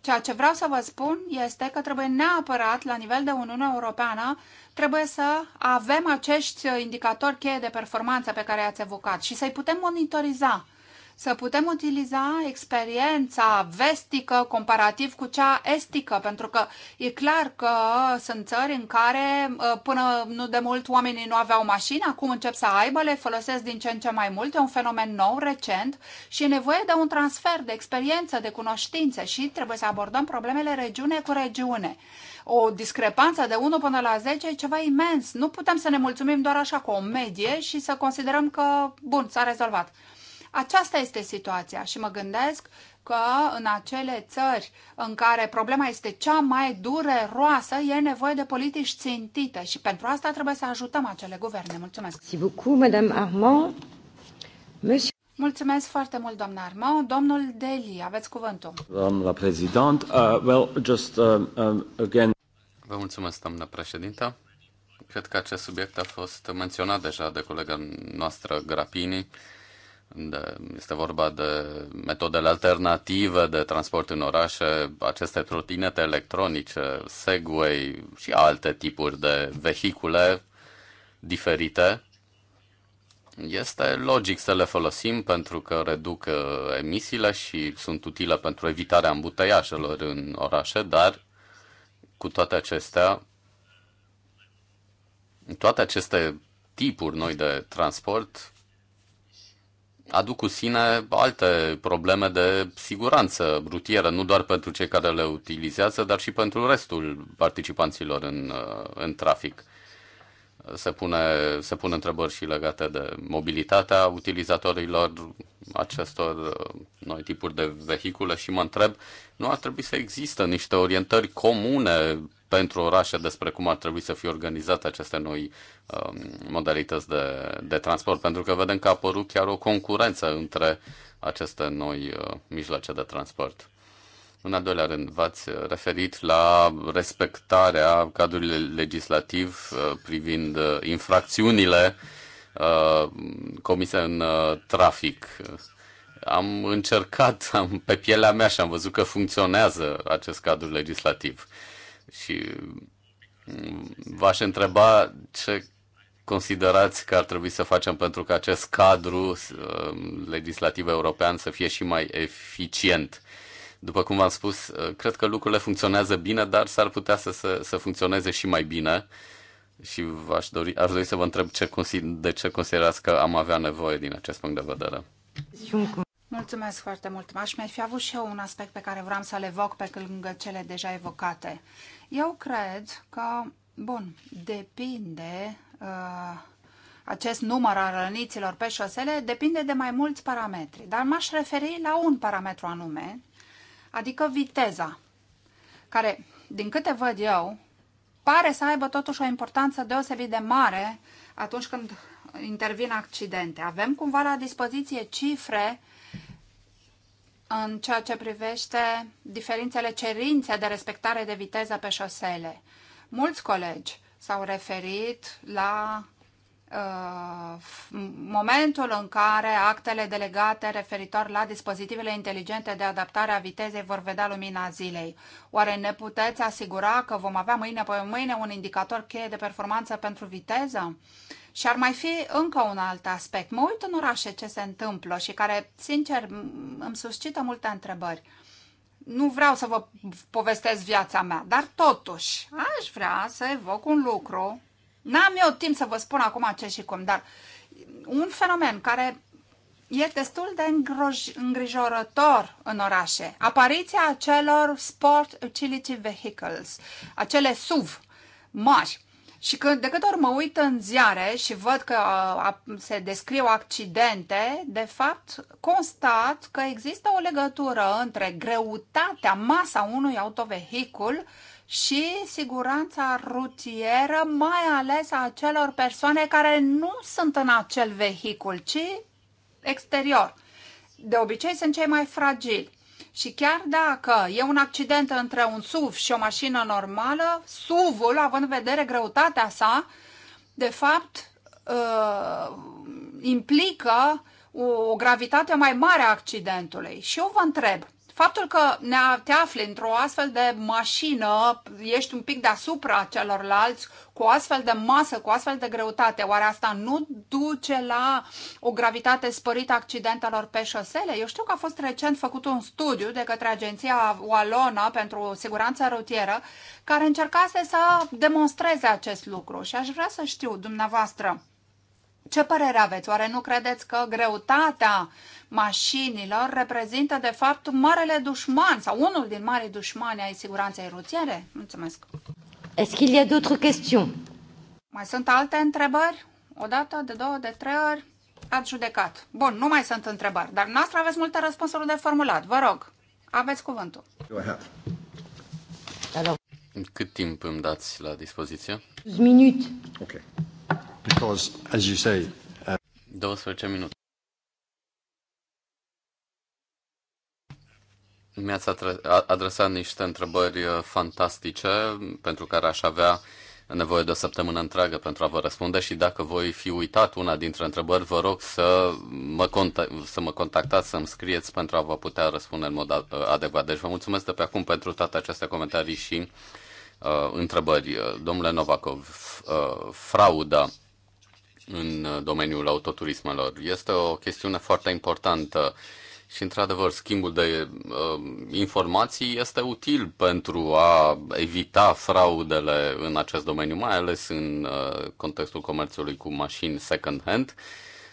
Ceea ce vreau să vă spun este că trebuie neapărat, la nivel de Uniune Europeană, trebuie să avem acești indicatori cheie de performanță pe care i-ați evocat și să-i putem monitoriza să putem utiliza experiența vestică comparativ cu cea estică, pentru că e clar că sunt țări în care ă, până nu de mult oamenii nu aveau mașini, acum încep să aibă, le folosesc din ce în ce mai mult, e un fenomen nou, recent și e nevoie de un transfer de experiență, de cunoștințe și trebuie să abordăm problemele regiune cu regiune o discrepanță de 1 până la 10 e ceva imens. Nu putem să ne mulțumim doar așa cu o medie și să considerăm că, bun, s-a rezolvat. Aceasta este situația și mă gândesc că în acele țări în care problema este cea mai dureroasă, e nevoie de politici țintite și pentru asta trebuie să ajutăm acele guverne. Mulțumesc! Mulțumesc foarte mult, doamna Armand. Domnul Deli, aveți cuvântul. Doamna prezident, uh, well, just uh, um, again... Vă mulțumesc, doamna președintă. Cred că acest subiect a fost menționat deja de colega noastră Grapini. Uh, de, este vorba de metodele alternative de transport în orașe, aceste trotinete electronice, Segway și alte tipuri de vehicule diferite. Este logic să le folosim pentru că reduc uh, emisiile și sunt utile pentru evitarea îmbuteiașelor în orașe, dar cu toate acestea, toate aceste tipuri noi de transport aduc cu sine alte probleme de siguranță rutieră, nu doar pentru cei care le utilizează, dar și pentru restul participanților în, în trafic se pune, se pun întrebări și legate de mobilitatea utilizatorilor acestor uh, noi tipuri de vehicule și mă întreb, nu ar trebui să există niște orientări comune pentru orașe despre cum ar trebui să fie organizate aceste noi um, modalități de, de transport, pentru că vedem că a apărut chiar o concurență între aceste noi uh, mijloace de transport. În al doilea rând, v-ați referit la respectarea cadrului legislativ uh, privind uh, infracțiunile uh, comise în trafic. Am încercat am, pe pielea mea și am văzut că funcționează acest cadru legislativ. Și mm, v-aș întreba ce considerați că ar trebui să facem pentru că acest cadru legislativ european să fie și mai eficient după cum am spus, uh, cred că lucrurile funcționează bine, dar s-ar putea să, să, să funcționeze și mai bine. Și aș dori, aș dori să vă întreb ce de ce considerați că am avea nevoie din acest punct de vedere. Mulțumesc foarte mult. Aș mai fi avut și eu un aspect pe care vreau să-l evoc pe lângă cele deja evocate. Eu cred că, bun, depinde uh, acest număr al răniților pe șosele depinde de mai mulți parametri, dar m-aș referi la un parametru anume adică viteza, care, din câte văd eu, pare să aibă totuși o importanță deosebit de mare atunci când intervin accidente. Avem cumva la dispoziție cifre în ceea ce privește diferențele cerințe de respectare de viteză pe șosele. Mulți colegi s-au referit la Uh, momentul în care actele delegate referitor la dispozitivele inteligente de adaptare a vitezei vor vedea lumina zilei. Oare ne puteți asigura că vom avea mâine pe mâine un indicator cheie de performanță pentru viteză? Și ar mai fi încă un alt aspect. Mă uit în orașe ce se întâmplă și care, sincer, îmi suscită multe întrebări. Nu vreau să vă povestesc viața mea, dar totuși aș vrea să evoc un lucru N-am eu timp să vă spun acum ce și cum, dar un fenomen care e destul de îngrijorător în orașe. Apariția acelor Sport Utility Vehicles, acele SUV mari. Și când, de câte ori mă uit în ziare și văd că uh, a, se descriu accidente, de fapt constat că există o legătură între greutatea, masa unui autovehicul și siguranța rutieră, mai ales a celor persoane care nu sunt în acel vehicul, ci exterior. De obicei sunt cei mai fragili. Și chiar dacă e un accident între un SUV și o mașină normală, SUV-ul, având în vedere greutatea sa, de fapt uh, implică o gravitate mai mare a accidentului. Și eu vă întreb, Faptul că ne te afli într-o astfel de mașină, ești un pic deasupra celorlalți, cu astfel de masă, cu astfel de greutate, oare asta nu duce la o gravitate sporită accidentelor pe șosele? Eu știu că a fost recent făcut un studiu de către Agenția Walona pentru Siguranța Rutieră, care încercase să demonstreze acest lucru și aș vrea să știu, dumneavoastră, ce părere aveți? Oare nu credeți că greutatea mașinilor reprezintă, de fapt, marele dușman sau unul din marii dușmani ai siguranței rutiere? Mulțumesc! Est-ce qu'il y a d'autres questions? Mai sunt alte întrebări? O dată, de două, de trei ori? Ați judecat. Bun, nu mai sunt întrebări, dar noastră aveți multe răspunsuri de formulat. Vă rog, aveți cuvântul. Cât timp îmi dați la dispoziție? minute. Ok because, as you say, uh... minute. Mi-ați adresat niște întrebări uh, fantastice pentru care aș avea nevoie de o săptămână întreagă pentru a vă răspunde și dacă voi fi uitat una dintre întrebări, vă rog să mă, conta- să mă contactați, să-mi scrieți pentru a vă putea răspunde în mod adecvat. Deci vă mulțumesc de pe acum pentru toate aceste comentarii și uh, întrebări. Domnule Novakov, uh, frauda în uh, domeniul autoturismelor. Este o chestiune foarte importantă și, într-adevăr, schimbul de uh, informații este util pentru a evita fraudele în acest domeniu, mai ales în uh, contextul comerțului cu mașini second-hand,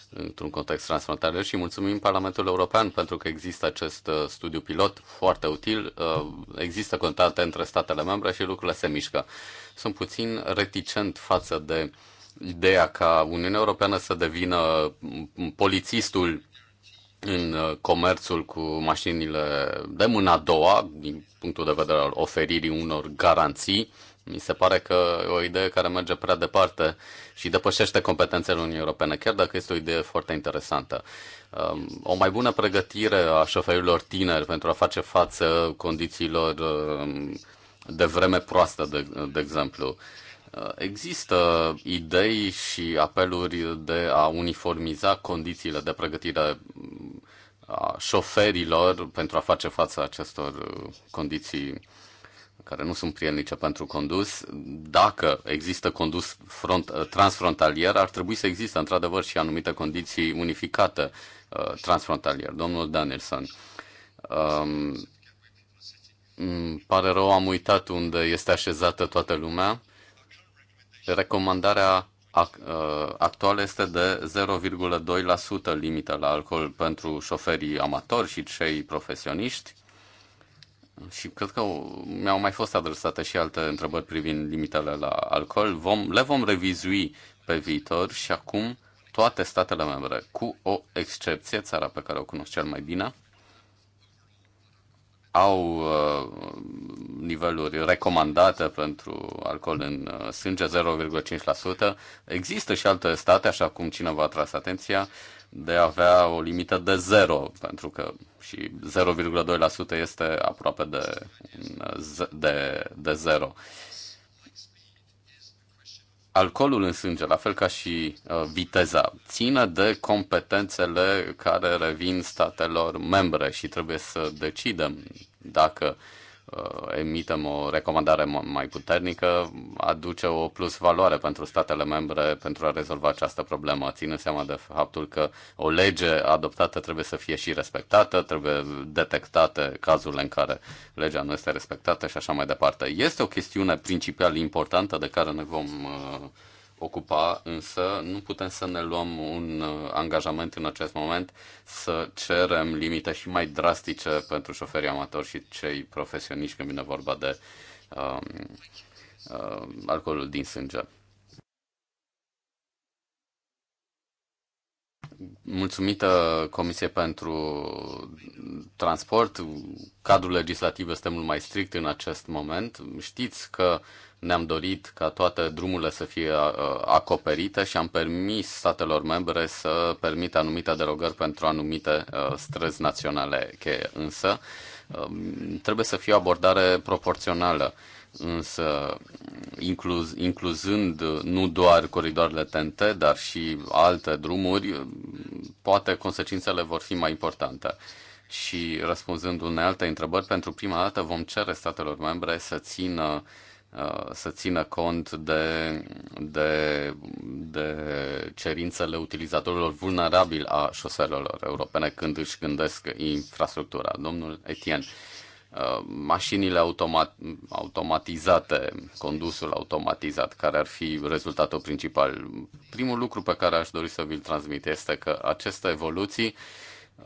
într-un context transfrontalier și mulțumim Parlamentul European pentru că există acest uh, studiu pilot foarte util, uh, există contacte între statele membre și lucrurile se mișcă. Sunt puțin reticent față de ideea ca Uniunea Europeană să devină polițistul în uh, comerțul cu mașinile de mâna a doua, din punctul de vedere al oferirii unor garanții, mi se pare că e o idee care merge prea departe și depășește competențele Uniunii Europene, chiar dacă este o idee foarte interesantă. Um, o mai bună pregătire a șoferilor tineri pentru a face față condițiilor um, de vreme proastă, de, de exemplu Există idei și apeluri de a uniformiza condițiile de pregătire a șoferilor pentru a face față acestor condiții care nu sunt prielnice pentru condus. Dacă există condus front, transfrontalier, ar trebui să existe într-adevăr și anumite condiții unificate uh, transfrontalier. Domnul Danielson, um, îmi pare rău, am uitat unde este așezată toată lumea. Recomandarea uh, actuală este de 0,2% limită la alcool pentru șoferii amatori și cei profesioniști. Și cred că mi-au mai fost adresate și alte întrebări privind limitele la alcool. Vom, le vom revizui pe viitor și acum toate statele membre, cu o excepție, țara pe care o cunosc cel mai bine, au uh, niveluri recomandate pentru alcool în uh, sânge 0,5%. Există și alte state, așa cum cineva a tras atenția, de a avea o limită de 0, pentru că și 0,2% este aproape de, uh, de, de 0. Alcoolul în sânge, la fel ca și uh, viteza, ține de competențele care revin statelor membre și trebuie să decidem dacă uh, Uh, emitem o recomandare mai puternică, aduce o plus valoare pentru statele membre pentru a rezolva această problemă, ținând seama de faptul că o lege adoptată trebuie să fie și respectată, trebuie detectate cazurile în care legea nu este respectată și așa mai departe. Este o chestiune principal importantă de care ne vom uh, ocupa, însă nu putem să ne luăm un uh, angajament în acest moment să cerem limite și mai drastice pentru șoferii amatori și cei profesioniști când vine vorba de um, um, alcoolul din sânge. Mulțumită Comisiei pentru Transport, cadrul legislativ este mult mai strict în acest moment. Știți că uh, ne-am dorit ca toate drumurile să fie uh, acoperite și am permis statelor membre să permită anumite derogări pentru anumite uh, străzi naționale cheie. Însă um, trebuie să fie o abordare proporțională însă incluz, incluzând nu doar coridoarele TNT, dar și alte drumuri, um, poate consecințele vor fi mai importante. Și răspunzând unei alte întrebări, pentru prima dată vom cere statelor membre să țină uh, Uh, să țină cont de, de, de cerințele utilizatorilor vulnerabili a șoselelor europene când își gândesc infrastructura. Domnul Etienne, uh, mașinile automat, automatizate, condusul automatizat, care ar fi rezultatul principal. Primul lucru pe care aș dori să vi-l transmit este că aceste evoluții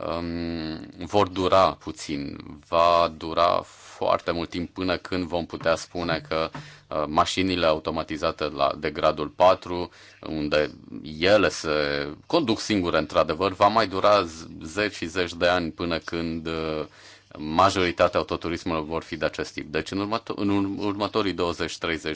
um, vor dura puțin, va dura foarte mult timp până când vom putea spune că uh, mașinile automatizate la, de gradul 4, unde ele se conduc singure într-adevăr, va mai dura zeci și zeci de ani până când uh, majoritatea autoturismelor vor fi de acest tip. Deci în, următo- în următorii 20-30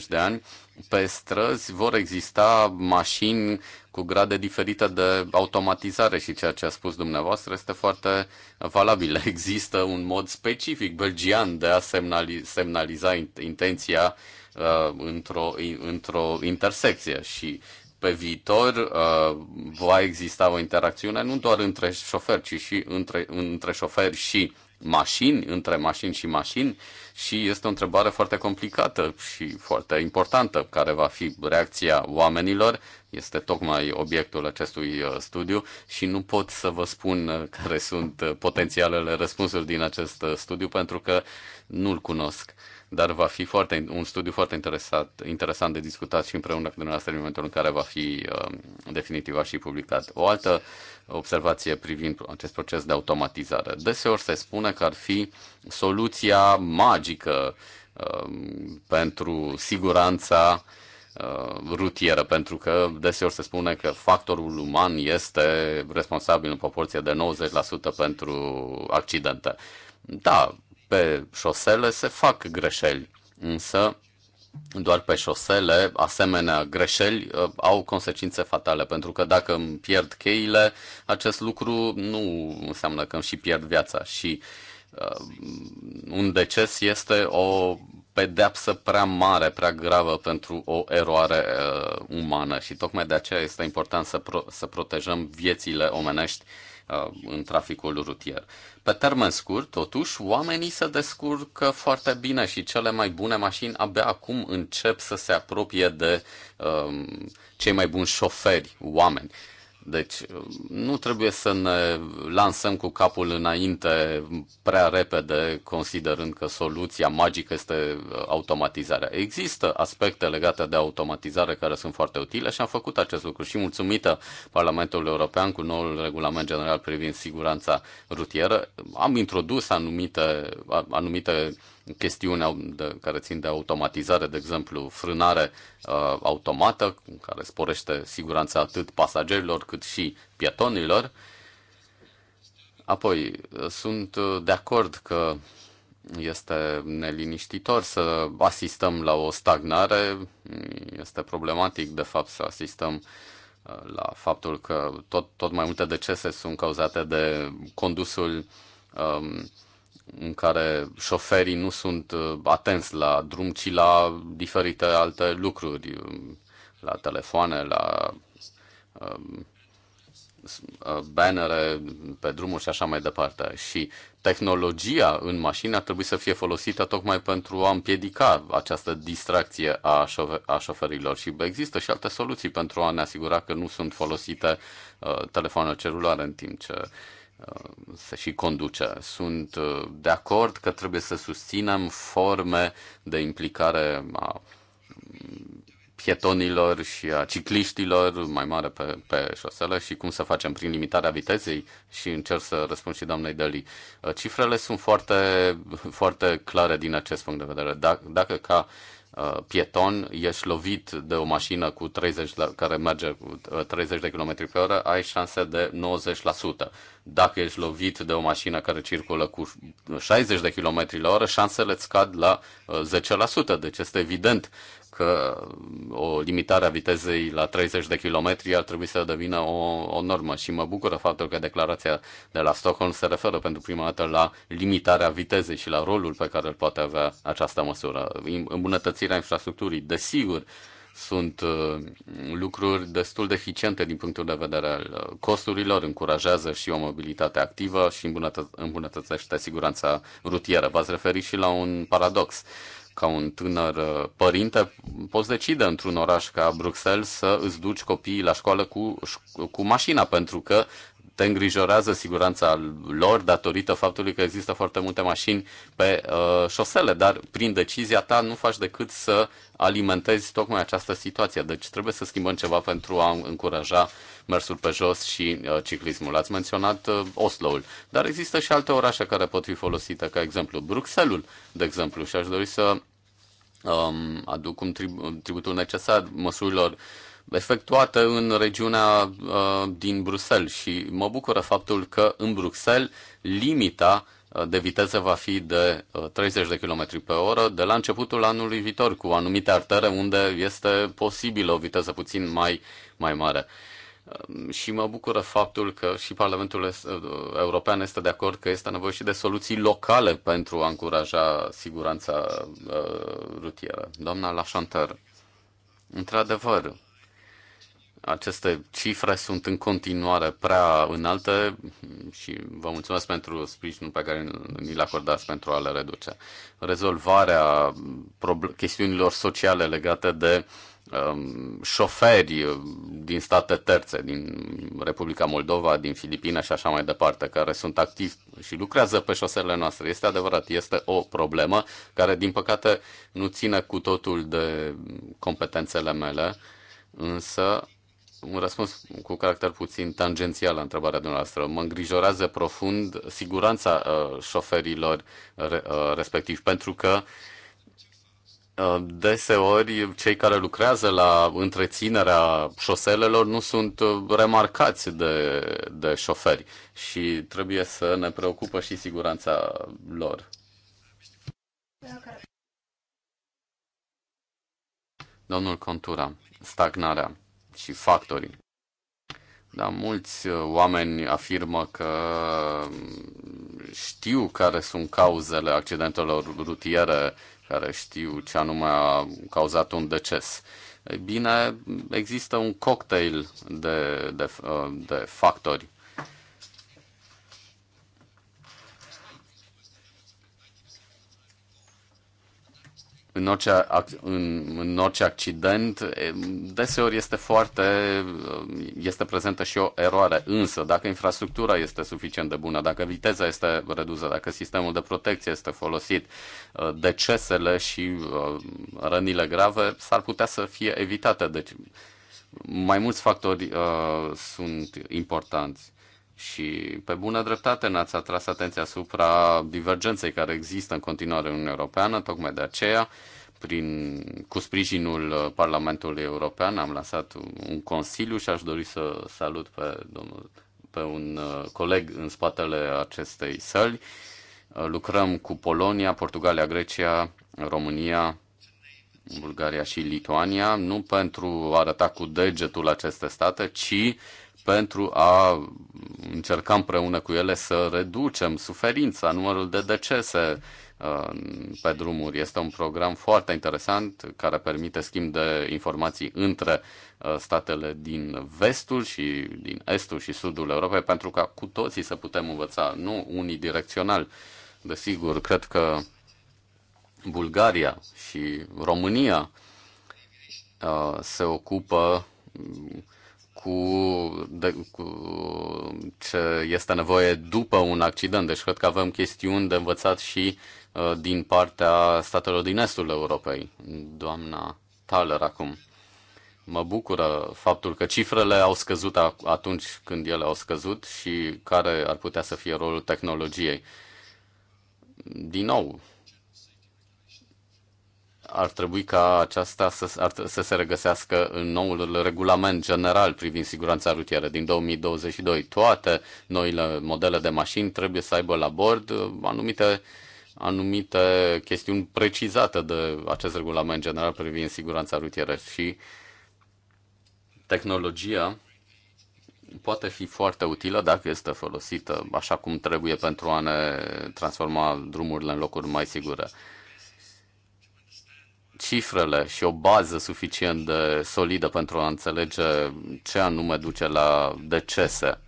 de ani, pe străzi vor exista mașini cu grade diferite de automatizare și ceea ce a spus dumneavoastră este foarte valabil. Există un mod specific belgian de a semnali- semnaliza intenția uh, într-o, într-o intersecție și pe viitor uh, va exista o interacțiune nu doar între șoferi, ci și între, între șoferi și uh, mașini, între mașini și mașini și este o întrebare foarte complicată și foarte importantă care va fi reacția oamenilor. Este tocmai obiectul acestui uh, studiu și nu pot să vă spun uh, care sunt uh, potențialele răspunsuri din acest studiu pentru că nu-l cunosc dar va fi foarte, un studiu foarte interesat, interesant de discutat și împreună cu dumneavoastră în momentul în care va fi definitiv și publicat. O altă observație privind acest proces de automatizare. Deseori se spune că ar fi soluția magică uh, pentru siguranța uh, rutieră, pentru că deseori se spune că factorul uman este responsabil în proporție de 90% pentru accidente. Da, pe șosele se fac greșeli, însă doar pe șosele, asemenea greșeli uh, au consecințe fatale, pentru că dacă îmi pierd cheile, acest lucru nu înseamnă că îmi și pierd viața și uh, un deces este o pedeapsă prea mare, prea gravă pentru o eroare uh, umană și tocmai de aceea este important să, pro- să protejăm viețile omenești uh, Uh, în traficul rutier. Pe termen scurt, totuși, oamenii se descurcă foarte bine și cele mai bune mașini abia acum încep să se apropie de um, cei mai buni șoferi, oameni. Deci nu trebuie să ne lansăm cu capul înainte prea repede, considerând că soluția magică este uh, automatizarea. Există aspecte legate de automatizare care sunt foarte utile și am făcut acest lucru și mulțumită Parlamentului European cu noul regulament general privind siguranța rutieră. Am introdus anumite, anumite chestiuni de, care țin de automatizare, de exemplu, frânare uh, automată, care sporește siguranța atât pasagerilor cât și pietonilor. Apoi, uh, sunt uh, de acord că este neliniștitor să asistăm la o stagnare, este problematic de fapt să asistăm uh, la faptul că tot, tot mai multe decese sunt cauzate de condusul um, în care șoferii nu sunt uh, atenți la drum, ci la diferite alte lucruri, um, la telefoane, la um, uh, bannere pe drumuri și așa mai departe. Și tehnologia în mașină ar trebui să fie folosită tocmai pentru a împiedica această distracție a, șofer- a șoferilor. Și există și alte soluții pentru a ne asigura că nu sunt folosite uh, telefoanele celulare în timp ce să și conduce. Sunt uh, de acord că trebuie să susținem forme de implicare a pietonilor și a cicliștilor mai mare pe, pe șosele și cum să facem prin limitarea vitezei și încerc să răspund și doamnei Deli. Uh, cifrele sunt foarte, foarte clare din acest punct de vedere. Dacă, dacă ca Uh, pieton, ești lovit de o mașină cu 30 la, care merge cu 30 uh, de km pe oră, ai șanse de 90%. Dacă ești lovit de o mașină care circulă cu 60 de km la oră, șansele scad la 10%. Uh, deci este evident uh, că o limitare a vitezei la 30 de km ar trebui să devină o, o normă și mă bucură faptul că declarația de la Stockholm se referă pentru prima dată la limitarea vitezei și la rolul pe care îl poate avea această măsură. Îmbunătățirea infrastructurii, desigur, sunt uh, lucruri destul de eficiente din punctul de vedere al uh, costurilor, încurajează și o mobilitate activă și îmbunătățește siguranța rutieră. V-ați referit și la un paradox ca un tânăr uh, părinte, poți decide într-un oraș ca Bruxelles să îți duci copiii la școală cu, cu mașina, pentru că te îngrijorează siguranța lor datorită faptului că există foarte multe mașini pe uh, șosele, dar prin decizia ta nu faci decât să alimentezi tocmai această situație. Deci trebuie să schimbăm ceva pentru a încuraja uh, mersul pe jos și uh, ciclismul. Ați menționat uh, Oslo-ul, dar există și alte orașe care pot fi folosite ca exemplu. Bruxelles, de exemplu, și aș dori să um, aduc un trib- tributul necesar măsurilor efectuate în regiunea uh, din Bruxelles și mă bucură faptul că în Bruxelles limita uh, de viteză va fi de 30 de km pe oră de la începutul anului viitor, cu anumite artere unde este posibilă o viteză puțin mai, mai mare. Uh, Ehm, și mă bucură faptul că și Parlamentul eh, European este de acord că este nevoie și de soluții locale pentru a încuraja siguranța eh, rutieră. Doamna Lașantăr, într-adevăr, aceste cifre sunt în continuare prea înalte și vă mulțumesc pentru sprijinul pe care ni l acordați pentru a le reduce. Rezolvarea chestiunilor sociale legate de Um, șoferi uh, din state terțe, din Republica Moldova, din Filipina și așa mai departe, care sunt activi și lucrează pe șoselele noastre. Este adevărat, este o problemă care, din păcate, nu ține cu totul de competențele mele, însă un răspuns cu caracter puțin tangențial la întrebarea dumneavoastră. Mă îngrijorează profund siguranța uh, șoferilor uh, respectiv, pentru că Uh, deseori cei care lucrează la întreținerea șoselelor nu sunt uh, remarcați de, de șoferi și trebuie să ne preocupă și siguranța lor. Domnul Contura, stagnarea și factorii. Da, mulți uh, oameni afirmă că mm, știu care sunt cauzele accidentelor rutiere care știu ce anume a cauzat un deces. Ei bine, există un cocktail de, de, de factori în orice, în, în orice accident, deseori este foarte, este prezentă și o eroare. Însă, dacă infrastructura este suficient de bună, dacă viteza este redusă, dacă sistemul de protecție este folosit, uh, decesele și uh, rănile grave s-ar putea să fie evitate. Deci, mai mulți factori uh, sunt importanți. Și pe bună dreptate ne-ați atras atenția asupra divergenței care există în continuare în Uniunea Europeană, tocmai de aceea prin, cu sprijinul Parlamentului European am lansat un consiliu și aș dori să salut pe, domnul, pe un uh, coleg în spatele acestei săli. Lucrăm cu Polonia, Portugalia, Grecia, România, Bulgaria și Lituania, nu pentru a arăta cu degetul aceste state, ci pentru a încerca împreună cu ele să reducem suferința, numărul de decese uh, pe drumuri. Este un program foarte interesant care permite schimb de informații între uh, statele din vestul și din estul și sudul Europei pentru ca cu toții să putem învăța, nu unidirecțional. Desigur, cred că Bulgaria și România uh, se ocupă cu, de, cu ce este nevoie după un accident. Deci cred că avem chestiuni de învățat și uh, din partea statelor din estul Europei. Doamna Thaler acum. Mă bucură faptul că cifrele au scăzut atunci când ele au scăzut și care ar putea să fie rolul tehnologiei. Din nou, ar trebui ca aceasta să, ar, să se regăsească în noul regulament general privind siguranța rutieră din 2022. Toate noile modele de mașini trebuie să aibă la bord uh, anumite, anumite chestiuni precizate de acest regulament general privind siguranța rutieră și tehnologia poate fi foarte utilă dacă este folosită așa cum trebuie pentru a ne transforma drumurile în locuri mai sigure cifrele și o bază suficient de solidă pentru a înțelege ce anume duce la decese.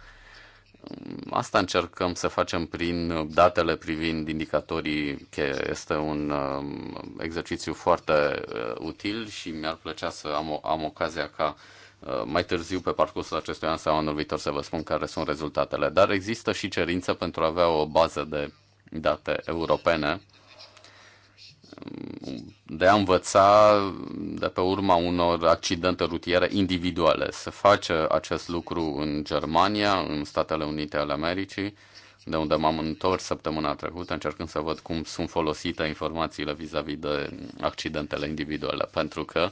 Asta încercăm să facem prin datele privind indicatorii, că este un um, exercițiu foarte uh, util și mi-ar plăcea să am, o, am ocazia ca uh, mai târziu pe parcursul acestui an sau anul viitor să vă spun care sunt rezultatele. Dar există și cerință pentru a avea o bază de date europene de a învăța de pe urma unor accidente rutiere individuale. Se face acest lucru în Germania, în Statele Unite ale Americii, de unde m-am întors săptămâna trecută, încercând să văd cum sunt folosite informațiile vis-a-vis -vis de accidentele individuale, pentru că uh,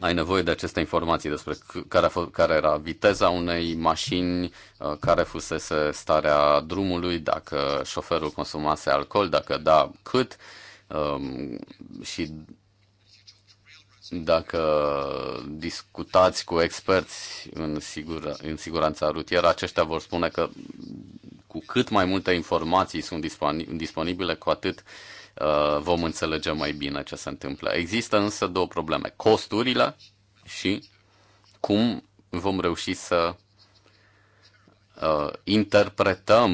ai nevoie de aceste informații despre care, a care era viteza unei mașini, uh, care fusese starea drumului, dacă șoferul consumase alcool, dacă da, cât um, și dacă discutați cu experți în, sigura, în siguranța rutieră, aceștia vor spune că cu cât mai multe informații sunt disponibile, cu atât uh, Uh, vom înțelege mai bine ce se întâmplă. Există însă două probleme. Costurile și cum vom reuși să uh, interpretăm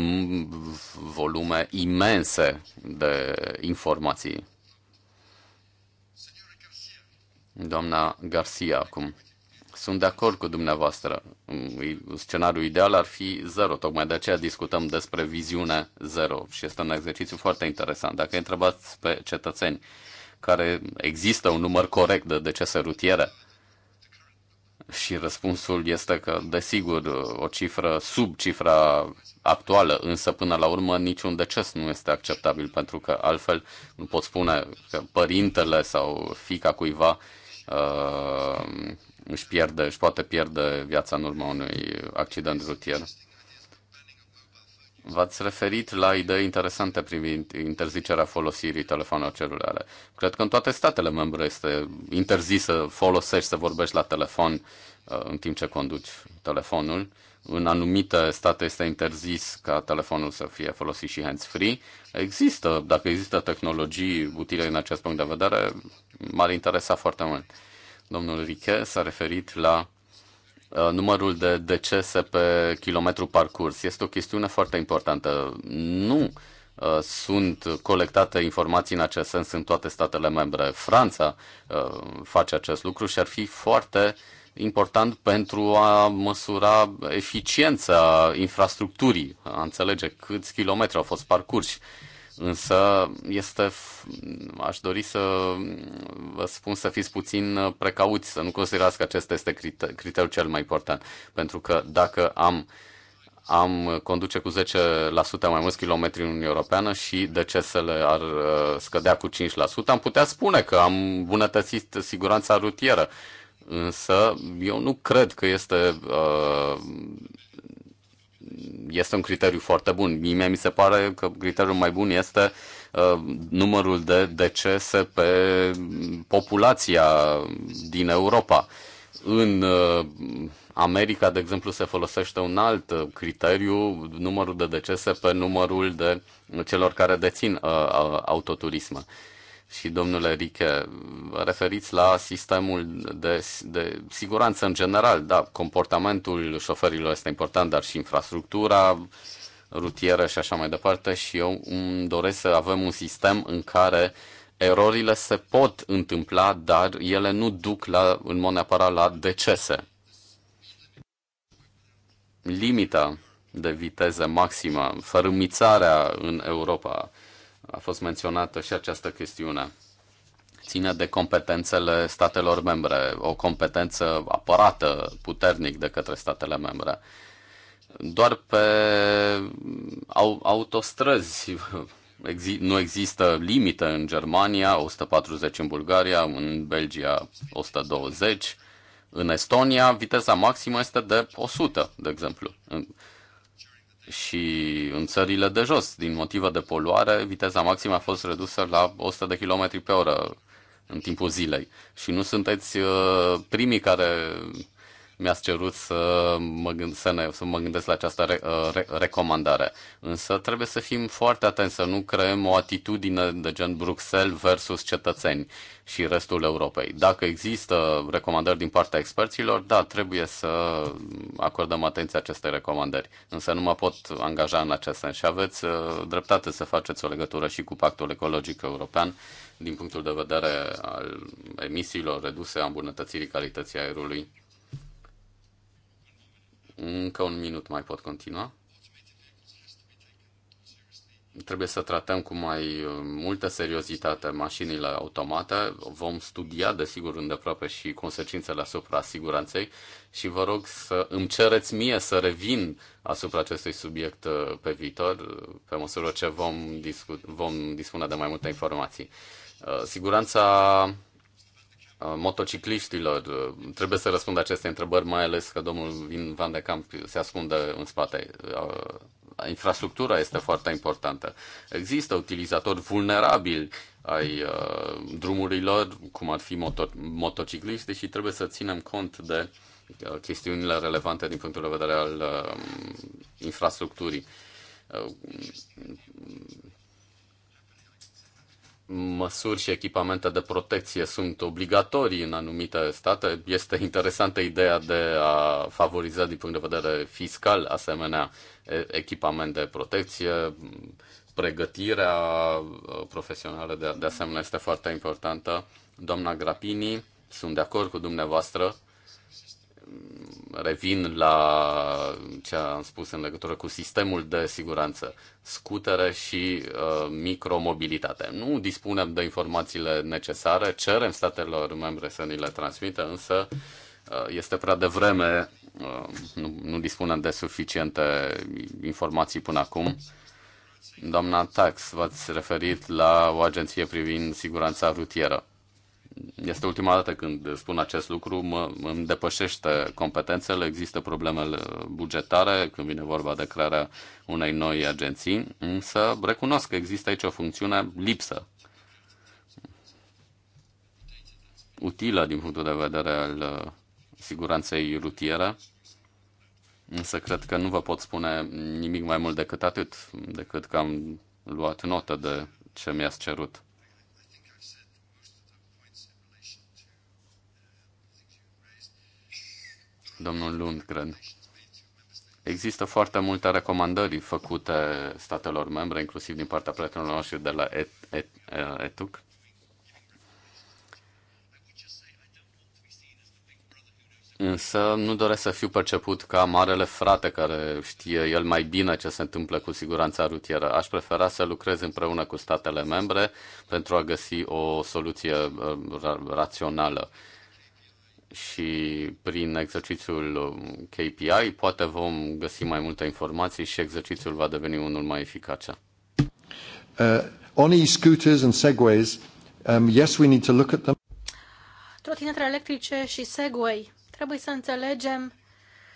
volume imense de informații. Doamna Garcia acum. Sunt de acord cu dumneavoastră. Mm, scenariul ideal ar fi zero, tocmai de aceea discutăm despre viziune zero și este un exercițiu foarte interesant. Dacă întrebați pe cetățeni care există un număr corect de decese rutiere și răspunsul este că, desigur, o cifră sub cifra actuală, însă până la urmă niciun deces nu este acceptabil, pentru că altfel nu pot spune că părintele sau fica cuiva uh, își pierde, își poate pierde viața în urma unui accident rutier. V-ați referit la idei interesante privind interzicerea folosirii telefonelor celulare. Cred că în toate statele membre este interzis să folosești, să vorbești la telefon uh, în timp ce conduci telefonul. În anumite state este interzis ca telefonul să fie folosit și hands-free. Există, dacă există tehnologii utile în acest punct de vedere, m-ar interesa foarte mult. Domnul Riche s-a referit la uh, numărul de decese pe kilometru parcurs. Este o chestiune foarte importantă. Nu uh, sunt colectate informații în acest sens în toate statele membre. Franța uh, face acest lucru și ar fi foarte important pentru a măsura eficiența infrastructurii, a înțelege câți kilometri au fost parcursi. Însă este, aș dori să vă spun să fiți puțin uh, precauți, să nu considerați că acesta este criteriul cel mai important. Pentru că dacă am am conduce cu 10% mai mulți kilometri în Uniunea Europeană și decesele ar uh, scădea cu 5%, am putea spune că am bunătățit siguranța rutieră. Însă eu nu cred că este uh, este un criteriu foarte bun. Mie mi se pare că criteriul mai bun este uh, numărul de decese pe populația din Europa. În uh, America, de exemplu, se folosește un alt uh, criteriu, numărul de decese pe numărul de celor care dețin autoturisme și domnule Riche, referiți la sistemul de, de siguranță în general. Da, comportamentul șoferilor este important, dar și infrastructura rutieră și așa mai departe și eu îmi doresc să avem un sistem în care erorile se pot întâmpla, dar ele nu duc la, în mod neapărat la decese. Limita de viteză maximă, fărâmițarea în Europa, a fost menționată și această chestiune. Ține de competențele statelor membre, o competență apărată puternic de către statele membre. Doar pe autostrăzi nu există limită în Germania, 140 în Bulgaria, în Belgia 120, în Estonia viteza maximă este de 100, de exemplu și în țările de jos, din motive de poluare, viteza maximă a fost redusă la 100 de km pe oră în timpul zilei. Și nu sunteți uh, primii care mi-ați cerut să mă, gând, să, ne, să mă gândesc la această re, uh, re, recomandare. Însă trebuie să fim foarte atenți să nu creăm o atitudine de gen Bruxelles versus cetățeni și restul Europei. Dacă există recomandări din partea experților, da, trebuie să acordăm atenție acestei recomandări. Însă nu mă pot angaja în acest sens și aveți uh, dreptate să faceți o legătură și cu Pactul Ecologic European din punctul de vedere al emisiilor reduse, a îmbunătățirii calității aerului încă un minut mai pot continua. Trebuie să tratăm cu mai uh, multă seriozitate mașinile automate. Vom studia, desigur, îndeaproape și consecințele asupra siguranței și vă rog să îmi cereți mie să revin asupra acestui subiect uh, pe viitor, uh, pe măsură ce vom, discu- vom dispune de mai multe informații. Siguranța Uh, motocicliștilor? Uh, trebuie să răspund aceste întrebări, mai ales că domnul Vin Van de Camp se ascunde în spate. Uh, infrastructura este foarte importantă. Există utilizatori vulnerabili ai drumurilor, cum ar fi moto- motocicliști, și trebuie să ținem cont de chestiunile relevante din punctul de vedere al um, infrastructurii măsuri și echipamente de protecție sunt obligatorii în anumite state. Este interesantă ideea de a favoriza din punct de vedere fiscal asemenea echipament de protecție. Pregătirea uh, profesională de, de asemenea este foarte importantă. Doamna Grapini, sunt de acord cu dumneavoastră revin la ce am spus în legătură cu sistemul de siguranță, scutere și uh, micromobilitate. Nu dispunem de informațiile necesare, cerem statelor membre să ni le transmită, însă uh, este prea devreme, uh, nu, nu dispunem de suficiente informații până acum. Doamna Tax, v-ați referit la o agenție privind siguranța rutieră este ultima dată când spun acest lucru, mă, îmi depășește competențele, există probleme bugetare când vine vorba de crearea unei noi agenții, însă recunosc că există aici o funcțiune lipsă utilă din punctul de vedere al uh, siguranței rutiere, însă cred că nu vă pot spune nimic mai mult decât atât, decât că am luat notă de ce mi-ați cerut. domnul Lundgren. Există foarte multe recomandări făcute statelor membre, inclusiv din partea prietenilor noștri de la ET, ET, uh, ETUC. Însă nu doresc să fiu perceput ca marele frate care știe el mai bine ce se întâmplă cu siguranța rutieră. Aș prefera să lucrez împreună cu statele membre pentru a găsi o soluție uh, rațională și prin exercițiul um, KPI poate vom găsi mai multe informații și exercițiul va deveni unul mai eficace. Uh, on e-scooters and segways, um, yes, we need to look at them. Trotinetele electrice și Segway. Trebuie să înțelegem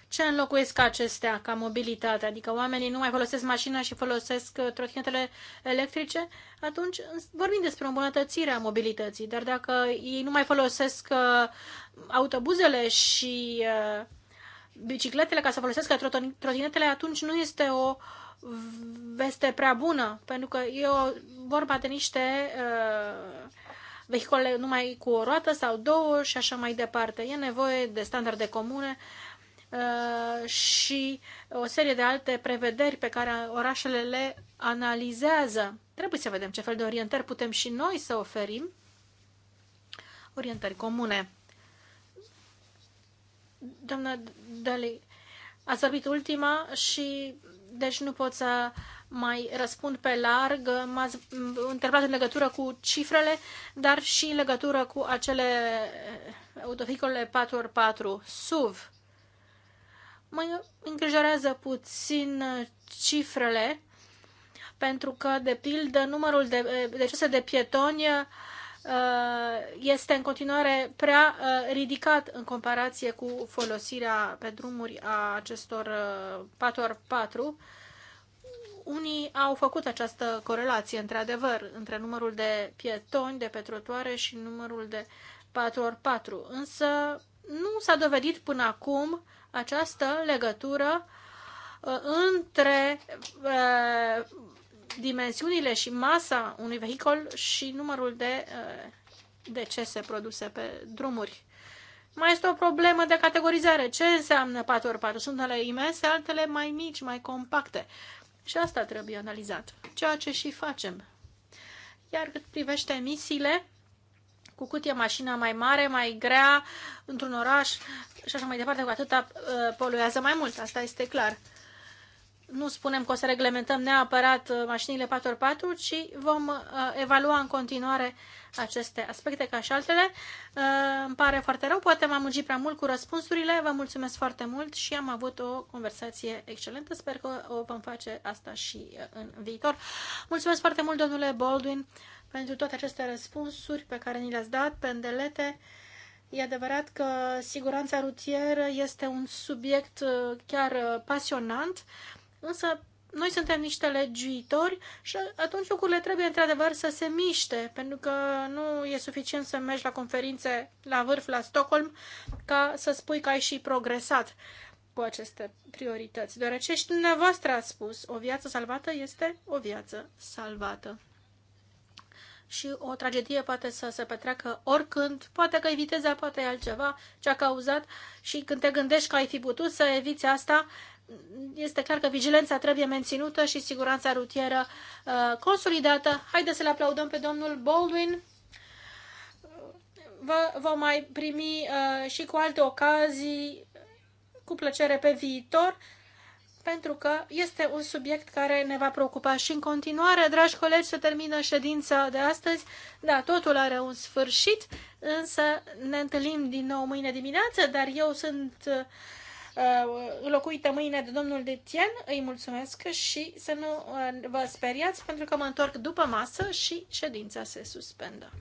ce înlocuiesc acestea ca mobilitate, adică oamenii nu mai folosesc mașina și folosesc uh, trotinetele electrice, atunci vorbim despre îmbunătățirea mobilității, dar dacă ei nu mai folosesc uh, autobuzele și uh, bicicletele ca să folosească trotinetele, atunci nu este o veste prea bună, pentru că e o, vorba de niște vehicole numai cu o roată sau două și așa mai departe. E nevoie de standarde comune Uh, și o serie de alte prevederi pe care orașele le analizează. Trebuie să vedem ce fel de orientări putem și noi să oferim, orientări comune. Doamna Dali, ați vorbit ultima și deci nu pot să mai răspund pe larg. M-ați întrebat în legătură cu cifrele, dar și în legătură cu acele uh, autovehicule 4x4 SUV Mă îngrijorează puțin uh, cifrele, pentru că, de pildă, numărul de uh, decese de pietoni uh, este în continuare prea ridicat în comparație cu folosirea pe drumuri a acestor 4x4. Unii au făcut această corelație, într-adevăr, între numărul de pietoni de pe și numărul de 4x4, însă nu s-a dovedit până acum această legătură uh, între uh, dimensiunile și masa unui vehicol și numărul de uh, decese produse pe drumuri. Mai este o problemă de categorizare. Ce înseamnă 4x4? Sunt ele imense, altele mai mici, mai compacte. Și asta trebuie analizat, ceea ce și facem. Iar cât privește emisiile, cu cât e mașina mai mare, mai grea, într-un oraș și așa mai departe, cu atâta uh, poluează mai mult, asta este clar. Nu spunem că o să reglementăm neapărat uh, mașinile 4x4, ci vom uh, evalua în continuare aceste aspecte ca și altele. Îmi pare foarte rău, poate m-am mugit prea mult cu răspunsurile, vă mulțumesc foarte mult și am avut o conversație excelentă, sper că o vom face asta și în viitor. Mulțumesc foarte mult, domnule Baldwin! pentru toate aceste răspunsuri pe care ni le-ați dat, pe îndelete. E adevărat că siguranța rutieră este un subiect uh, chiar uh, pasionant, însă noi suntem niște legiuitori și atunci lucrurile trebuie într-adevăr să se miște, pentru că nu e suficient să mergi la conferințe la vârf la Stockholm ca să spui că ai și progresat cu aceste priorități, deoarece și dumneavoastră a spus, o viață salvată este o viață salvată și o tragedie poate să se petreacă oricând, poate că e viteza, poate e altceva ce a cauzat și când te gândești că ai fi putut să eviți asta, este clar că vigilența trebuie menținută și siguranța rutieră uh, consolidată. Haideți să-l aplaudăm pe domnul Baldwin. Vă vom mai primi uh, și cu alte ocazii cu plăcere pe viitor pentru că este un subiect care ne va preocupa și în continuare. Dragi colegi, se termină ședința de astăzi. Da, totul are un sfârșit, însă ne întâlnim din nou mâine dimineață, dar eu sunt uh, înlocuită mâine de domnul Detien. Îi mulțumesc și să nu uh, vă speriați, pentru că mă întorc după masă și ședința se suspendă.